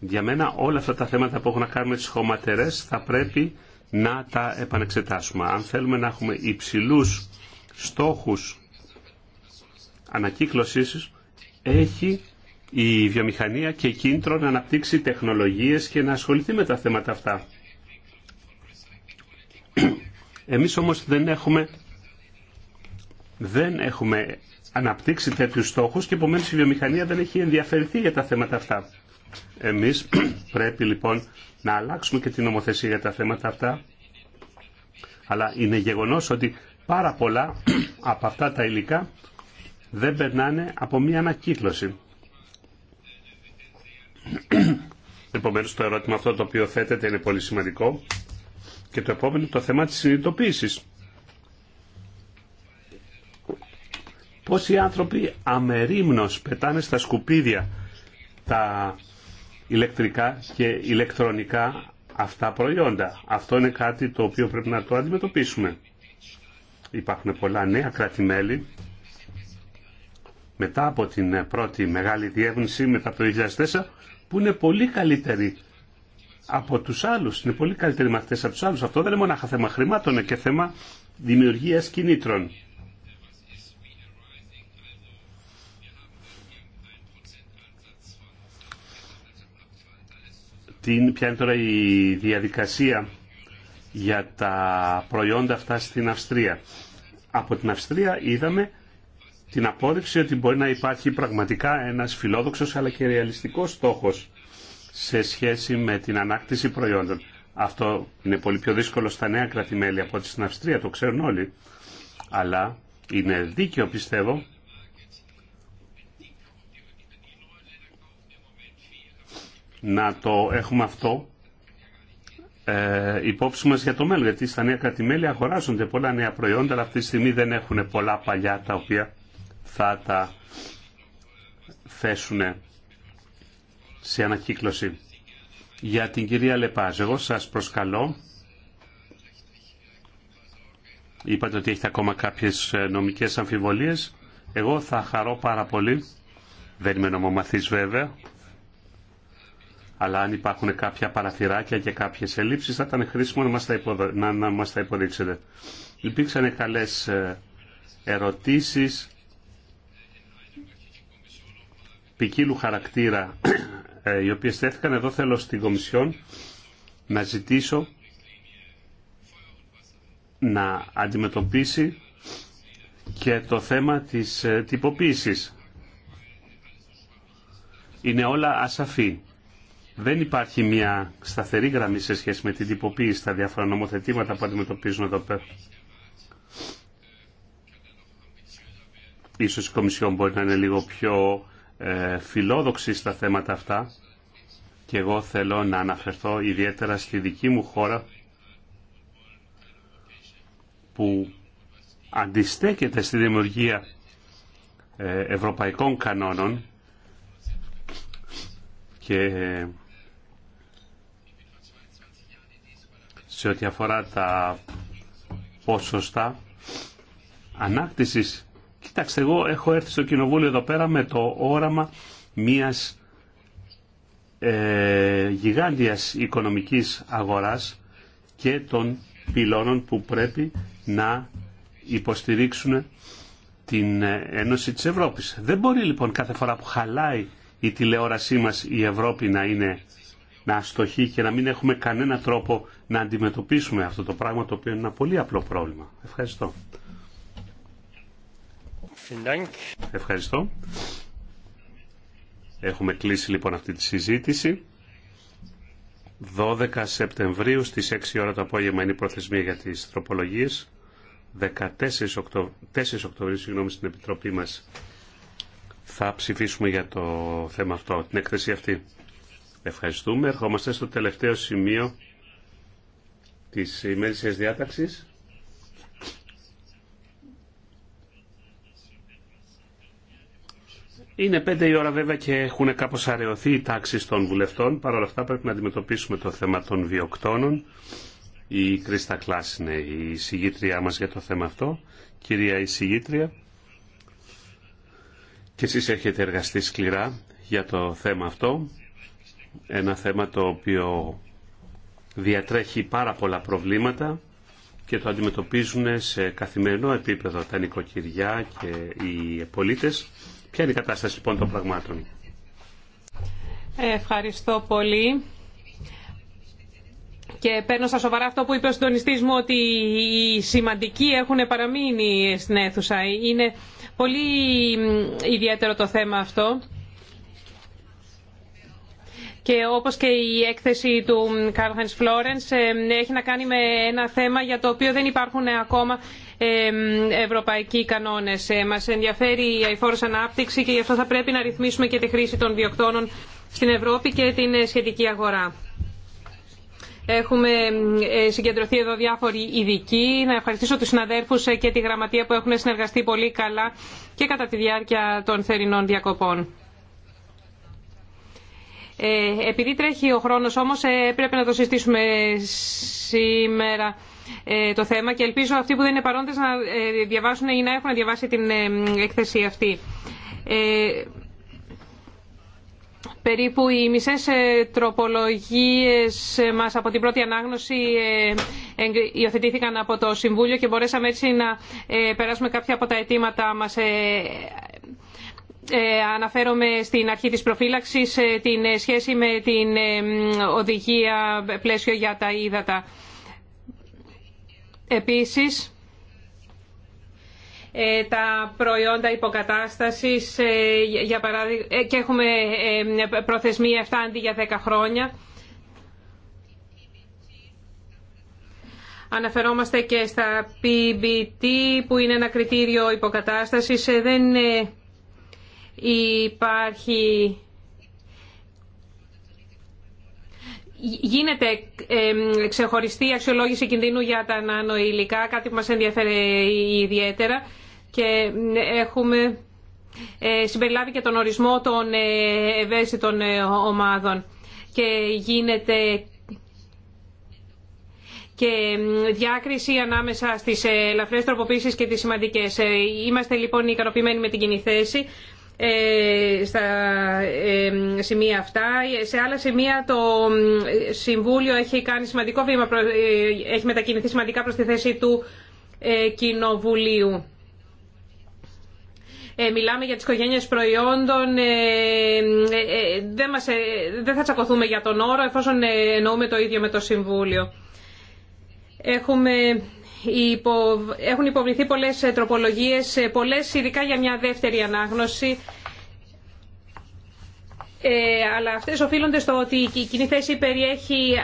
Για μένα όλα αυτά τα θέματα που έχουν να κάνουν με τις χωματερές θα πρέπει να τα επανεξετάσουμε. Αν θέλουμε να έχουμε υψηλούς στόχους ανακύκλωσης, έχει η βιομηχανία και κίνητρο να αναπτύξει τεχνολογίες και να ασχοληθεί με τα θέματα αυτά. Εμείς όμως δεν έχουμε, δεν έχουμε αναπτύξει τέτοιους στόχους και επομένως η βιομηχανία δεν έχει ενδιαφερθεί για τα θέματα αυτά. Εμείς πρέπει λοιπόν να αλλάξουμε και την νομοθεσία για τα θέματα αυτά. Αλλά είναι γεγονός ότι πάρα πολλά από αυτά τα υλικά δεν περνάνε από μία ανακύκλωση. Επομένως το ερώτημα αυτό το οποίο θέτεται είναι πολύ σημαντικό και το επόμενο το θέμα της συνειδητοποίησης. Πώς οι άνθρωποι αμερίμνος πετάνε στα σκουπίδια τα ηλεκτρικά και ηλεκτρονικά αυτά προϊόντα. Αυτό είναι κάτι το οποίο πρέπει να το αντιμετωπίσουμε. Υπάρχουν πολλά νέα κράτη-μέλη. Μετά από την πρώτη μεγάλη διεύνηση, μετά το 2004, που είναι πολύ καλύτεροι από τους άλλους. Είναι πολύ καλύτεροι μαθητές από τους άλλους. Αυτό δεν είναι μόνο θέμα χρημάτων, είναι και θέμα δημιουργία κινήτρων. την, ποια είναι τώρα η διαδικασία για τα προϊόντα αυτά στην Αυστρία. Από την Αυστρία είδαμε την απόδειξη ότι μπορεί να υπάρχει πραγματικά ένας φιλόδοξος αλλά και ρεαλιστικός στόχος σε σχέση με την ανάκτηση προϊόντων. Αυτό είναι πολύ πιο δύσκολο στα νέα κρατημέλη από ό,τι στην Αυστρία, το ξέρουν όλοι. Αλλά είναι δίκαιο πιστεύω να το έχουμε αυτό ε, υπόψη μας για το μέλλον. Γιατί στα νέα κρατημέλη αγοράζονται πολλά νέα προϊόντα, αλλά αυτή τη στιγμή δεν έχουν πολλά παλιά τα οποία θα τα θέσουν σε ανακύκλωση. Για την κυρία Λεπάζ, εγώ σας προσκαλώ. Είπατε ότι έχετε ακόμα κάποιες ε, νομικές αμφιβολίες. Εγώ θα χαρώ πάρα πολύ. Δεν είμαι νομομαθής βέβαια, αλλά αν υπάρχουν κάποια παραθυράκια και κάποιες ελλείψεις θα ήταν χρήσιμο να μα τα, υποδο... να, τα υποδείξετε. Υπήρξαν καλές ε, ερωτήσεις ποικίλου χαρακτήρα ε, οι οποίες τέθηκαν. Εδώ θέλω στην Κομισιόν να ζητήσω να αντιμετωπίσει και το θέμα της ε, τυποποίησης. Είναι όλα ασαφή δεν υπάρχει μια σταθερή γραμμή σε σχέση με την τυποποίηση στα διάφορα νομοθετήματα που αντιμετωπίζουν εδώ πέρα. Ίσως η Κομισιόν μπορεί να είναι λίγο πιο ε, φιλόδοξη στα θέματα αυτά και εγώ θέλω να αναφερθώ ιδιαίτερα στη δική μου χώρα που αντιστέκεται στη δημιουργία ε, ευρωπαϊκών κανόνων και ε, σε ό,τι αφορά τα ποσοστά ανάκτησης. Κοιτάξτε, εγώ έχω έρθει στο κοινοβούλιο εδώ πέρα με το όραμα μιας ε, γιγάντιας οικονομικής αγοράς και των πυλώνων που πρέπει να υποστηρίξουν την Ένωση της Ευρώπης. Δεν μπορεί λοιπόν κάθε φορά που χαλάει η τηλεόρασή μας η Ευρώπη να είναι να αστοχεί και να μην έχουμε κανένα τρόπο να αντιμετωπίσουμε αυτό το πράγμα το οποίο είναι ένα πολύ απλό πρόβλημα. Ευχαριστώ. Ευχαριστώ. Έχουμε κλείσει λοιπόν αυτή τη συζήτηση. 12 Σεπτεμβρίου στις 6 ώρα το απόγευμα είναι η προθεσμία για τις τροπολογίες. 14 4 Οκτωβρίου συγγνώμη, στην Επιτροπή μας θα ψηφίσουμε για το θέμα αυτό, την έκθεση αυτή. Ευχαριστούμε. Ερχόμαστε στο τελευταίο σημείο της ημέρησιας διάταξης. Είναι πέντε η ώρα βέβαια και έχουν κάπως αραιωθεί οι τάξεις των βουλευτών. Παρ' όλα αυτά πρέπει να αντιμετωπίσουμε το θέμα των βιοκτώνων. Η Κρίστα Κλάς είναι η συγγήτριά μας για το θέμα αυτό. Κυρία η συγγήτρια, και εσείς έχετε εργαστεί σκληρά για το θέμα αυτό ένα θέμα το οποίο διατρέχει πάρα πολλά προβλήματα και το αντιμετωπίζουν σε καθημερινό επίπεδο τα νοικοκυριά και οι πολίτες. Ποια είναι η κατάσταση λοιπόν των πραγμάτων. Ευχαριστώ πολύ. Και παίρνω στα σοβαρά αυτό που είπε ο συντονιστή μου ότι οι σημαντικοί έχουν παραμείνει στην αίθουσα. Είναι πολύ ιδιαίτερο το θέμα αυτό και όπως και η έκθεση του Κάρθενς Φλόρενς ε, έχει να κάνει με ένα θέμα για το οποίο δεν υπάρχουν ακόμα ε, ευρωπαϊκοί κανόνες. Ε, μας ενδιαφέρει η αηφόρος ανάπτυξη και γι' αυτό θα πρέπει να ρυθμίσουμε και τη χρήση των βιοκτώνων στην Ευρώπη και την σχετική αγορά. Έχουμε συγκεντρωθεί εδώ διάφοροι ειδικοί. Να ευχαριστήσω τους συναδέρφους και τη γραμματεία που έχουν συνεργαστεί πολύ καλά και κατά τη διάρκεια των θερινών διακοπών. Ε, επειδή τρέχει ο χρόνος όμως ε, πρέπει να το συστήσουμε σήμερα ε, το θέμα και ελπίζω αυτοί που δεν είναι παρόντες να διαβάσουν ή να έχουν διαβάσει την εκθεσή αυτή. Περίπου οι μισές τροπολογίες μας από την πρώτη ανάγνωση υιοθετήθηκαν από το Συμβούλιο και μπορέσαμε έτσι να περάσουμε κάποια από τα αιτήματά μας ε, αναφέρομαι στην αρχή της προφύλαξης, ε, την ε, σχέση με την οδηγία πλαίσιο για τα ύδατα. Επίσης, τα προϊόντα υποκατάστασης για και έχουμε προθεσμία 7 αντί για 10 χρόνια. Αναφερόμαστε και στα PBT που είναι ένα κριτήριο υποκατάστασης. Δεν Υπάρχει Γίνεται ξεχωριστή αξιολόγηση κινδύνου για τα νανοηλικά, κάτι που μας ενδιαφέρει ιδιαίτερα και έχουμε ε, συμπεριλάβει και τον ορισμό των ε, ευαίσθητων ε, ομάδων και γίνεται και διάκριση ανάμεσα στις ελαφρές τροποποίησεις και τις σημαντικές. Είμαστε λοιπόν ικανοποιημένοι με την κοινή θέση. Ε, στα ε, σημεία αυτά. Σε άλλα σημεία το Συμβούλιο έχει κάνει σημαντικό βήμα, ε, έχει μετακινηθεί σημαντικά προς τη θέση του Κοινοβουλίου. Μιλάμε για τις οικογένειες προϊόντων. Δεν, μας, δεν θα τσακωθούμε για τον όρο εφόσον εννοούμε το ίδιο με το Συμβούλιο. Έχουμε έχουν υποβληθεί πολλές ε, τροπολογίες, ε, πολλές ειδικά για μια δεύτερη ανάγνωση. Ε, αλλά αυτές οφείλονται στο ότι η κοινή θέση περιέχει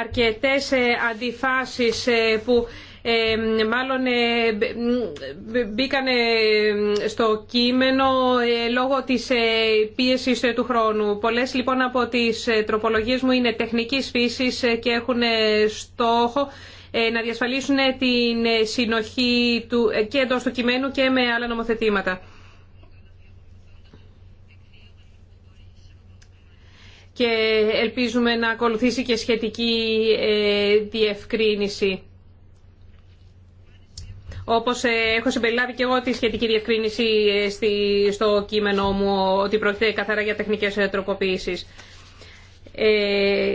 αρκετές αντιφάσεις που μάλλον μπήκαν στο κείμενο λόγω της πίεσης του χρόνου. Πολλές λοιπόν από τις τροπολογίες μου είναι τεχνικής φύσης και έχουν στόχο ε, να διασφαλίσουν την συνοχή του, ε, και εντό του κειμένου και με άλλα νομοθετήματα. Και ελπίζουμε να ακολουθήσει και σχετική ε, διευκρίνηση. Όπως έχω συμπεριλάβει και εγώ τη σχετική διευκρίνηση στο κείμενό μου ότι πρόκειται καθαρά για τεχνικές τροποποίησεις. Ε,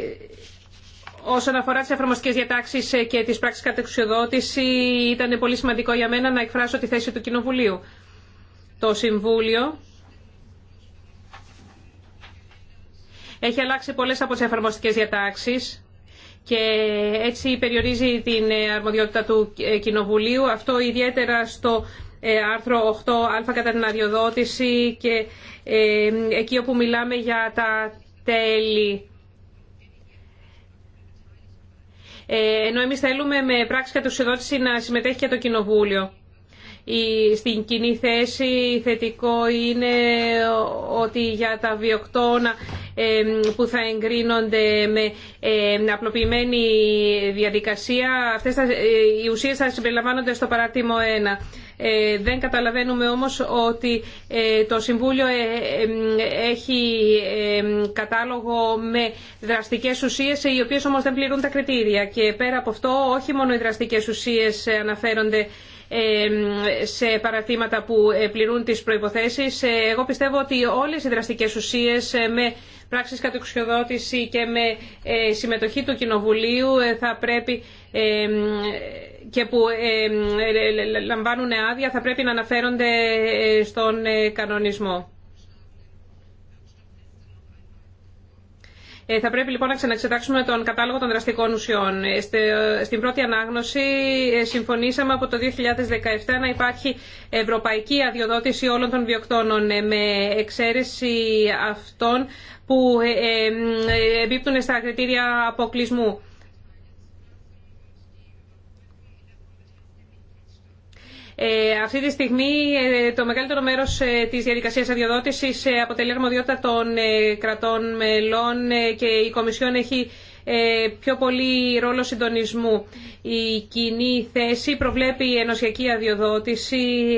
Όσον αφορά τι εφαρμοστικέ διατάξεις ε, και τις πράξεις κατεξουσιοδότηση, ήταν πολύ σημαντικό για μένα να εκφράσω τη θέση του Κοινοβουλίου. Το Συμβούλιο έχει αλλάξει πολλές από τις εφαρμοστικές διατάξεις και έτσι περιορίζει την ε, αρμοδιότητα του ε, Κοινοβουλίου. Αυτό ιδιαίτερα στο άρθρο 8α κατά την αδειοδότηση και εκεί όπου μιλάμε για τα τέλη Ε, ενώ εμεί θέλουμε με πράξη κατουσιοδότηση να συμμετέχει και το Κοινοβούλιο. Η, στην κοινή θέση θετικό είναι ότι για τα βιοκτώνα που θα εγκρίνονται με απλοποιημένη διαδικασία αυτές ε, οι ουσίες θα συμπεριλαμβάνονται στο παράτιμο 1. Ε, δεν καταλαβαίνουμε όμως ότι ε, το Συμβούλιο ε, έχει κατάλογο με δραστικές ουσίες οι οποίες όμως δεν πληρούν τα κριτήρια και πέρα από αυτό όχι μόνο οι δραστικές ουσίες αναφέρονται σε παρατήματα που πληρούν τις προϋποθέσεις. Εγώ πιστεύω ότι όλες οι δραστικές ουσίες με πράξεις κατοξιοδότηση και με συμμετοχή του Κοινοβουλίου θα πρέπει και που λαμβάνουν άδεια θα πρέπει να αναφέρονται ε, στον ε, κανονισμό. Ε, θα πρέπει λοιπόν να ξαναξετάξουμε τον κατάλογο των δραστικών ουσιών. Στην πρώτη ανάγνωση συμφωνήσαμε από το 2017 να υπάρχει ευρωπαϊκή αδειοδότηση όλων των βιοκτώνων με εξαίρεση αυτών που εμπίπτουν στα κριτήρια αποκλεισμού. Ε, αυτή τη στιγμή ε, το μεγαλύτερο μέρος ε, της διαδικασίας αδειοδότησης αποτελεί αρμοδιότητα των κρατών μελών και η Κομισιόν έχει πιο πολύ ρόλο συντονισμού. Η κοινή θέση προβλέπει η ενωσιακή αδειοδότηση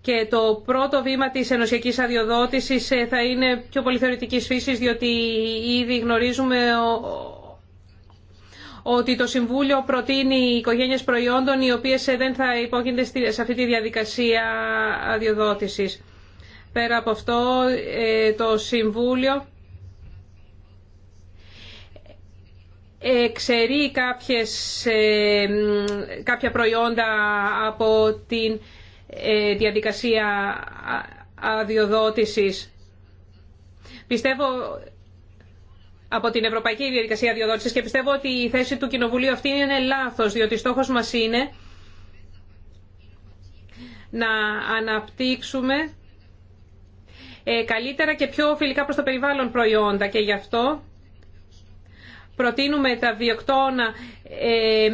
και το πρώτο βήμα της ενωσιακής αδειοδότησης θα είναι πιο πολύ θεωρητικής φύσης διότι ήδη γνωρίζουμε ότι το Συμβούλιο προτείνει οικογένειες προϊόντων οι οποίες ε, δεν θα υπόκεινται σε αυτή τη διαδικασία αδειοδότησης. Πέρα από αυτό, ε, το Συμβούλιο ε, εξαιρεί κάποιες, κάποια προϊόντα από τη διαδικασία αδειοδότησης. Πιστεύω από την Ευρωπαϊκή Διαδικασία Διοδότησης και πιστεύω ότι η θέση του Κοινοβουλίου αυτή είναι λάθος, διότι στόχος μας είναι να αναπτύξουμε ε, καλύτερα και πιο φιλικά προς το περιβάλλον προϊόντα και γι' αυτό προτείνουμε τα βιοκτώνα ε,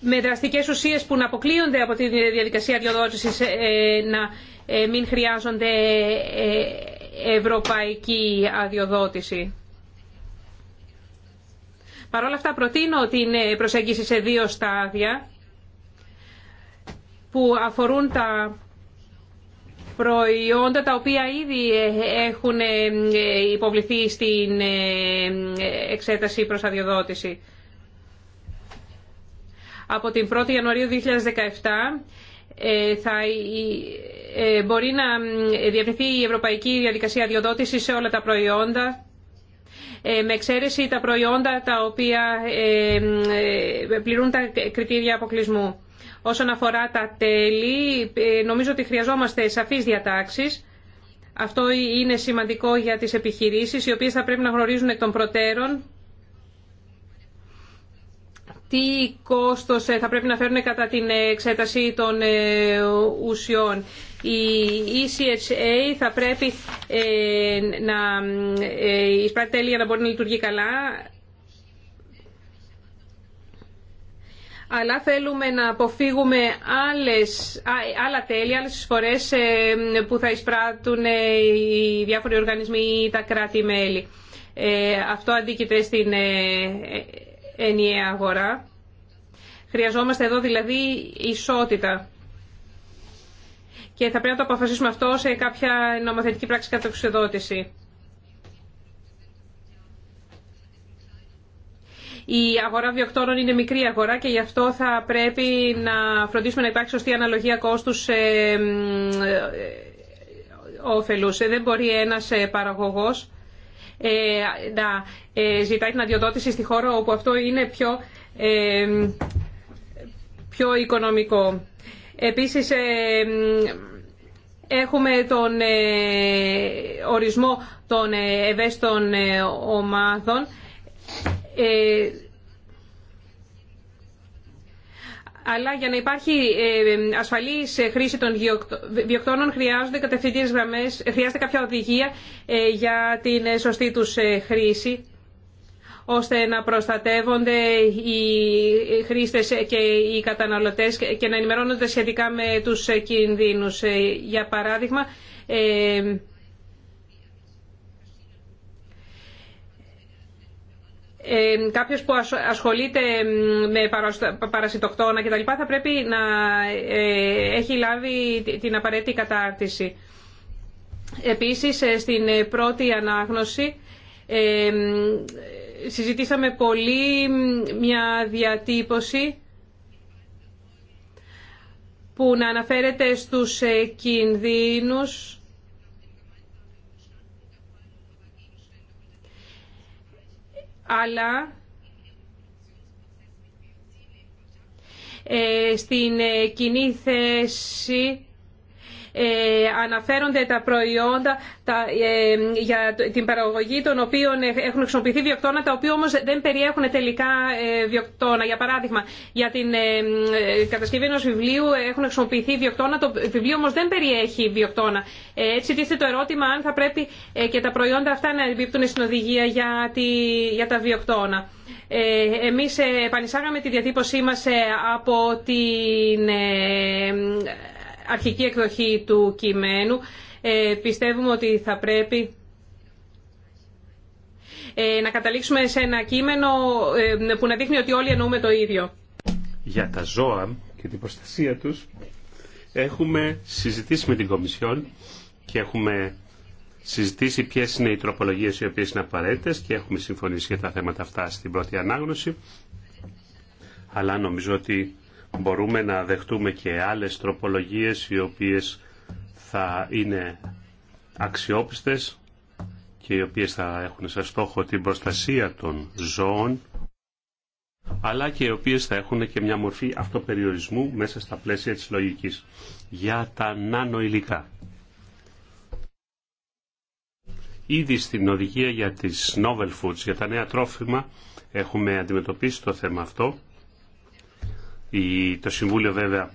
με δραστικές ουσίες που να αποκλείονται από τη διαδικασία διοδότησης ε, να μην χρειάζονται ευρωπαϊκή αδειοδότηση. Παρ' όλα αυτά προτείνω την προσέγγιση σε δύο στάδια που αφορούν τα προϊόντα τα οποία ήδη ε, έχουν ε, υποβληθεί στην ε, εξέταση προς αδειοδότηση. Από την 1η Ιανουαρίου 2017 θα ε, μπορεί να διευρυνθεί η ευρωπαϊκή διαδικασία διοδότησης σε όλα τα προϊόντα ε, με εξαίρεση τα προϊόντα τα οποία ε, πληρούν τα κριτήρια αποκλεισμού. Όσον αφορά τα τέλη, νομίζω ότι χρειαζόμαστε σαφείς διατάξεις. Αυτό είναι σημαντικό για τις επιχειρήσεις, οι οποίες θα πρέπει να γνωρίζουν εκ των προτέρων τι κόστος θα πρέπει να φέρουν κατά την εξέταση των ουσιών η ECHA θα πρέπει ε, να ε, εισπράττει τέλεια για να μπορεί να λειτουργεί καλά. Αλλά θέλουμε να αποφύγουμε άλλες, άλλα τέλη, άλλες φορές ε, που θα εισπράττουν οι διάφοροι οργανισμοί ή τα κράτη-μέλη. Αυτό αντίκειται στην ενιαία αγορά. Χρειαζόμαστε εδώ δηλαδή ισότητα και θα πρέπει να το αποφασίσουμε αυτό σε κάποια νομοθετική πράξη κατά εξουσιοδότηση. Η αγορά βιοκτώνων είναι μικρή αγορά και γι' αυτό θα πρέπει να φροντίσουμε να υπαρχει σωστή αναλογία κόστους ε, ε, όφελους. Δεν μπορεί ένας ε, παραγωγός να ζητάει την αδειοδότηση στη χώρα όπου αυτό είναι πιο οικονομικό. Επίσης, ε, έχουμε τον ε, ορισμό των ε, ευαίσθητων ομάδων. Αλλά για να υπάρχει ασφαλής χρήση των βιοκτώνων χρειάζονται κατευθυντήρες γραμμές, χρειάζεται κάποια οδηγία για την σωστή τους χρήση ώστε να προστατεύονται οι χρήστες και οι καταναλωτές και να ενημερώνονται σχετικά με τους κινδύνους. Ε, για παράδειγμα, ε, ε κάποιος που ασχολείται με παρασιτοκτόνα κτλ. θα πρέπει να ε, έχει λάβει την απαραίτητη κατάρτιση. Επίσης, στην πρώτη ανάγνωση συζητήσαμε πολύ μια διατύπωση που να αναφέρεται στους ε, κινδύνους αλλά ε, στην ε, κοινή θέση ε, αναφέρονται τα προϊόντα ε, για την παραγωγή των οποίων ε, έχουν χρησιμοποιηθεί βιοκτώνα, τα οποία όμως δεν περιέχουν τελικά βιοκτώνα. Για παράδειγμα, για την κατασκευή ενός βιβλίου έχουν χρησιμοποιηθεί βιοκτώνα, το βιβλίο όμως δεν περιέχει βιοκτώνα. Έτσι τίθεται το ερώτημα αν θα πρέπει και τα προϊόντα αυτά να εμπίπτουν στην οδηγία για, για τα βιοκτώνα. Ε, εμείς επανεισάγαμε τη διατύπωσή μας από την αρχική εκδοχή του κειμένου. Ε, πιστεύουμε ότι θα πρέπει ε, να καταλήξουμε σε ένα κείμενο ε, που να δείχνει ότι όλοι εννοούμε το ίδιο. Για τα ζώα και την προστασία τους έχουμε συζητήσει με την Κομισιόν και έχουμε συζητήσει ποιε είναι οι τροπολογίε οι οποίε είναι απαραίτητε και έχουμε συμφωνήσει για τα θέματα αυτά στην πρώτη ανάγνωση. Αλλά νομίζω ότι μπορούμε να δεχτούμε και άλλες τροπολογίες οι οποίες θα είναι αξιόπιστες και οι οποίες θα έχουν σαν στόχο την προστασία των ζώων αλλά και οι οποίες θα έχουν και μια μορφή αυτοπεριορισμού μέσα στα πλαίσια της λογικής για τα νανοηλικά. Ήδη στην οδηγία για τις novel foods, για τα νέα τρόφιμα, έχουμε αντιμετωπίσει το θέμα αυτό το Συμβούλιο βέβαια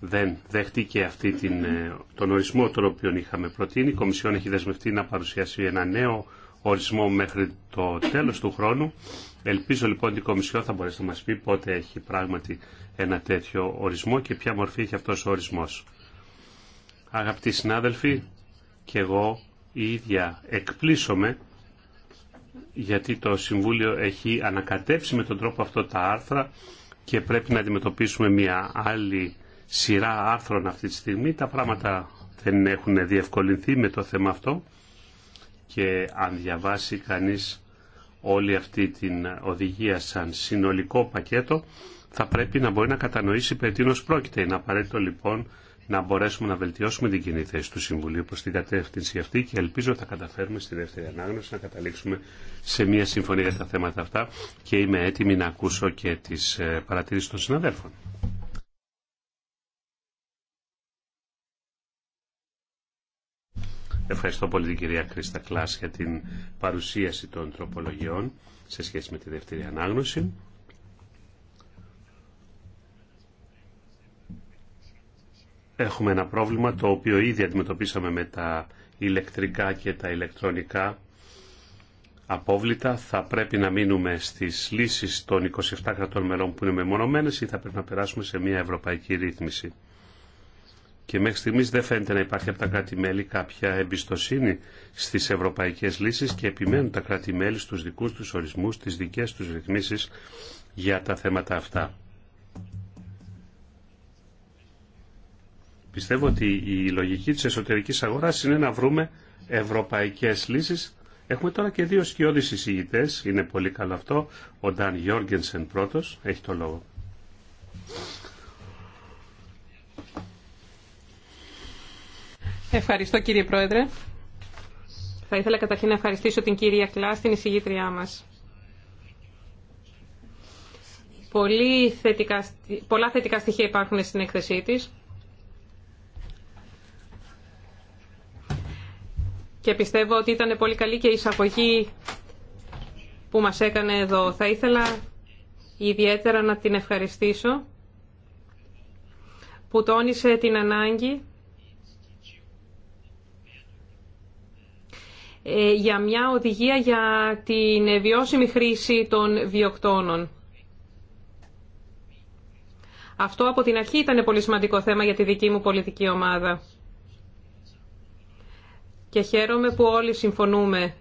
δεν δέχτηκε αυτή την, ε, τον ορισμό τον οποίο είχαμε προτείνει. Η Κομισιόν έχει δεσμευτεί να παρουσιάσει ένα νέο ορισμό μέχρι το τέλος του χρόνου. Ελπίζω λοιπόν ότι η Κομισιόν θα μπορέσει να μας πει πότε έχει πράγματι ένα τέτοιο ορισμό και ποια μορφή έχει αυτός ο ορισμός. Αγαπητοί συνάδελφοι, και εγώ η ίδια εκπλήσωμαι γιατί το Συμβούλιο έχει ανακατέψει με τον τρόπο αυτό τα άρθρα και πρέπει να αντιμετωπίσουμε μια άλλη σειρά άρθρων αυτή τη στιγμή. Τα πράγματα δεν έχουν διευκολυνθεί με το θέμα αυτό και αν διαβάσει κανείς όλη αυτή την οδηγία σαν συνολικό πακέτο θα πρέπει να μπορεί να κατανοήσει περί τίνος πρόκειται. Είναι απαραίτητο λοιπόν να μπορέσουμε να βελτιώσουμε την κοινή θέση του Συμβουλίου προς την κατεύθυνση αυτή και ελπίζω θα καταφέρουμε στη δεύτερη ανάγνωση να καταλήξουμε σε μια συμφωνία για τα θέματα αυτά και είμαι έτοιμη να ακούσω και τις ε, παρατηρήσεις των συναδέλφων. Ευχαριστώ πολύ την κυρία Κρίστα Κλάς για την παρουσίαση των τροπολογιών σε σχέση με τη δεύτερη ανάγνωση. έχουμε ένα πρόβλημα το οποίο ήδη αντιμετωπίσαμε με τα ηλεκτρικά και τα ηλεκτρονικά απόβλητα. Θα πρέπει να μείνουμε στις λύσεις των 27 κρατών μελών που είναι μεμονωμένες ή θα πρέπει να περάσουμε σε μια ευρωπαϊκή ρύθμιση. Και μέχρι στιγμής δεν φαίνεται να υπάρχει από τα κράτη-μέλη κάποια εμπιστοσύνη στις ευρωπαϊκές λύσεις και επιμένουν τα κράτη-μέλη στους δικούς του ορισμούς, τις δικές τους ρυθμίσεις για τα θέματα αυτά. Πιστεύω ότι η λογική της εσωτερικής αγοράς είναι να βρούμε ευρωπαϊκές λύσεις. Έχουμε τώρα και δύο σκιώδεις εισηγητές, είναι πολύ καλό αυτό. Ο Νταν Γιόργενσεν πρώτος, έχει το λόγο. Ευχαριστώ κύριε Πρόεδρε. Θα ήθελα καταρχήν να ευχαριστήσω την κυρία Κλά την εισηγήτριά μας. πολλά θετικά στοιχεία υπάρχουν στην έκθεσή της. και πιστεύω ότι ήταν πολύ καλή και η εισαγωγή που μας έκανε εδώ. Θα ήθελα ιδιαίτερα να την ευχαριστήσω που τόνισε την ανάγκη ε, για μια οδηγία για την βιώσιμη χρήση των βιοκτώνων. Αυτό από την αρχή ήταν πολύ σημαντικό θέμα για τη δική μου πολιτική ομάδα και χαίρομαι που όλοι συμφωνούμε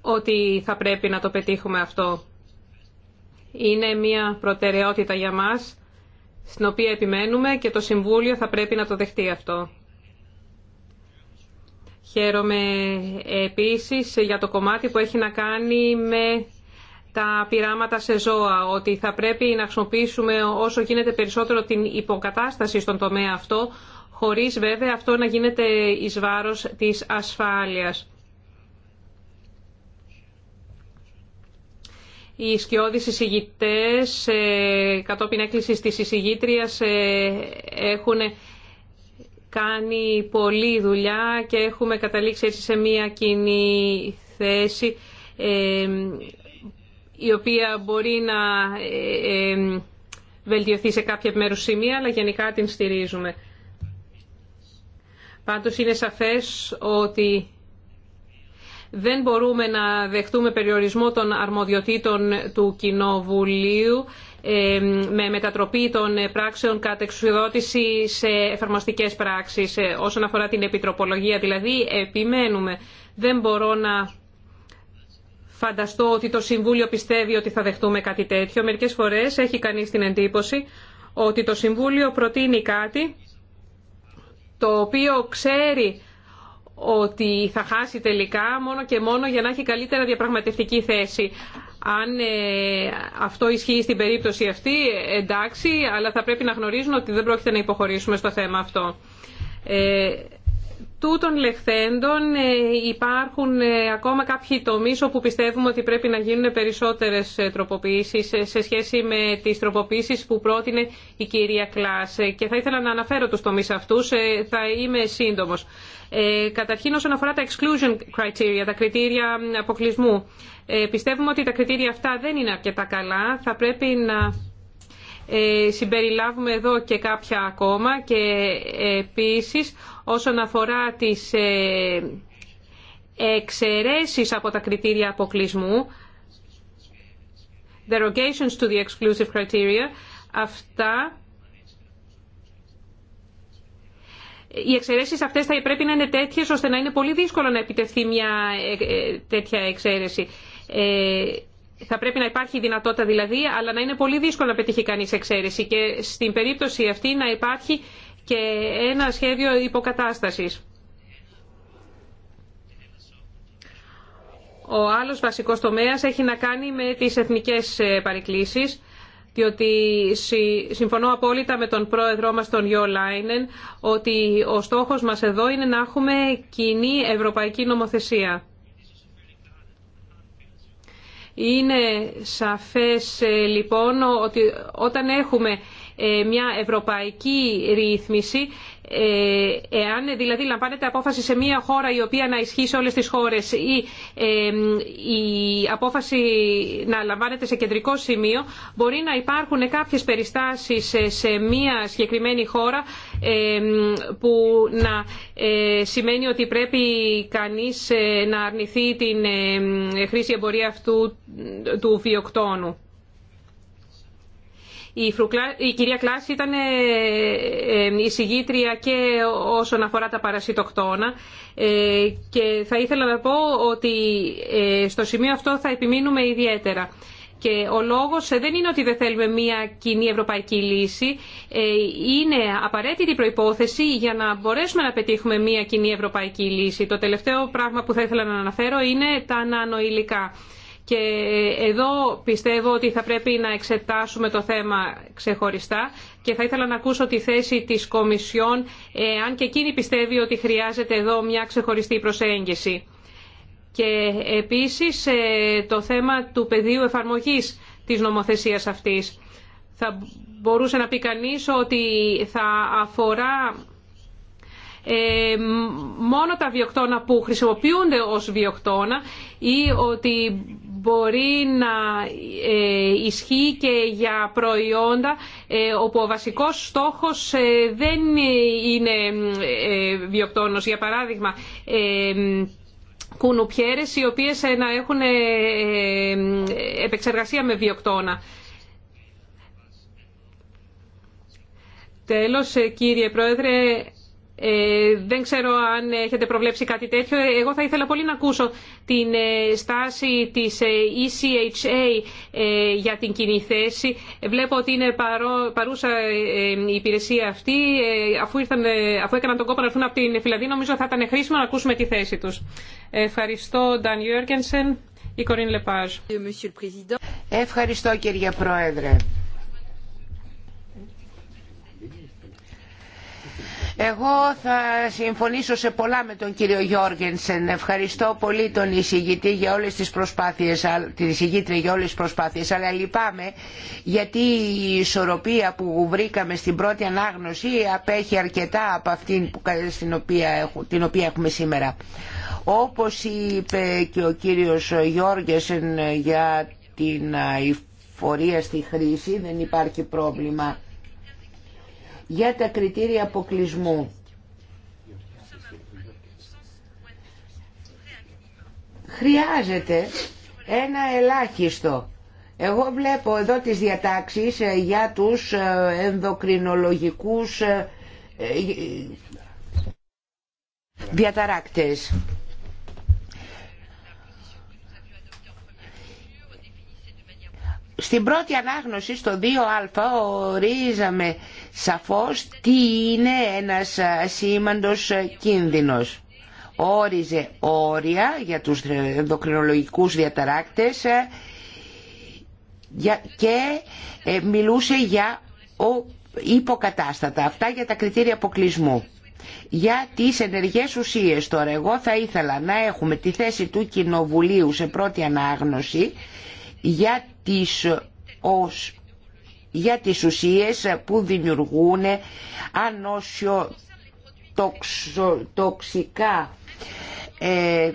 ότι θα πρέπει να το πετύχουμε αυτό. Είναι μια προτεραιότητα για μας, στην οποία επιμένουμε και το Συμβούλιο θα πρέπει να το δεχτεί αυτό. Χαίρομαι επίσης για το κομμάτι που έχει να κάνει με τα πειράματα σε ζώα, ότι θα πρέπει να χρησιμοποιήσουμε όσο γίνεται περισσότερο την υποκατάσταση στον τομέα αυτό, χωρίς βέβαια αυτό να γίνεται εις βάρος της ασφάλειας. Οι σκιώδεις εισηγητές ε, κατόπιν έκκλησης της εισηγήτριας ε, έχουν κάνει πολλή δουλειά και έχουμε καταλήξει έτσι σε μία κοινή θέση ε, η οποία μπορεί να βελτιωθεί σε κάποια μέρους σημεία αλλά γενικά την στηρίζουμε. Πάντως είναι σαφές ότι δεν μπορούμε να δεχτούμε περιορισμό των αρμοδιοτήτων του Κοινοβουλίου ε, με μετατροπή των πράξεων κατ' εξουσιοδότηση σε εφαρμοστικές πράξεις. Ε, όσον αφορά την επιτροπολογία δηλαδή, επιμένουμε. Δεν μπορώ να φανταστώ ότι το Συμβούλιο πιστεύει ότι θα δεχτούμε κάτι τέτοιο. Μερικές φορές έχει κανείς την εντύπωση ότι το Συμβούλιο προτείνει κάτι το οποίο ξέρει ότι θα χάσει τελικά μόνο και μόνο για να έχει καλύτερα διαπραγματευτική θέση. Αν ε, αυτό ισχύει στην περίπτωση αυτή, εντάξει, αλλά θα πρέπει να γνωρίζουν ότι δεν πρόκειται να υποχωρήσουμε στο θέμα αυτό. Ε, Τούτων λεχθέντων ε, υπάρχουν ε, ακόμα κάποιοι τομεί όπου πιστεύουμε ότι πρέπει να γίνουν περισσότερες ε, τροποποιήσεις σε σχέση με τις τροποποιήσεις που πρότεινε η κυρία Κλάς. Και θα ήθελα να αναφέρω τους τομείς αυτούς, θα είμαι σύντομος. Καταρχήν όσον αφορά τα exclusion criteria, τα κριτήρια αποκλεισμού. Πιστεύουμε ότι τα κριτήρια αυτά δεν είναι αρκετά καλά, θα πρέπει να... συμπεριλάβουμε εδώ και κάποια ακόμα και επίσης όσον αφορά τις ε, εξαιρέσεις από τα κριτήρια αποκλεισμού, derogations to the exclusive criteria, αυτά οι εξαιρέσεις αυτές θα πρέπει να είναι τέτοιες ώστε να είναι πολύ δύσκολο να επιτευχθεί μια ε, ε, τέτοια εξαίρεση. Θα πρέπει να υπάρχει δυνατότητα δηλαδή, αλλά να είναι πολύ δύσκολο να πετύχει κανείς εξαίρεση και στην περίπτωση αυτή να υπάρχει και ένα σχέδιο υποκατάστασης. Ο άλλος βασικός τομέας έχει να κάνει με τις εθνικές ε, παρεκκλήσεις, διότι συμφωνώ απόλυτα με τον πρόεδρό μας, τον Γιώ Λάινεν, ότι ο στόχος μας εδώ είναι να έχουμε κοινή ευρωπαϊκή νομοθεσία. Είναι σαφές ε, λοιπόν ότι όταν έχουμε ε, μια ευρωπαϊκή ρύθμιση ε, εάν δηλαδή λαμβάνεται απόφαση σε μια χώρα η οποία να ισχύει σε όλες τις χώρες ή ε, η απόφαση να λαμβάνεται σε κεντρικό σημείο μπορεί να υπάρχουν κάποιες περιστάσεις σε μια συγκεκριμένη χώρα που να σημαίνει ότι πρέπει κανείς να αρνηθεί την χρήση εμπορία αυτού του βιοκτώνου. Η κυρία Κλάση ήταν ε, ε, εισηγήτρια και όσον αφορά τα παρασιτοκτόνα ε, και θα ήθελα να πω ότι στο σημείο αυτό θα επιμείνουμε ιδιαίτερα. Και ο λόγος δεν είναι ότι δεν θέλουμε μία κοινή ευρωπαϊκή λύση. Είναι απαραίτητη προϋπόθεση για να μπορέσουμε να πετύχουμε μία κοινή ευρωπαϊκή λύση. Το τελευταίο πράγμα που θα ήθελα να αναφέρω είναι τα νανοηλικά. Και εδώ πιστεύω ότι θα πρέπει να εξετάσουμε το θέμα ξεχωριστά και θα ήθελα να ακούσω τη θέση της Κομισιόν, ε, αν και εκείνη πιστεύει ότι χρειάζεται εδώ μια ξεχωριστή προσέγγιση. Και επίσης ε, το θέμα του πεδίου εφαρμογής της νομοθεσίας αυτής. Θα μπορούσε να πει κανείς ότι θα αφορά ε, μόνο τα βιοκτώνα που χρησιμοποιούνται ως βιοκτώνα ή ότι μπορεί να ε, ισχύει και για προϊόντα ε, όπου ο βασικός στόχος δεν είναι βιοκτώνος. Για παράδειγμα, κουνουπιέρες οι οποίες να έχουν επεξεργασία με βιοκτώνα. Τέλος, κύριε Πρόεδρε, ε, δεν ξέρω αν έχετε προβλέψει κάτι τέτοιο. Εγώ θα ήθελα πολύ να ακούσω την ε, στάση της ε, ECHA ε, για την κοινή θέση. Βλέπω ότι είναι παρούσα η υπηρεσία αυτή. Αφού, αφού έκαναν τον κόπο να έρθουν από την Φιλανδία, νομίζω θα ήταν χρήσιμο να ακούσουμε τη θέση τους. Ευχαριστώ, Νταν Γιώργενσεν, η Κορίν Λεπάζ. Ευχαριστώ, κύριε Πρόεδρε. Εγώ θα συμφωνήσω σε πολλά με τον κύριο Γιώργενσεν. Ευχαριστώ πολύ τον εισηγητή για όλες τις προσπάθειες, την εισηγήτρια για όλες τις προσπάθειες, αλλά λυπάμαι γιατί η ισορροπία που βρήκαμε στην πρώτη ανάγνωση απέχει αρκετά από αυτήν που, την οποία έχουμε σήμερα. Όπως είπε και ο κύριος Γιώργενσεν για την αηφορία στη χρήση δεν υπάρχει πρόβλημα για τα κριτήρια αποκλεισμού. Χρειάζεται ένα ελάχιστο. Εγώ βλέπω εδώ τις διατάξεις ε, για τους ε, ενδοκρινολογικούς ε, διαταράκτες. Στην πρώτη ανάγνωση στο 2α ορίζαμε σαφώς τι είναι ένας σήμαντος κίνδυνος. Όριζε όρια για τους ενδοκρινολογικούς διαταράκτες ε, και ε, μιλούσε για υποκατάστατα. Αυτά για τα κριτήρια αποκλεισμού. Για τις ενεργές ουσίες τώρα εγώ θα ήθελα να έχουμε τη θέση του Κοινοβουλίου σε πρώτη ανάγνωση για τις, για τις ουσίες που δημιουργούν ανώσιο τοξο, τοξικά ε,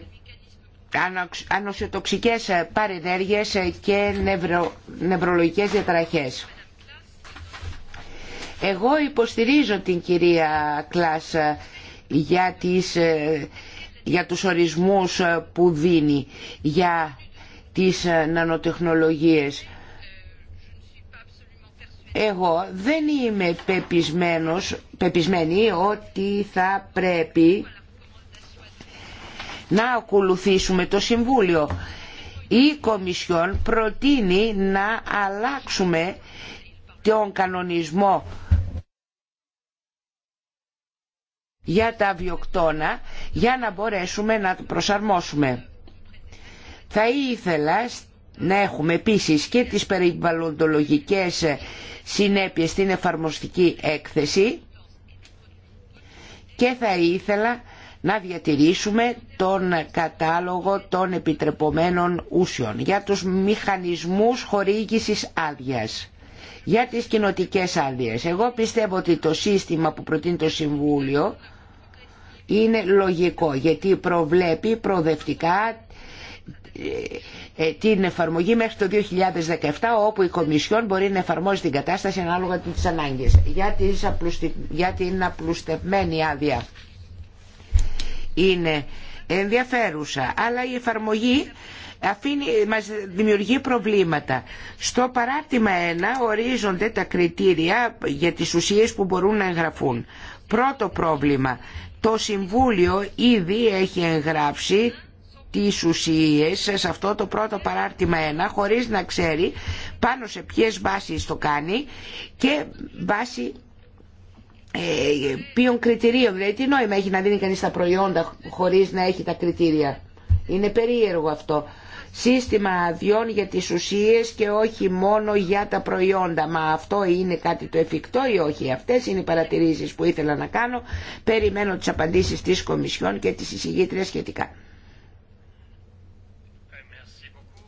ανοσιοτοξικές παρενέργειες και νευρο, νευρολογικές διατραχές. Εγώ υποστηρίζω την κυρία Κλάς για, τις, ε, για τους ορισμούς που δίνει για τις ε, νανοτεχνολογίες. Εγώ δεν είμαι πεπισμένος, πεπισμένη ότι θα πρέπει να ακολουθήσουμε το Συμβούλιο. Η Κομισιόν προτείνει να αλλάξουμε τον κανονισμό για τα βιοκτώνα για να μπορέσουμε να το προσαρμόσουμε. Θα ήθελα να έχουμε επίσης και τις περιβαλλοντολογικές συνέπειες στην εφαρμοστική έκθεση και θα ήθελα να διατηρήσουμε τον κατάλογο των επιτρεπομένων ούσιων για τους μηχανισμούς χορήγησης άδειας. Για τις κοινοτικές άδειες. Εγώ πιστεύω ότι το σύστημα που προτείνει το Συμβούλιο είναι λογικό γιατί προβλέπει προοδευτικά ε, την εφαρμογή μέχρι το 2017 όπου η Κομισιόν μπορεί να εφαρμόζει την κατάσταση ανάλογα με τις ανάγκες για την απλουστευμένη άδεια. Είναι ενδιαφέρουσα αλλά η εφαρμογή αφήνει, μας δημιουργεί προβλήματα. Στο παράρτημα 1 ορίζονται τα κριτήρια για τις ουσίες που μπορούν να εγγραφούν. Πρώτο πρόβλημα, το Συμβούλιο ήδη έχει εγγράψει τις ουσίες σε αυτό το πρώτο παράρτημα 1 χωρίς να ξέρει πάνω σε ποιες βάσεις το κάνει και βάση ε, ποιων κριτηρίων. Δηλαδή τι νόημα έχει να δίνει κανείς τα προϊόντα χωρίς να έχει τα κριτήρια. Είναι περίεργο αυτό. Σύστημα αδειών για τις ουσίες και όχι μόνο για τα προϊόντα. Μα αυτό είναι κάτι το εφικτό ή όχι. Αυτές είναι οι παρατηρήσεις που ήθελα να κάνω. Περιμένω τις απαντήσεις της Κομισιόν και της εισηγήτριας σχετικά.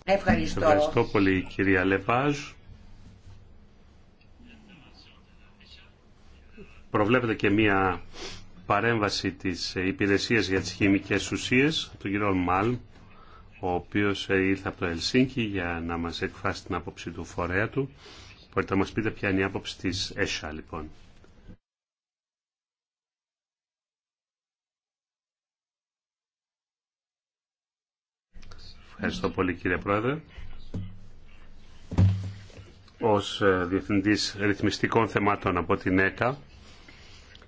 Ευχαριστώ. Ευχαριστώ πολύ κυρία Λεπάζ. Προβλέπετε και μία παρέμβαση της Υπηρεσίας για τις Χημικές Ουσίες, του κύριο Μάλ, ο οποίος ήρθε από το Ελσίνκι για να μας εκφράσει την άποψη του φορέα του. Μπορείτε να μας πείτε ποια είναι η άποψη της ΕΣΑ, λοιπόν. Ευχαριστώ πολύ κύριε Πρόεδρε. Ως ε, Διευθυντής Ρυθμιστικών Θεμάτων από την ΕΚΑ,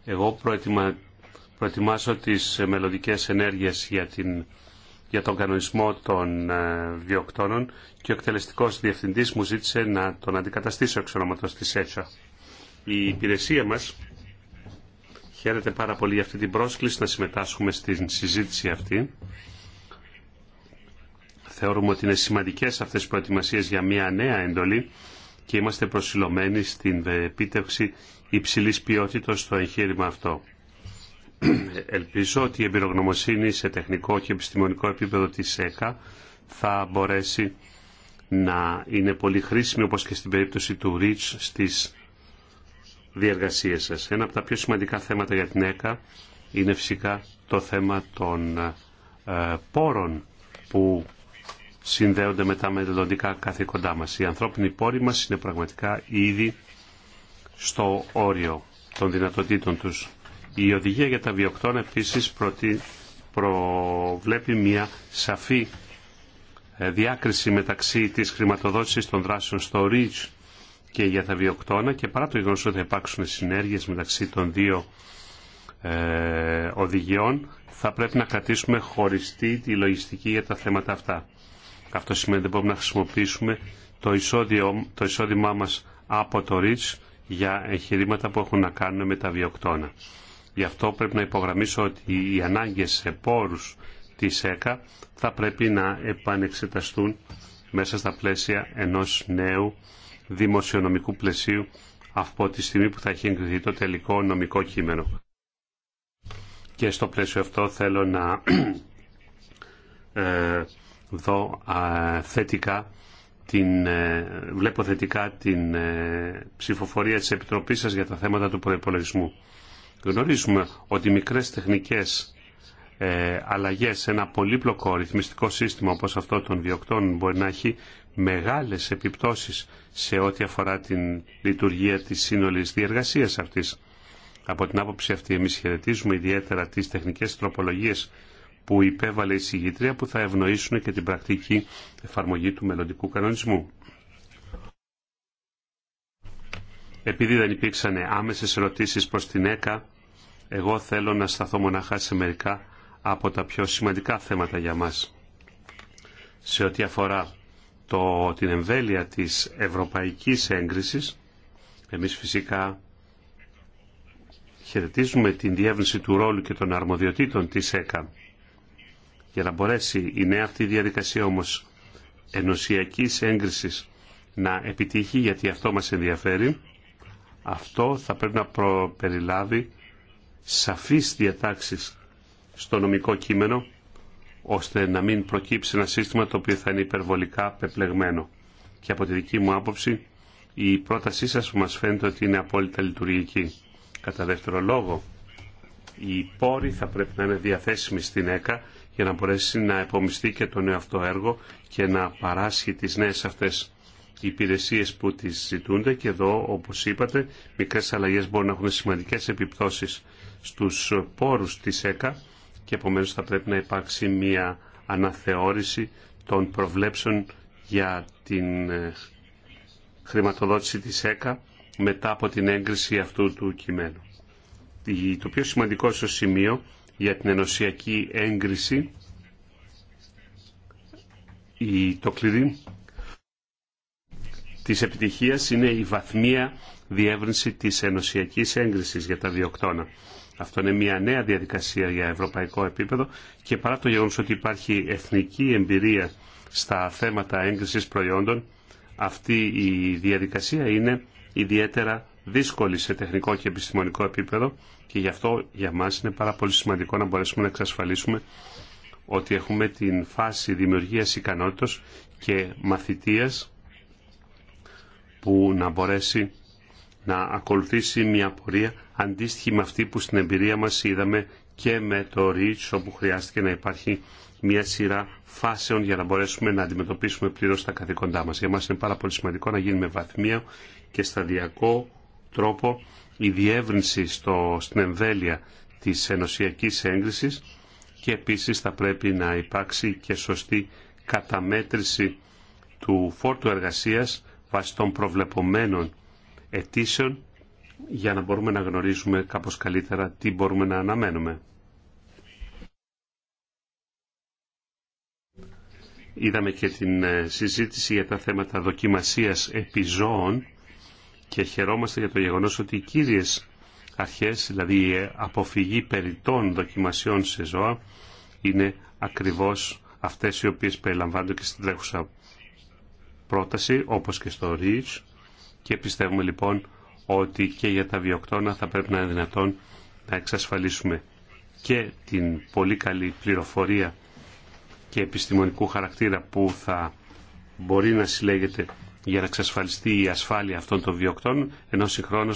εγώ προετοιμα... προετοιμάσω τις ε, μελλοντικέ ενέργειες για, την... για τον κανονισμό των ε, βιοκτώνων και ο εκτελεστικός διευθυντής μου ζήτησε να τον αντικαταστήσω εξ ονόματος της ΕΤΣΑ. Η υπηρεσία μας χαίρεται πάρα πολύ για αυτή την πρόσκληση να συμμετάσχουμε στην συζήτηση αυτή θεωρούμε ότι είναι σημαντικές αυτές οι προετοιμασίες για μια νέα εντολή και είμαστε προσιλωμένοι στην επίτευξη υψηλής ποιότητας στο εγχείρημα αυτό. Ελπίζω ότι η εμπειρογνωμοσύνη σε τεχνικό και επιστημονικό επίπεδο της ΕΚΑ θα μπορέσει να είναι πολύ χρήσιμη όπως και στην περίπτωση του REACH στις διεργασίες σας. Ένα από τα πιο σημαντικά θέματα για την ΕΚΑ είναι φυσικά το θέμα των ε, πόρων που συνδέονται με τα μελλοντικά καθήκοντά μας. Οι ανθρώπινοι πόροι μας είναι πραγματικά ήδη στο όριο των δυνατοτήτων τους. Η οδηγία για τα βιοκτώνα επίσης προβλέπει μια σαφή ε, διάκριση μεταξύ της χρηματοδότησης των δράσεων στο REACH και για τα βιοκτώνα και παρά το γεγονός ότι θα υπάρξουν συνέργειες μεταξύ των δύο ε, οδηγιών θα πρέπει να κρατήσουμε χωριστή τη λογιστική για τα θέματα αυτά. Αυτό σημαίνει ότι μπορούμε να χρησιμοποιήσουμε το, εισόδιο, το εισόδημά μας από το REACH για εγχειρήματα που έχουν να κάνουν με τα βιοκτώνα. Γι' αυτό πρέπει να υπογραμμίσω ότι οι ανάγκες σε πόρους της ΕΚΑ θα πρέπει να επανεξεταστούν μέσα στα πλαίσια ενός νέου δημοσιονομικού πλαισίου από τη στιγμή που θα έχει εγκριθεί το τελικό νομικό κείμενο. Και στο πλαίσιο αυτό θέλω να ε, δω την, ε, βλέπω θετικά την ε, ψηφοφορία της Επιτροπής σας για τα θέματα του προϋπολογισμού. Γνωρίζουμε ότι μικρές τεχνικές ε, αλλαγές σε ένα πολύπλοκο ρυθμιστικό σύστημα όπως αυτό των διοκτών μπορεί να έχει μεγάλες επιπτώσεις σε ό,τι αφορά την λειτουργία της σύνολης διεργασίας αυτής. Από την άποψη αυτή εμείς χαιρετίζουμε ιδιαίτερα τις τεχνικές τροπολογίες που υπέβαλε η συγγητρία που θα ευνοήσουν και την πρακτική εφαρμογή του μελλοντικού κανονισμού. Επειδή δεν υπήρξαν άμεσες ερωτήσεις προς την ΕΚΑ, εγώ θέλω να σταθώ μονάχα σε μερικά από τα πιο σημαντικά θέματα για μας. Σε ό,τι αφορά το, την εμβέλεια της ευρωπαϊκής έγκρισης, εμείς φυσικά χαιρετίζουμε την διεύρυνση του ρόλου και των αρμοδιοτήτων της ΕΚΑ για να μπορέσει η νέα αυτή διαδικασία όμως ενωσιακής έγκρισης να επιτύχει, γιατί αυτό μας ενδιαφέρει, αυτό θα πρέπει να περιλάβει σαφείς διατάξεις στο νομικό κείμενο, ώστε να μην προκύψει ένα σύστημα το οποίο θα είναι υπερβολικά πεπλεγμένο. Και από τη δική μου άποψη, η πρότασή σας που μας φαίνεται ότι είναι απόλυτα λειτουργική. Κατά δεύτερο λόγο, οι πόροι θα πρέπει να είναι διαθέσιμοι στην ΕΚΑ για να μπορέσει να επομιστεί και το νέο αυτό έργο και να παράσχει τις νέες αυτές υπηρεσίες που τις ζητούνται και εδώ όπως είπατε μικρές αλλαγές μπορούν να έχουν σημαντικές επιπτώσεις στους πόρους της ΕΚΑ και επομένως θα πρέπει να υπάρξει μια αναθεώρηση των προβλέψεων για την ε, χρηματοδότηση της ΕΚΑ μετά από την έγκριση αυτού του κειμένου. Το πιο σημαντικό στο σημείο για την ενωσιακή έγκριση η, το κλειδί της επιτυχίας είναι η βαθμία διεύρυνση της ενωσιακής έγκρισης για τα διοκτώνα. Αυτό είναι μια νέα διαδικασία για ευρωπαϊκό επίπεδο και παρά το γεγονός ότι υπάρχει εθνική εμπειρία στα θέματα έγκρισης προϊόντων, αυτή η διαδικασία είναι ιδιαίτερα δύσκολη σε τεχνικό και επιστημονικό επίπεδο και γι' αυτό για μας είναι πάρα πολύ σημαντικό να μπορέσουμε να εξασφαλίσουμε ότι έχουμε την φάση δημιουργίας ικανότητος και μαθητείας που να μπορέσει να ακολουθήσει μια πορεία αντίστοιχη με αυτή που στην εμπειρία μας είδαμε και με το REACH όπου χρειάστηκε να υπάρχει μια σειρά φάσεων για να μπορέσουμε να αντιμετωπίσουμε πλήρως τα καθήκοντά μας. Για μας είναι πάρα πολύ σημαντικό να γίνει με και σταδιακό τρόπο η διεύρυνση στο, στην εμβέλεια της ενωσιακής έγκρισης και επίσης θα πρέπει να υπάρξει και σωστή καταμέτρηση του φόρτου εργασίας βάσει των προβλεπωμένων αιτήσεων για να μπορούμε να γνωρίζουμε κάπως καλύτερα τι μπορούμε να αναμένουμε. Είδαμε και την ε, συζήτηση για τα θέματα δοκιμασίας επιζώων και χαιρόμαστε για το γεγονός ότι οι κύριες αρχές, δηλαδή η αποφυγή περιττών δοκιμασιών σε ζώα, είναι ακριβώς αυτές οι οποίες περιλαμβάνονται και στην τρέχουσα πρόταση, όπως και στο REACH, και πιστεύουμε λοιπόν ότι και για τα βιοκτώνα θα πρέπει να είναι δυνατόν να εξασφαλίσουμε και την πολύ καλή πληροφορία και επιστημονικού χαρακτήρα που θα μπορεί να συλλέγεται για να εξασφαλιστεί η ασφάλεια αυτών των βιοκτών, ενώ συγχρόνω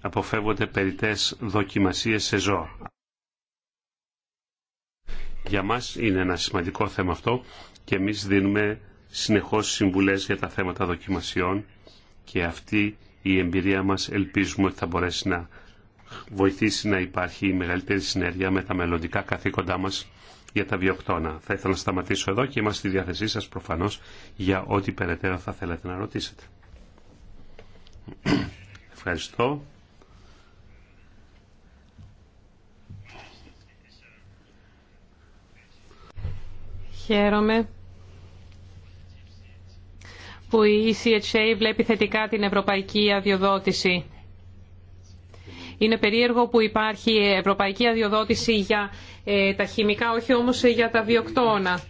αποφεύγονται περιττές δοκιμασίες σε ζώα. Για μας είναι ένα σημαντικό θέμα αυτό και εμεί δίνουμε συνεχώς συμβουλές για τα θέματα δοκιμασιών και αυτή η εμπειρία μας ελπίζουμε ότι θα μπορέσει να βοηθήσει να υπάρχει μεγαλύτερη συνέργεια με τα μελλοντικά καθήκοντά μας για τα βιοκτώνα. Θα ήθελα να σταματήσω εδώ και είμαστε στη διάθεσή σας προφανώς για ό,τι περαιτέρω θα θέλατε να ρωτήσετε. Ευχαριστώ. Χαίρομαι που η ECHA βλέπει θετικά την ευρωπαϊκή αδειοδότηση. Είναι περίεργο που υπάρχει ευρωπαϊκή αδειοδότηση για ε, τα χημικά, όχι όμως για τα βιοκτώνα.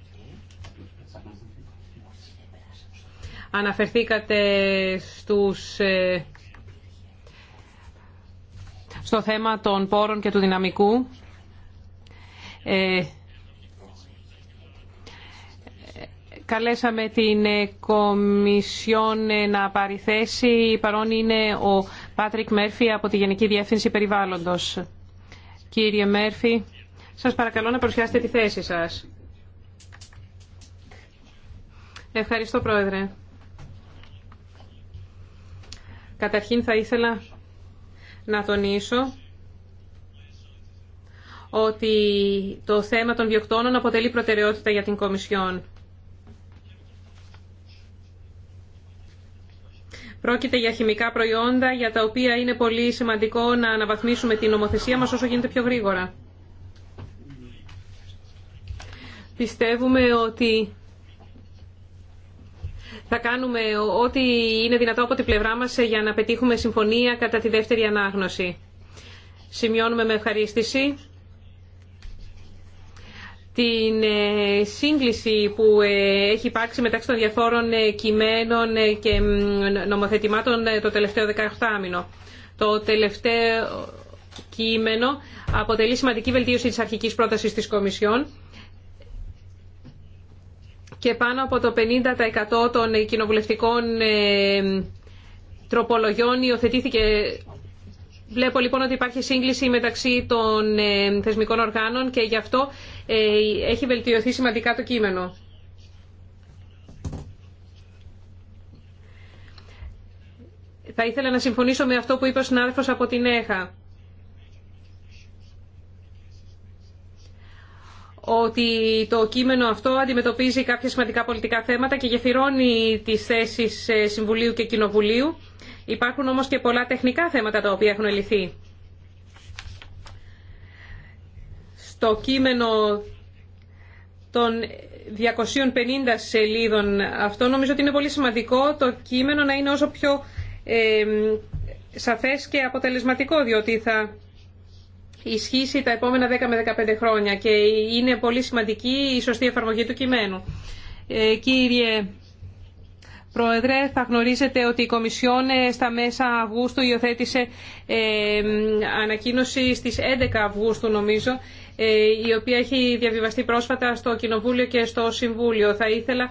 Αναφερθήκατε στους ε, στο θέμα των πόρων και του δυναμικού. Ε, καλέσαμε την Κομισιόν να πάρει θέση. Παρόν είναι ο Πάτρικ Μέρφυ από τη Γενική Διεύθυνση Περιβάλλοντος. Κύριε Μέρφυ, σας παρακαλώ να παρουσιάσετε τη θέση σας. Ευχαριστώ, Πρόεδρε. Καταρχήν θα ήθελα να τονίσω ότι το θέμα των βιοκτώνων αποτελεί προτεραιότητα για την Κομισιόν. Πρόκειται για χημικά προϊόντα για τα οποία είναι πολύ σημαντικό να αναβαθμίσουμε την νομοθεσία μας όσο γίνεται πιο γρήγορα. Πιστεύουμε ότι θα κάνουμε ό,τι είναι δυνατό από την πλευρά μας για να πετύχουμε συμφωνία κατά τη δεύτερη ανάγνωση. Σημειώνουμε με ευχαρίστηση την ε, σύγκληση που ε, έχει υπάρξει μεταξύ των διαφόρων ε, κειμένων και νομοθετημάτων το τελευταίο 18μηνο. Το τελευταίο κείμενο αποτελεί σημαντική βελτίωση της αρχικής πρότασης της Κομισιόν και πάνω από το 50% των κοινοβουλευτικών τροπολογιών υιοθετήθηκε Βλέπω λοιπόν ότι υπάρχει σύγκληση μεταξύ των ε, θεσμικών οργάνων και γι' αυτό ε, έχει βελτιωθεί σημαντικά το κείμενο. Θα ήθελα να συμφωνήσω με αυτό που είπε ο συνάδελφος από την ΕΧΑ. ότι το κείμενο αυτό αντιμετωπίζει κάποια σημαντικά πολιτικά θέματα και γεφυρώνει τις θέσεις ε, Συμβουλίου και Κοινοβουλίου Υπάρχουν όμως και πολλά τεχνικά θέματα τα οποία έχουν λυθεί. Στο κείμενο των 250 σελίδων αυτό νομίζω ότι είναι πολύ σημαντικό το κείμενο να είναι όσο πιο ε, σαφές και αποτελεσματικό διότι θα ισχύσει τα επόμενα 10 με 15 χρόνια και είναι πολύ σημαντική η σωστή εφαρμογή του κειμένου. Ε, κύριε Πρόεδρε, θα γνωρίζετε ότι η Κομισιόν ε, στα μέσα Αυγούστου υιοθέτησε ε, ανακοίνωση στις 11 Αυγούστου νομίζω, ε, η οποία έχει διαβιβαστεί πρόσφατα στο Κοινοβούλιο και στο Συμβούλιο. Θα ήθελα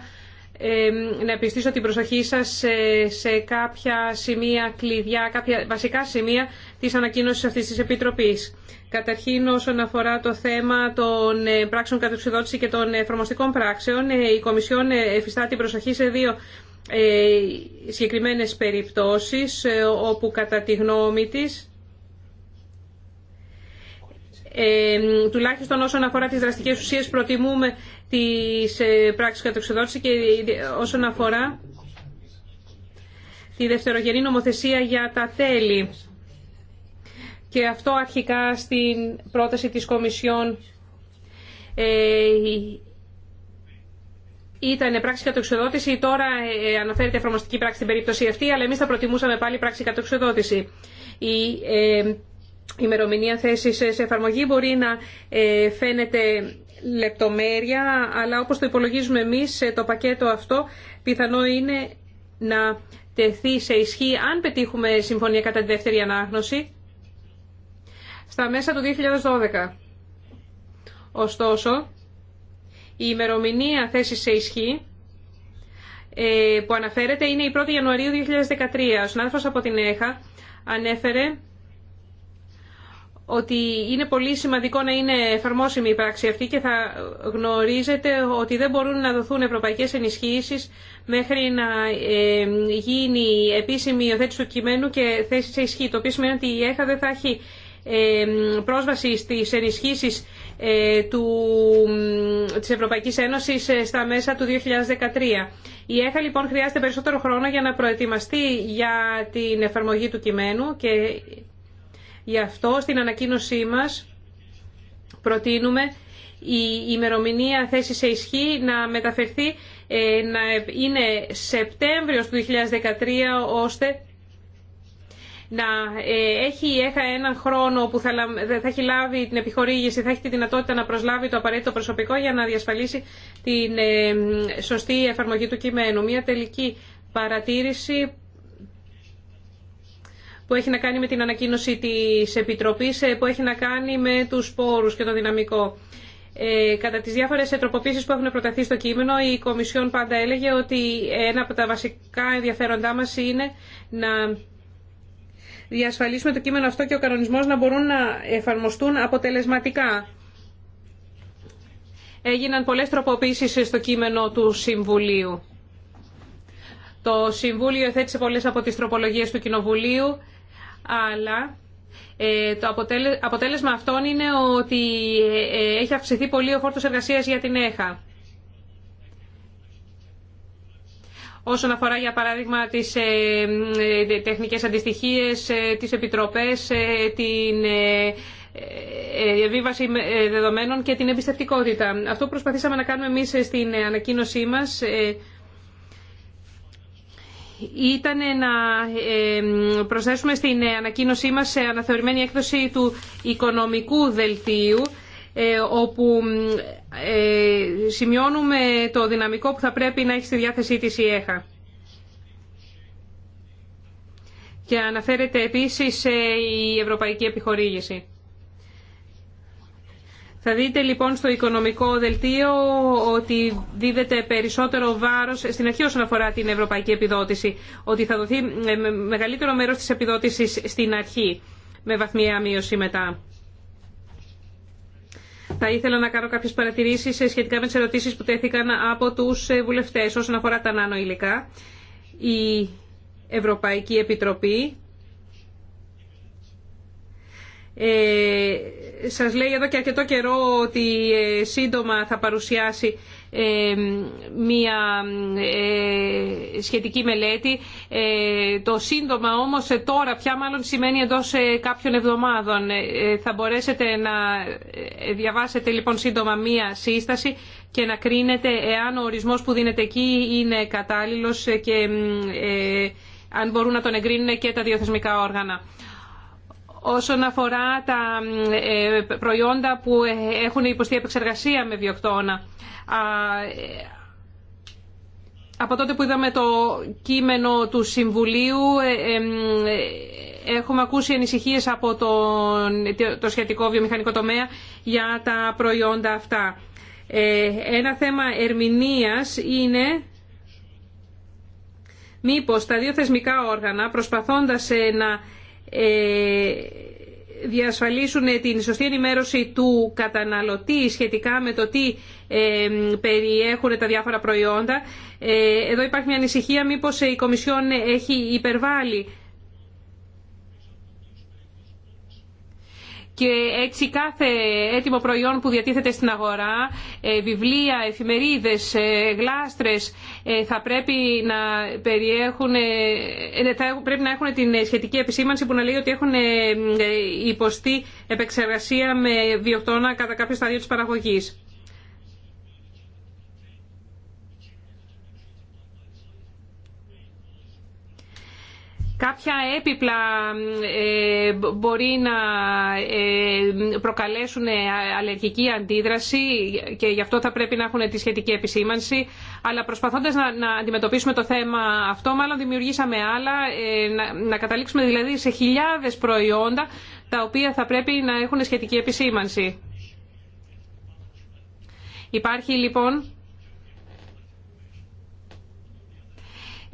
να επιστήσω την προσοχή σας σε κάποια σημεία κλειδιά, κάποια βασικά σημεία της ανακοίνωσης αυτής της Επιτροπής. Καταρχήν όσον αφορά το θέμα των πράξεων κατεξοδότηση και των εφαρμοστικών πράξεων, η Κομισιόν εφιστά την προσοχή σε δύο ε, συγκεκριμένες περιπτώσεις ε, όπου κατά τη γνώμη της ε, τουλάχιστον όσον αφορά τις δραστικές ουσίες προτιμούμε τις πράξεις κατοξιδότηση και όσον αφορά τη δευτερογενή νομοθεσία για τα τέλη. Και αυτό αρχικά στην πρόταση της Κομισιόν ήταν πράξη κατοξιοδότηση, τώρα ε, ε, αναφέρεται εφαρμοστική πράξη στην περίπτωση αυτή, αλλά εμεί θα προτιμούσαμε πάλι πράξη κατοξιοδότηση. Η ε, ημερομηνία θέση σε εφαρμογή μπορεί να φαίνεται λεπτομέρεια, αλλά όπως το υπολογίζουμε εμείς, το πακέτο αυτό πιθανό είναι να τεθεί σε ισχύ, αν πετύχουμε συμφωνία κατά τη δεύτερη ανάγνωση, στα μέσα του 2012. Ωστόσο, η ημερομηνία θέση σε ισχύ ε, που αναφέρεται είναι η 1η Ιανουαρίου 2013. Ο συνάδελφος από την ΕΧΑ ανέφερε ότι είναι πολύ σημαντικό να είναι εφαρμόσιμη η πράξη αυτή και θα γνωρίζετε ότι δεν μπορούν να δοθούν ευρωπαϊκές ενισχύσεις μέχρι να ε, γίνει επίσημη υιοθέτηση του κειμένου και θέση σε ισχύ, το οποίο σημαίνει ότι η ΕΧΑ δεν θα έχει ε, πρόσβαση στις ενισχύσεις ε, του, της Ευρωπαϊκής Ένωσης ε, στα μέσα του 2013. Η ΕΧΑ λοιπόν χρειάζεται περισσότερο χρόνο για να προετοιμαστεί για την εφαρμογή του κειμένου και γι' αυτό στην ανακοίνωσή μας προτείνουμε η ημερομηνία θέση σε ισχύ να μεταφερθεί ε, να είναι Σεπτέμβριος του 2013 ώστε να ε, έχει η ΕΧΑ έναν χρόνο που θα, θα έχει λάβει την επιχορήγηση, θα έχει τη δυνατότητα να προσλάβει το απαραίτητο προσωπικό για να διασφαλίσει την ε, σωστή εφαρμογή του κειμένου. Μια τελική παρατήρηση που έχει να κάνει με την ανακοίνωση της Επιτροπής, ε, που έχει να κάνει με τους πόρους και το δυναμικό. Ε, κατά τις διάφορες τροποποίησεις που έχουν προταθεί στο κείμενο, η Κομισιόν πάντα έλεγε ότι ένα από τα βασικά ενδιαφέροντά μας είναι να διασφαλίσουμε το κείμενο αυτό και ο κανονισμός να μπορούν να εφαρμοστούν αποτελεσματικά. Έγιναν πολλές τροποποίησεις στο κείμενο του Συμβουλίου. Το Συμβούλιο εθέτησε πολλές από τις τροπολογίες του Κοινοβουλίου, αλλά ε, το αποτέλεσμα αυτών είναι ότι ε, ε, έχει αυξηθεί πολύ ο φόρτος εργασίας για την ΕΧΑ. όσον αφορά για παράδειγμα τις ε, ε, ε, τεχνικές αντιστοιχίες, τις επιτροπές, την διαβίβαση δεδομένων και την εμπιστευτικότητα. Αυτό που προσπαθήσαμε να κάνουμε εμείς στην ανακοίνωσή μας ήταν να προσθέσουμε στην ανακοίνωσή μας σε αναθεωρημένη έκδοση του οικονομικού δελτίου όπου ε, σημειώνουμε το δυναμικό που θα πρέπει να έχει στη διάθεσή της η ΕΧΑ. Και αναφέρεται επίσης ε, η ευρωπαϊκή επιχορήγηση. Θα δείτε λοιπόν στο οικονομικό δελτίο ότι δίδεται περισσότερο βάρος στην αρχή όσον αφορά την ευρωπαϊκή επιδότηση, ότι θα δοθεί μεγαλύτερο μέρος της επιδότησης στην αρχή, με βαθμία μείωση μετά. Θα ήθελα να κάνω κάποιες παρατηρήσεις ε, σχετικά με τις ερωτήσεις που τέθηκαν από τους ε, βουλευτές όσον αφορά τα νάνο υλικά. Η Ευρωπαϊκή Επιτροπή ε, σας λέει εδώ και αρκετό καιρό ότι ε, σύντομα θα παρουσιάσει μια ε, σχετική μελέτη. Ε, το σύντομα όμως ε, τώρα πια μάλλον σημαίνει εντός κάποιων εβδομάδων. Θα μπορέσετε να διαβάσετε λοιπόν σύντομα μία σύσταση και να κρίνετε εάν ο ορισμός που δίνεται εκεί είναι κατάλληλος και αν μπορούν να τον εγκρίνουν και τα διοθεσμικά όργανα όσον αφορά τα ε, προϊόντα που ε, έχουν υποστεί επεξεργασία με βιοκτώνα. Ε, από τότε που είδαμε το κείμενο του Συμβουλίου έχουμε ακούσει ανησυχίες από το σχετικό βιομηχανικό τομέα για τα προϊόντα αυτά. Ένα θέμα ερμηνείας είναι μήπως τα δύο θεσμικά όργανα προσπαθώντας να ε, διασφαλίσουν την σωστή ενημέρωση του καταναλωτή σχετικά με το τι ε, περιέχουν τα διάφορα προϊόντα. Ε, εδώ υπάρχει μια ανησυχία μήπως η Κομισιόν έχει υπερβάλει και έτσι κάθε έτοιμο προϊόν που διατίθεται στην αγορά, ε, βιβλία, εφημερίδες, ε, γλάστρες, ε, θα πρέπει να, περιέχουν, θα πρέπει να έχουν την σχετική επισήμανση που να λέει ότι έχουν υποστεί επεξεργασία με βιοκτώνα κατά κάποιο στάδιο της παραγωγής. κάποια έπιπλα ε, μπορεί να ε, προκαλέσουν ε, αλλεργική αντίδραση και γι' αυτό θα πρέπει να έχουν τη σχετική επισήμανση. Αλλά προσπαθώντας να αντιμετωπίσουμε το θέμα αυτό, μάλλον δημιουργήσαμε άλλα, να καταλήξουμε δηλαδή σε χιλιάδες προϊόντα τα οποία θα πρέπει να έχουν σχετική επισήμανση. Υπάρχει λοιπόν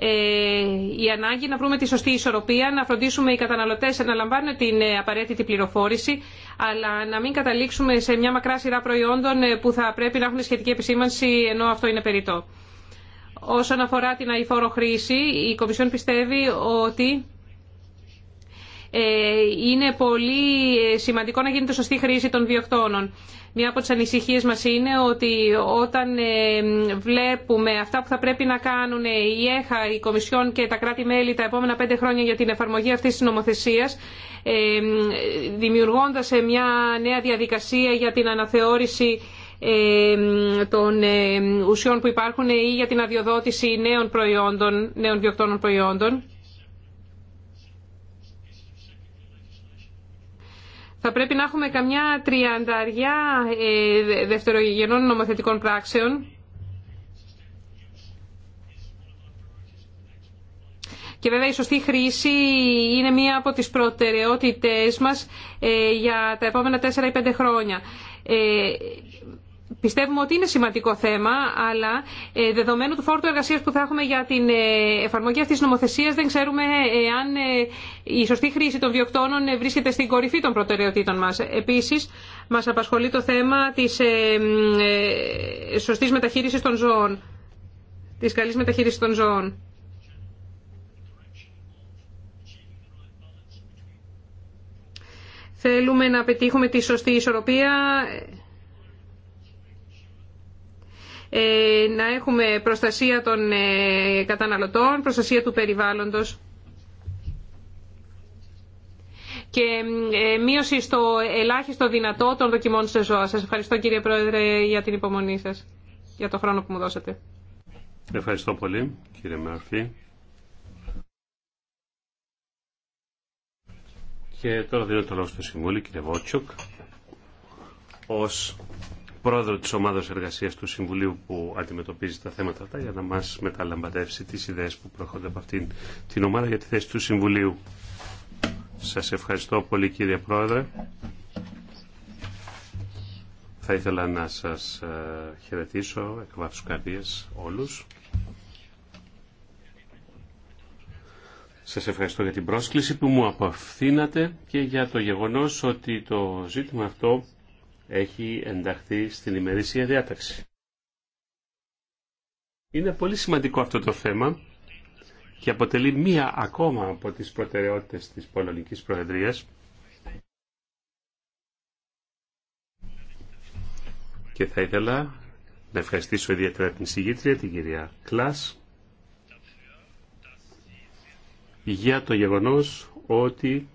Ε, η ανάγκη να βρούμε τη σωστή ισορροπία, να φροντίσουμε οι καταναλωτές να λαμβάνουν την ε, απαραίτητη πληροφόρηση, αλλά να μην καταλήξουμε σε μια μακρά σειρά προϊόντων ε, που θα πρέπει να έχουν σχετική επισήμανση, ενώ αυτό είναι περιττό. Όσον αφορά την αηφόρο χρήση, η Κομισιόν πιστεύει ότι είναι πολύ σημαντικό να γίνεται σωστή χρήση των βιοκτώνων. Μία από τι ανησυχίε μας είναι ότι όταν ε, βλέπουμε αυτά που θα πρέπει να κάνουν η ΕΧΑ, η Κομισιόν και τα κράτη-μέλη τα επόμενα πέντε χρόνια για την εφαρμογή αυτής της νομοθεσίας, ε, δημιουργώντα ε, μια νέα διαδικασία για την αναθεώρηση των ουσιών που υπάρχουν ή για την αδειοδότηση νέων προϊόντων, νέων βιοκτώνων προϊόντων. θα πρέπει να έχουμε καμιά τριανταριά ε, δευτερογενών νομοθετικών πράξεων Και βέβαια η σωστή χρήση είναι μία από τις προτεραιότητές μας ε, για τα επόμενα 4 ή 5 χρόνια. Ε, Πιστεύουμε ότι είναι σημαντικό θέμα, αλλά ε, δεδομένου του φόρτου εργασία που θα έχουμε για την ε, εφαρμογή αυτής τη νομοθεσία, δεν ξέρουμε ε, αν η σωστή χρήση των βιοκτώνων βρίσκεται στην κορυφή των προτεραιοτήτων μα. Επίση, μα απασχολεί το θέμα τη σωστή μεταχείριση των ζώων. Τη καλή μεταχείριση των ζώων. Θέλουμε να πετύχουμε τη σωστή ισορροπία ε, να έχουμε προστασία των ε, καταναλωτών, προστασία του περιβάλλοντος και ε, μείωση στο ελάχιστο δυνατό των δοκιμών σε ζώα. Σας ευχαριστώ κύριε Πρόεδρε για την υπομονή σας, για το χρόνο που μου δώσατε. Ευχαριστώ πολύ κύριε Μερφή. Και τώρα δίνω το λόγο στο Συμβούλιο, κύριε Βότσοκ, ως πρόεδρο της ομάδας εργασίας του Συμβουλίου που αντιμετωπίζει τα θέματα αυτά για να μας μεταλαμπατεύσει τις ιδέες που προέρχονται από αυτήν την ομάδα για τη θέση του Συμβουλίου. Σας ευχαριστώ πολύ κύριε πρόεδρε. Θα ήθελα να σας ε, χαιρετήσω εκ βάθους καρδίας όλους. Σας ευχαριστώ για την πρόσκληση που μου απαυθύνατε και για το γεγονός ότι το ζήτημα αυτό έχει ενταχθεί στην ημερήσια διάταξη. Είναι πολύ σημαντικό αυτό το θέμα και αποτελεί μία ακόμα από τις προτεραιότητες της Πολωνικής Προεδρίας και θα ήθελα να ευχαριστήσω ιδιαίτερα την συγγήτρια, την κυρία Κλάς για το γεγονός ότι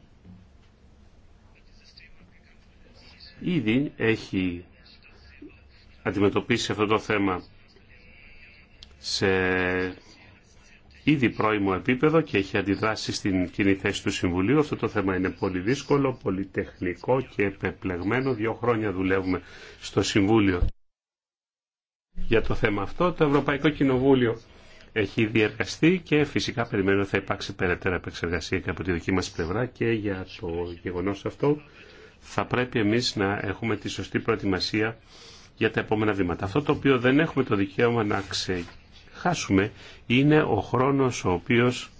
ήδη έχει αντιμετωπίσει αυτό το θέμα σε ήδη πρώιμο επίπεδο και έχει αντιδράσει στην κοινή θέση του Συμβουλίου. Αυτό το θέμα είναι πολύ δύσκολο, πολύ τεχνικό και επεπλεγμένο. Δύο χρόνια δουλεύουμε στο Συμβούλιο για το θέμα αυτό. Το Ευρωπαϊκό Κοινοβούλιο έχει διεργαστεί και φυσικά περιμένω θα υπάρξει περαιτέρω επεξεργασία και από τη δική μας πλευρά και για το γεγονός αυτό θα πρέπει εμείς να έχουμε τη σωστή προετοιμασία για τα επόμενα βήματα. Αυτό το οποίο δεν έχουμε το δικαίωμα να ξεχάσουμε είναι ο χρόνος ο οποίος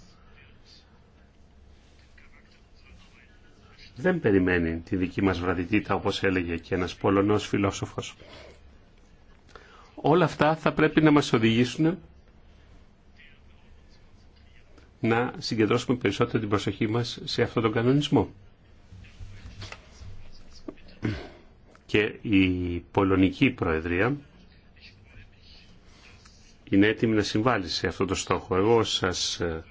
δεν περιμένει τη δική μας βραδιτήτα όπως έλεγε και ένας Πολωνός φιλόσοφος. Όλα αυτά θα πρέπει να μας οδηγήσουν να συγκεντρώσουμε περισσότερο την προσοχή μας σε αυτόν τον κανονισμό. και η Πολωνική Προεδρία είναι έτοιμη να συμβάλλει σε αυτό το στόχο. Εγώ σας ε,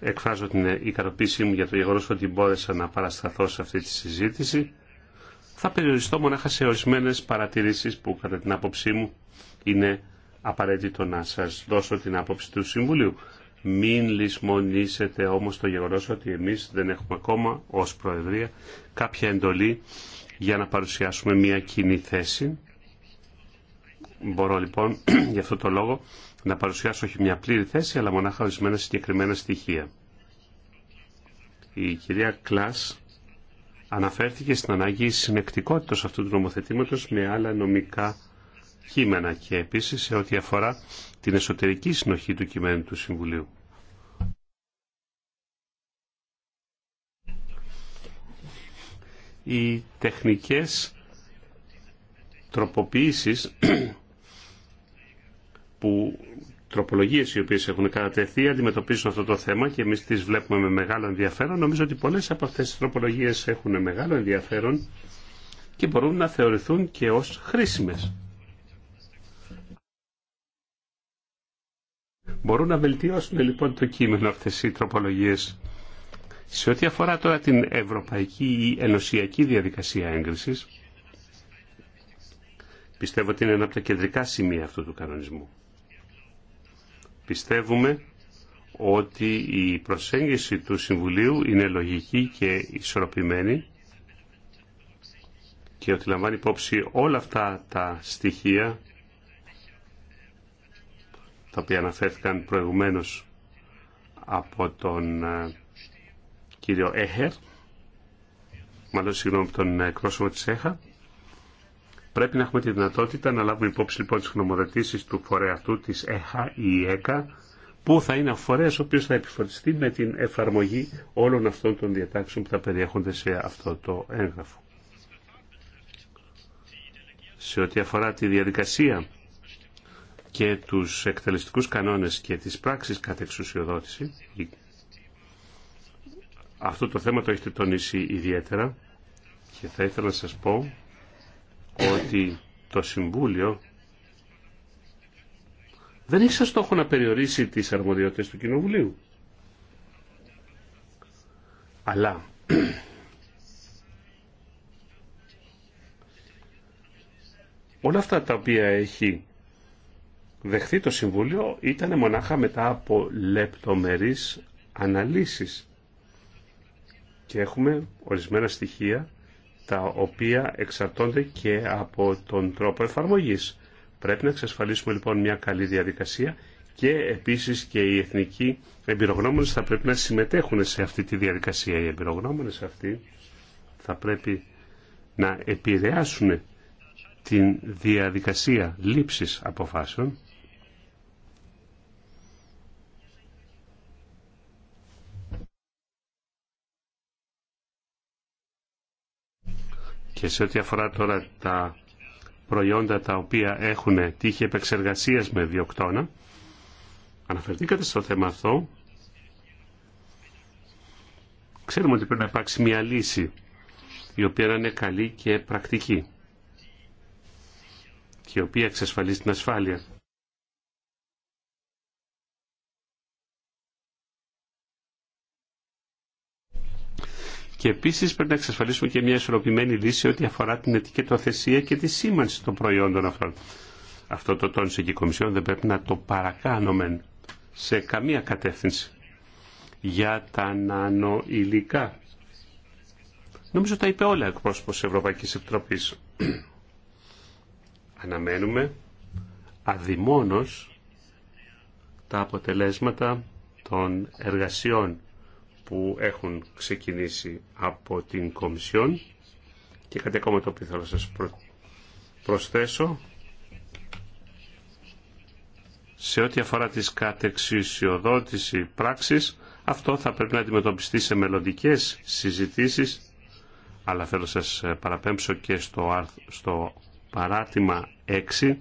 εκφράζω την ικανοποίησή μου για το γεγονός ότι μπόρεσα να παρασταθώ σε αυτή τη συζήτηση. Θα περιοριστώ μονάχα σε ορισμένε παρατηρήσεις που κατά την άποψή μου είναι απαραίτητο να σας δώσω την άποψη του Συμβουλίου. Μην λησμονήσετε όμως το γεγονός ότι εμείς δεν έχουμε ακόμα ως Προεδρία κάποια εντολή για να παρουσιάσουμε μια κοινή θέση. Μπορώ λοιπόν γι' αυτό το λόγο να παρουσιάσω όχι μια πλήρη θέση αλλά μονάχα ορισμένα συγκεκριμένα στοιχεία. Η κυρία Κλάς αναφέρθηκε στην ανάγκη συνεκτικότητας αυτού του νομοθετήματος με άλλα νομικά κείμενα και επίσης σε ό,τι αφορά την εσωτερική συνοχή του κειμένου του Συμβουλίου. οι τεχνικές τροποποιήσεις που τροπολογίες οι οποίες έχουν κατατεθεί αντιμετωπίζουν αυτό το θέμα και εμείς τις βλέπουμε με μεγάλο ενδιαφέρον. Νομίζω ότι πολλές από αυτές τις τροπολογίες έχουν μεγάλο ενδιαφέρον και μπορούν να θεωρηθούν και ως χρήσιμες. Μπορούν να βελτιώσουν λοιπόν το κείμενο αυτές οι τροπολογίες. Σε ό,τι αφορά τώρα την ευρωπαϊκή ή ενωσιακή διαδικασία έγκρισης, πιστεύω ότι είναι ένα από τα κεντρικά σημεία αυτού του κανονισμού. Πιστεύουμε ότι η προσέγγιση του Συμβουλίου είναι λογική και ισορροπημένη και ότι λαμβάνει υπόψη όλα αυτά τα στοιχεία τα οποία αναφέρθηκαν προηγουμένως από τον ε, κύριο Έχερ, μάλλον συγγνώμη τον ε, εκπρόσωπο της ΕΧΑ. Πρέπει να έχουμε τη δυνατότητα να λάβουμε υπόψη λοιπόν τι γνωμοδοτήσεις του φορέα αυτού της ΕΧΑ ή ΕΚΑ, που θα είναι ο φορέας ο οποίος θα επιφορτιστεί με την εφαρμογή όλων αυτών των διατάξεων που θα περιέχονται σε αυτό το έγγραφο. Σε ό,τι αφορά τη διαδικασία και τους εκτελεστικούς κανόνες και τις πράξεις κατεξουσιοδότηση, αυτό το θέμα το έχετε τονίσει ιδιαίτερα και θα ήθελα να σας πω ότι το Συμβούλιο δεν έχει σαν στόχο να περιορίσει τις αρμοδιότητες του Κοινοβουλίου. Αλλά όλα αυτά τα οποία έχει δεχθεί το Συμβούλιο ήταν μονάχα μετά από λεπτομερείς αναλύσεις και έχουμε ορισμένα στοιχεία τα οποία εξαρτώνται και από τον τρόπο εφαρμογής. Πρέπει να εξασφαλίσουμε λοιπόν μια καλή διαδικασία και επίσης και οι εθνικοί εμπειρογνώμονες θα πρέπει να συμμετέχουν σε αυτή τη διαδικασία. Οι εμπειρογνώμονες αυτοί θα πρέπει να επηρεάσουν την διαδικασία λήψης αποφάσεων Και σε ό,τι αφορά τώρα τα προϊόντα τα οποία έχουν τύχη επεξεργασίας με βιοκτώνα, αναφερθήκατε στο θέμα αυτό. Ξέρουμε ότι πρέπει να υπάρξει μια λύση η οποία να είναι καλή και πρακτική και η οποία εξασφαλίζει την ασφάλεια. Και επίση πρέπει να εξασφαλίσουμε και μια ισορροπημένη λύση ό,τι αφορά την ετικετοθεσία και τη σήμανση των προϊόντων αυτών. Αυτό το τόνισε και η Κομισιόν, δεν πρέπει να το παρακάνουμε σε καμία κατεύθυνση. Για τα νανοηλικά. Νομίζω τα είπε όλα εκπρόσωπο τη Ευρωπαϊκή Επιτροπή. Αναμένουμε αδειμόνως τα αποτελέσματα των εργασιών που έχουν ξεκινήσει από την Κομισιόν και κάτι ακόμα το οποίο θέλω να σας προσθέσω σε ό,τι αφορά τις κατεξουσιοδότηση πράξης αυτό θα πρέπει να αντιμετωπιστεί σε μελλοντικέ συζητήσεις αλλά θέλω να σας παραπέμψω και στο, στο παράτημα 6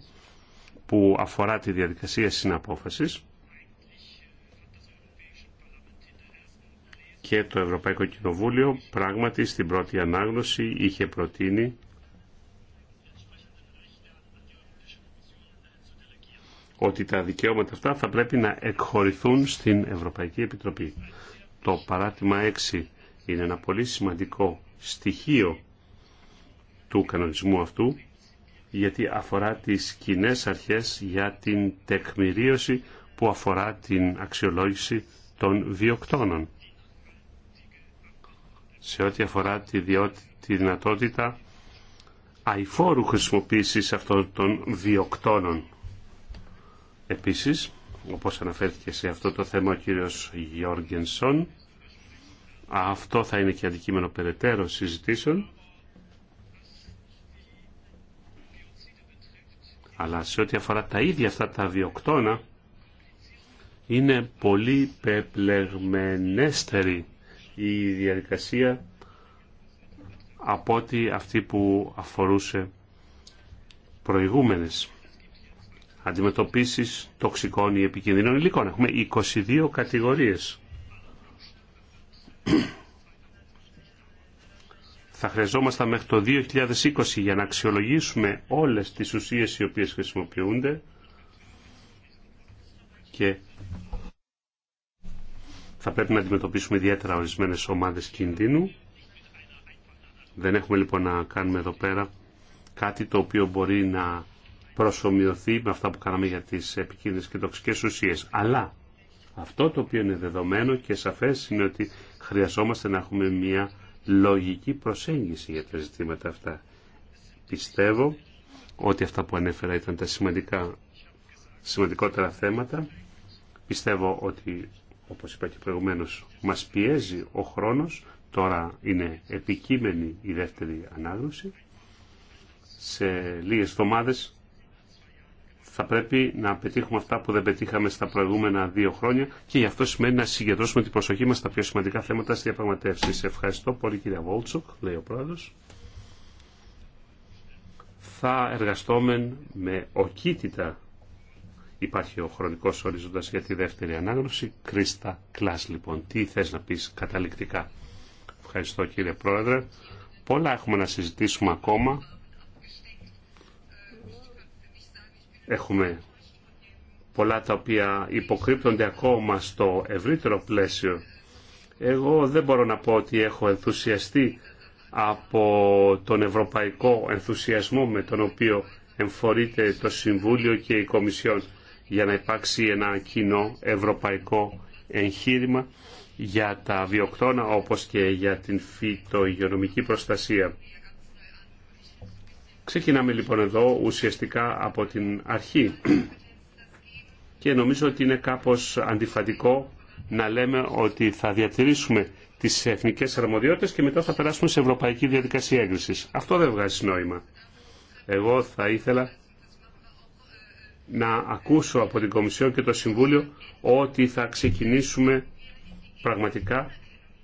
που αφορά τη διαδικασία συναπόφασης και το Ευρωπαϊκό Κοινοβούλιο πράγματι στην πρώτη ανάγνωση είχε προτείνει ότι τα δικαιώματα αυτά θα πρέπει να εκχωρηθούν στην Ευρωπαϊκή Επιτροπή. Το παράτημα 6 είναι ένα πολύ σημαντικό στοιχείο του κανονισμού αυτού γιατί αφορά τις κοινέ αρχές για την τεκμηρίωση που αφορά την αξιολόγηση των βιοκτώνων σε ό,τι αφορά τη, τη δυνατότητα αηφόρου χρησιμοποίησης αυτών των διοκτώνων. Επίσης, όπως αναφέρθηκε σε αυτό το θέμα ο κύριος Γιώργενσον, αυτό θα είναι και αντικείμενο περαιτέρω συζητήσεων, αλλά σε ό,τι αφορά τα ίδια αυτά τα διοκτώνα, είναι πολύ πεπλεγμενέστεροι η διαδικασία από ότι αυτή που αφορούσε προηγούμενες αντιμετωπίσεις τοξικών ή επικίνδυνων υλικών. Έχουμε 22 κατηγορίες. Θα χρειαζόμασταν μέχρι το 2020 για να αξιολογήσουμε όλες τις ουσίες οι οποίες χρησιμοποιούνται και θα πρέπει να αντιμετωπίσουμε ιδιαίτερα ορισμένες ομάδες κινδύνου. Δεν έχουμε λοιπόν να κάνουμε εδώ πέρα κάτι το οποίο μπορεί να προσωμιωθεί με αυτά που κάναμε για τις επικίνδυνες και τοξικές ουσίες. Αλλά αυτό το οποίο είναι δεδομένο και σαφές είναι ότι χρειαζόμαστε να έχουμε μια λογική προσέγγιση για τα ζητήματα αυτά. Πιστεύω ότι αυτά που ανέφερα ήταν τα σημαντικότερα θέματα. Πιστεύω ότι όπως είπα και προηγουμένως, μας πιέζει ο χρόνος, τώρα είναι επικείμενη η δεύτερη ανάγνωση. Σε λίγες εβδομάδες θα πρέπει να πετύχουμε αυτά που δεν πετύχαμε στα προηγούμενα δύο χρόνια και γι' αυτό σημαίνει να συγκεντρώσουμε την προσοχή μας στα πιο σημαντικά θέματα στη διαπραγματεύση. ευχαριστώ πολύ κύριε Βόλτσοκ, λέει ο πρόεδρος. Θα εργαστόμεν με οκίτητα Υπάρχει ο χρονικός ορίζοντας για τη δεύτερη ανάγνωση. Κρίστα Κλάς, λοιπόν. Τι θες να πεις καταληκτικά. Ευχαριστώ κύριε Πρόεδρε. Πολλά έχουμε να συζητήσουμε ακόμα. Έχουμε πολλά τα οποία υποκρύπτονται ακόμα στο ευρύτερο πλαίσιο. Εγώ δεν μπορώ να πω ότι έχω ενθουσιαστεί από τον ευρωπαϊκό ενθουσιασμό με τον οποίο εμφορείται το Συμβούλιο και η Κομισιόν για να υπάρξει ένα κοινό ευρωπαϊκό εγχείρημα για τα βιοκτώνα όπως και για την φυτοϊγειονομική προστασία. Ξεκινάμε λοιπόν εδώ ουσιαστικά από την αρχή και νομίζω ότι είναι κάπως αντιφατικό να λέμε ότι θα διατηρήσουμε τις εθνικές αρμοδιότητες και μετά θα περάσουμε σε ευρωπαϊκή διαδικασία έγκρισης. Αυτό δεν βγάζει νόημα. Εγώ θα ήθελα να ακούσω από την Κομισιόν και το Συμβούλιο ότι θα ξεκινήσουμε πραγματικά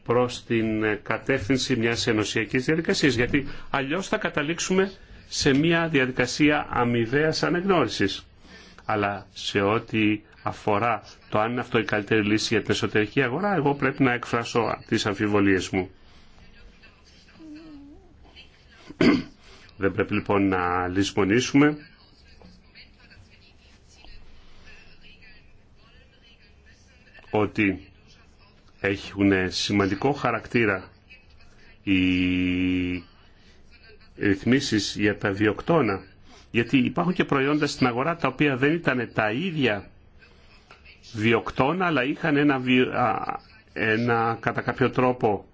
προς την κατεύθυνση μιας ενωσιακής διαδικασίας, γιατί αλλιώς θα καταλήξουμε σε μια διαδικασία αμοιβαία αναγνώρισης. Αλλά σε ό,τι αφορά το αν είναι αυτό η καλύτερη λύση για την εσωτερική αγορά, εγώ πρέπει να εκφράσω τις αμφιβολίες μου. Δεν πρέπει λοιπόν να λησμονήσουμε ότι έχουν σημαντικό χαρακτήρα οι ρυθμίσεις για τα βιοκτώνα γιατί υπάρχουν και προϊόντα στην αγορά τα οποία δεν ήταν τα ίδια βιοκτώνα αλλά είχαν ένα, ένα κατά κάποιο τρόπο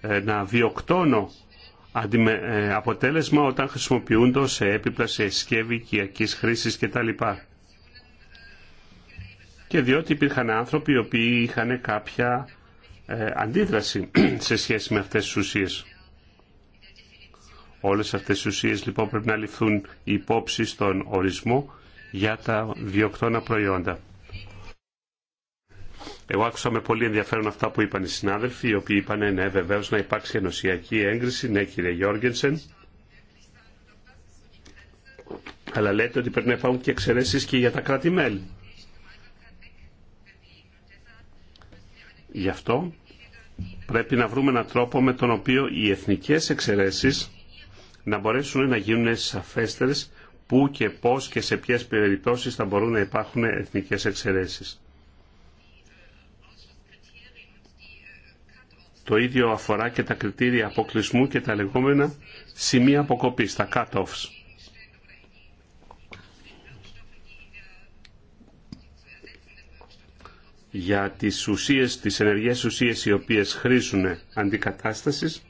ένα βιοκτώνο ε, αποτέλεσμα όταν χρησιμοποιούνται σε έπιπλα, σε σκεύη, οικιακής χρήσης κτλ και διότι υπήρχαν άνθρωποι οι οποίοι είχαν κάποια ε, αντίδραση σε σχέση με αυτές τις ουσίες. Όλες αυτές τις ουσίες λοιπόν πρέπει να ληφθούν υπόψη στον ορισμό για τα βιοκτώνα προϊόντα. Εγώ άκουσα με πολύ ενδιαφέρον αυτά που είπαν οι συνάδελφοι, οι οποίοι είπαν «Ε, ναι βεβαίω να υπάρξει ενωσιακή έγκριση, ναι κύριε Γιώργενσεν. Αλλά λέτε ότι πρέπει να υπάρχουν και εξαιρέσει και για τα κράτη-μέλη. Γι' αυτό πρέπει να βρούμε έναν τρόπο με τον οποίο οι εθνικές εξαιρέσεις να μπορέσουν να γίνουν σαφέστερες πού και πώς και σε ποιες περιπτώσεις θα μπορούν να υπάρχουν εθνικές εξαιρέσεις. Το ίδιο αφορά και τα κριτήρια αποκλεισμού και τα λεγόμενα σημεία αποκοπής, τα cut-offs. για τις ουσίες, τις ενεργές ουσίες οι οποίες χρήσουν αντικατάστασης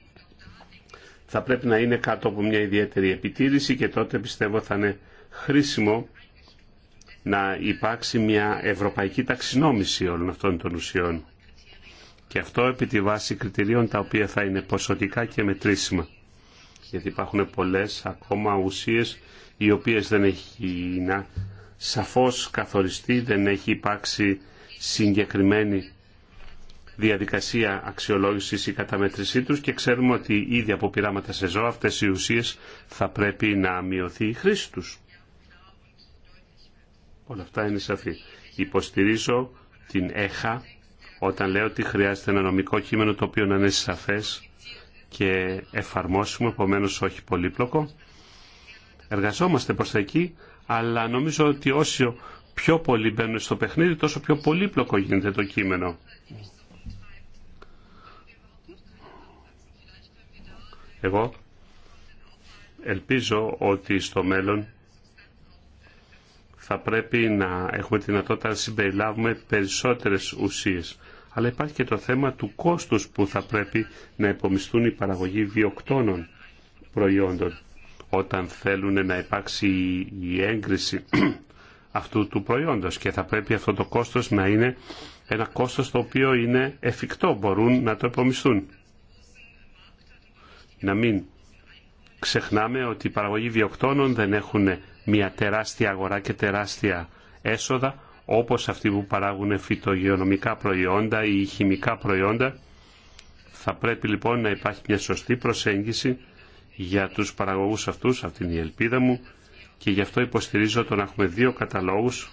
θα πρέπει να είναι κάτω από μια ιδιαίτερη επιτήρηση και τότε πιστεύω θα είναι χρήσιμο να υπάρξει μια ευρωπαϊκή ταξινόμηση όλων αυτών των ουσιών. Και αυτό επί τη βάση κριτηρίων τα οποία θα είναι ποσοτικά και μετρήσιμα. Γιατί υπάρχουν πολλές ακόμα ουσίες οι οποίες δεν έχει να σαφώς καθοριστεί, δεν έχει υπάρξει συγκεκριμένη διαδικασία αξιολόγησης ή καταμέτρησή τους και ξέρουμε ότι ήδη από πειράματα σε ζώα αυτές οι ουσίες θα πρέπει να μειωθεί η χρήση τους. Όλα αυτά είναι σαφή. Υποστηρίζω την ΕΧΑ όταν λέω ότι χρειάζεται ένα νομικό κείμενο το οποίο να είναι σαφές και εφαρμόσιμο, επομένω όχι πολύπλοκο. Εργαζόμαστε προς εκεί, αλλά νομίζω ότι όσο πιο πολύ μπαίνουν στο παιχνίδι, τόσο πιο πολύπλοκο γίνεται το κείμενο. Εγώ ελπίζω ότι στο μέλλον θα πρέπει να έχουμε τη δυνατότητα να συμπεριλάβουμε περισσότερες ουσίες. Αλλά υπάρχει και το θέμα του κόστους που θα πρέπει να υπομισθούν οι παραγωγή βιοκτώνων προϊόντων όταν θέλουν να υπάρξει η έγκριση αυτού του προϊόντος και θα πρέπει αυτό το κόστος να είναι ένα κόστος το οποίο είναι εφικτό, μπορούν να το επομισθούν. Να μην ξεχνάμε ότι οι παραγωγοί βιοκτώνων δεν έχουν μια τεράστια αγορά και τεράστια έσοδα όπως αυτοί που παράγουν φυτογειονομικά προϊόντα ή χημικά προϊόντα. Θα πρέπει λοιπόν να υπάρχει μια σωστή προσέγγιση για τους παραγωγούς αυτούς, αυτή είναι η ελπίδα μου, και γι' αυτό υποστηρίζω το να έχουμε δύο καταλόγους,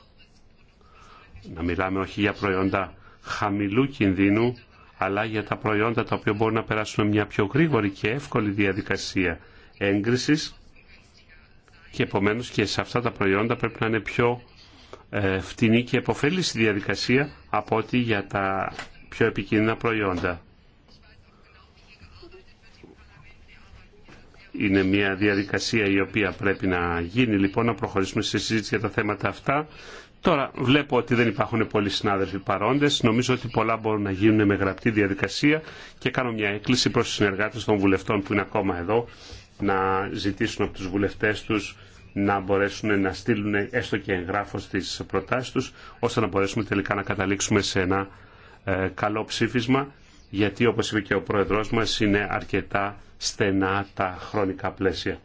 να μιλάμε όχι για προϊόντα χαμηλού κινδύνου, αλλά για τα προϊόντα τα οποία μπορούν να περάσουν μια πιο γρήγορη και εύκολη διαδικασία έγκρισης και επομένως και σε αυτά τα προϊόντα πρέπει να είναι πιο ε, φτηνή και εποφέλης η διαδικασία από ό,τι για τα πιο επικίνδυνα προϊόντα. Είναι μια διαδικασία η οποία πρέπει να γίνει λοιπόν να προχωρήσουμε σε συζήτηση για τα θέματα αυτά. Τώρα βλέπω ότι δεν υπάρχουν πολλοί συνάδελφοι παρόντε. Νομίζω ότι πολλά μπορούν να γίνουν με γραπτή διαδικασία και κάνω μια έκκληση προ του συνεργάτε των βουλευτών που είναι ακόμα εδώ να ζητήσουν από του βουλευτέ του να μπορέσουν να στείλουν έστω και εγγράφο τι προτάσει του ώστε να μπορέσουμε τελικά να καταλήξουμε σε ένα ε, καλό ψήφισμα γιατί όπως είπε και ο Πρόεδρός μας είναι αρκετά στενά τα χρονικά πλαίσια.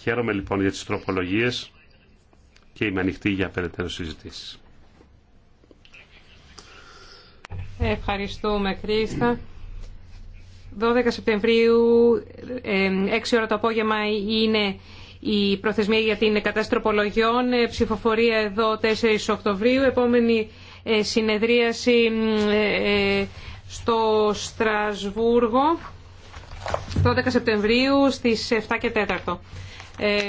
Χαίρομαι λοιπόν για τις τροπολογίες και είμαι ανοιχτή για περαιτέρω συζητήσεις. Ευχαριστούμε Κρίστα. 12 Σεπτεμβρίου, 6 ώρα το απόγευμα είναι η προθεσμία για την κατάσταση τροπολογιών. Ε, ψηφοφορία εδώ 4 Οκτωβρίου. Επόμενη ε, συνεδρίαση ε, στο Στρασβούργο 12 Σεπτεμβρίου στις 7 και 4. Ε,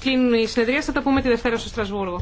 κλείνουν οι συνεδρίες, θα τα πούμε τη Δευτέρα στο Στρασβούργο.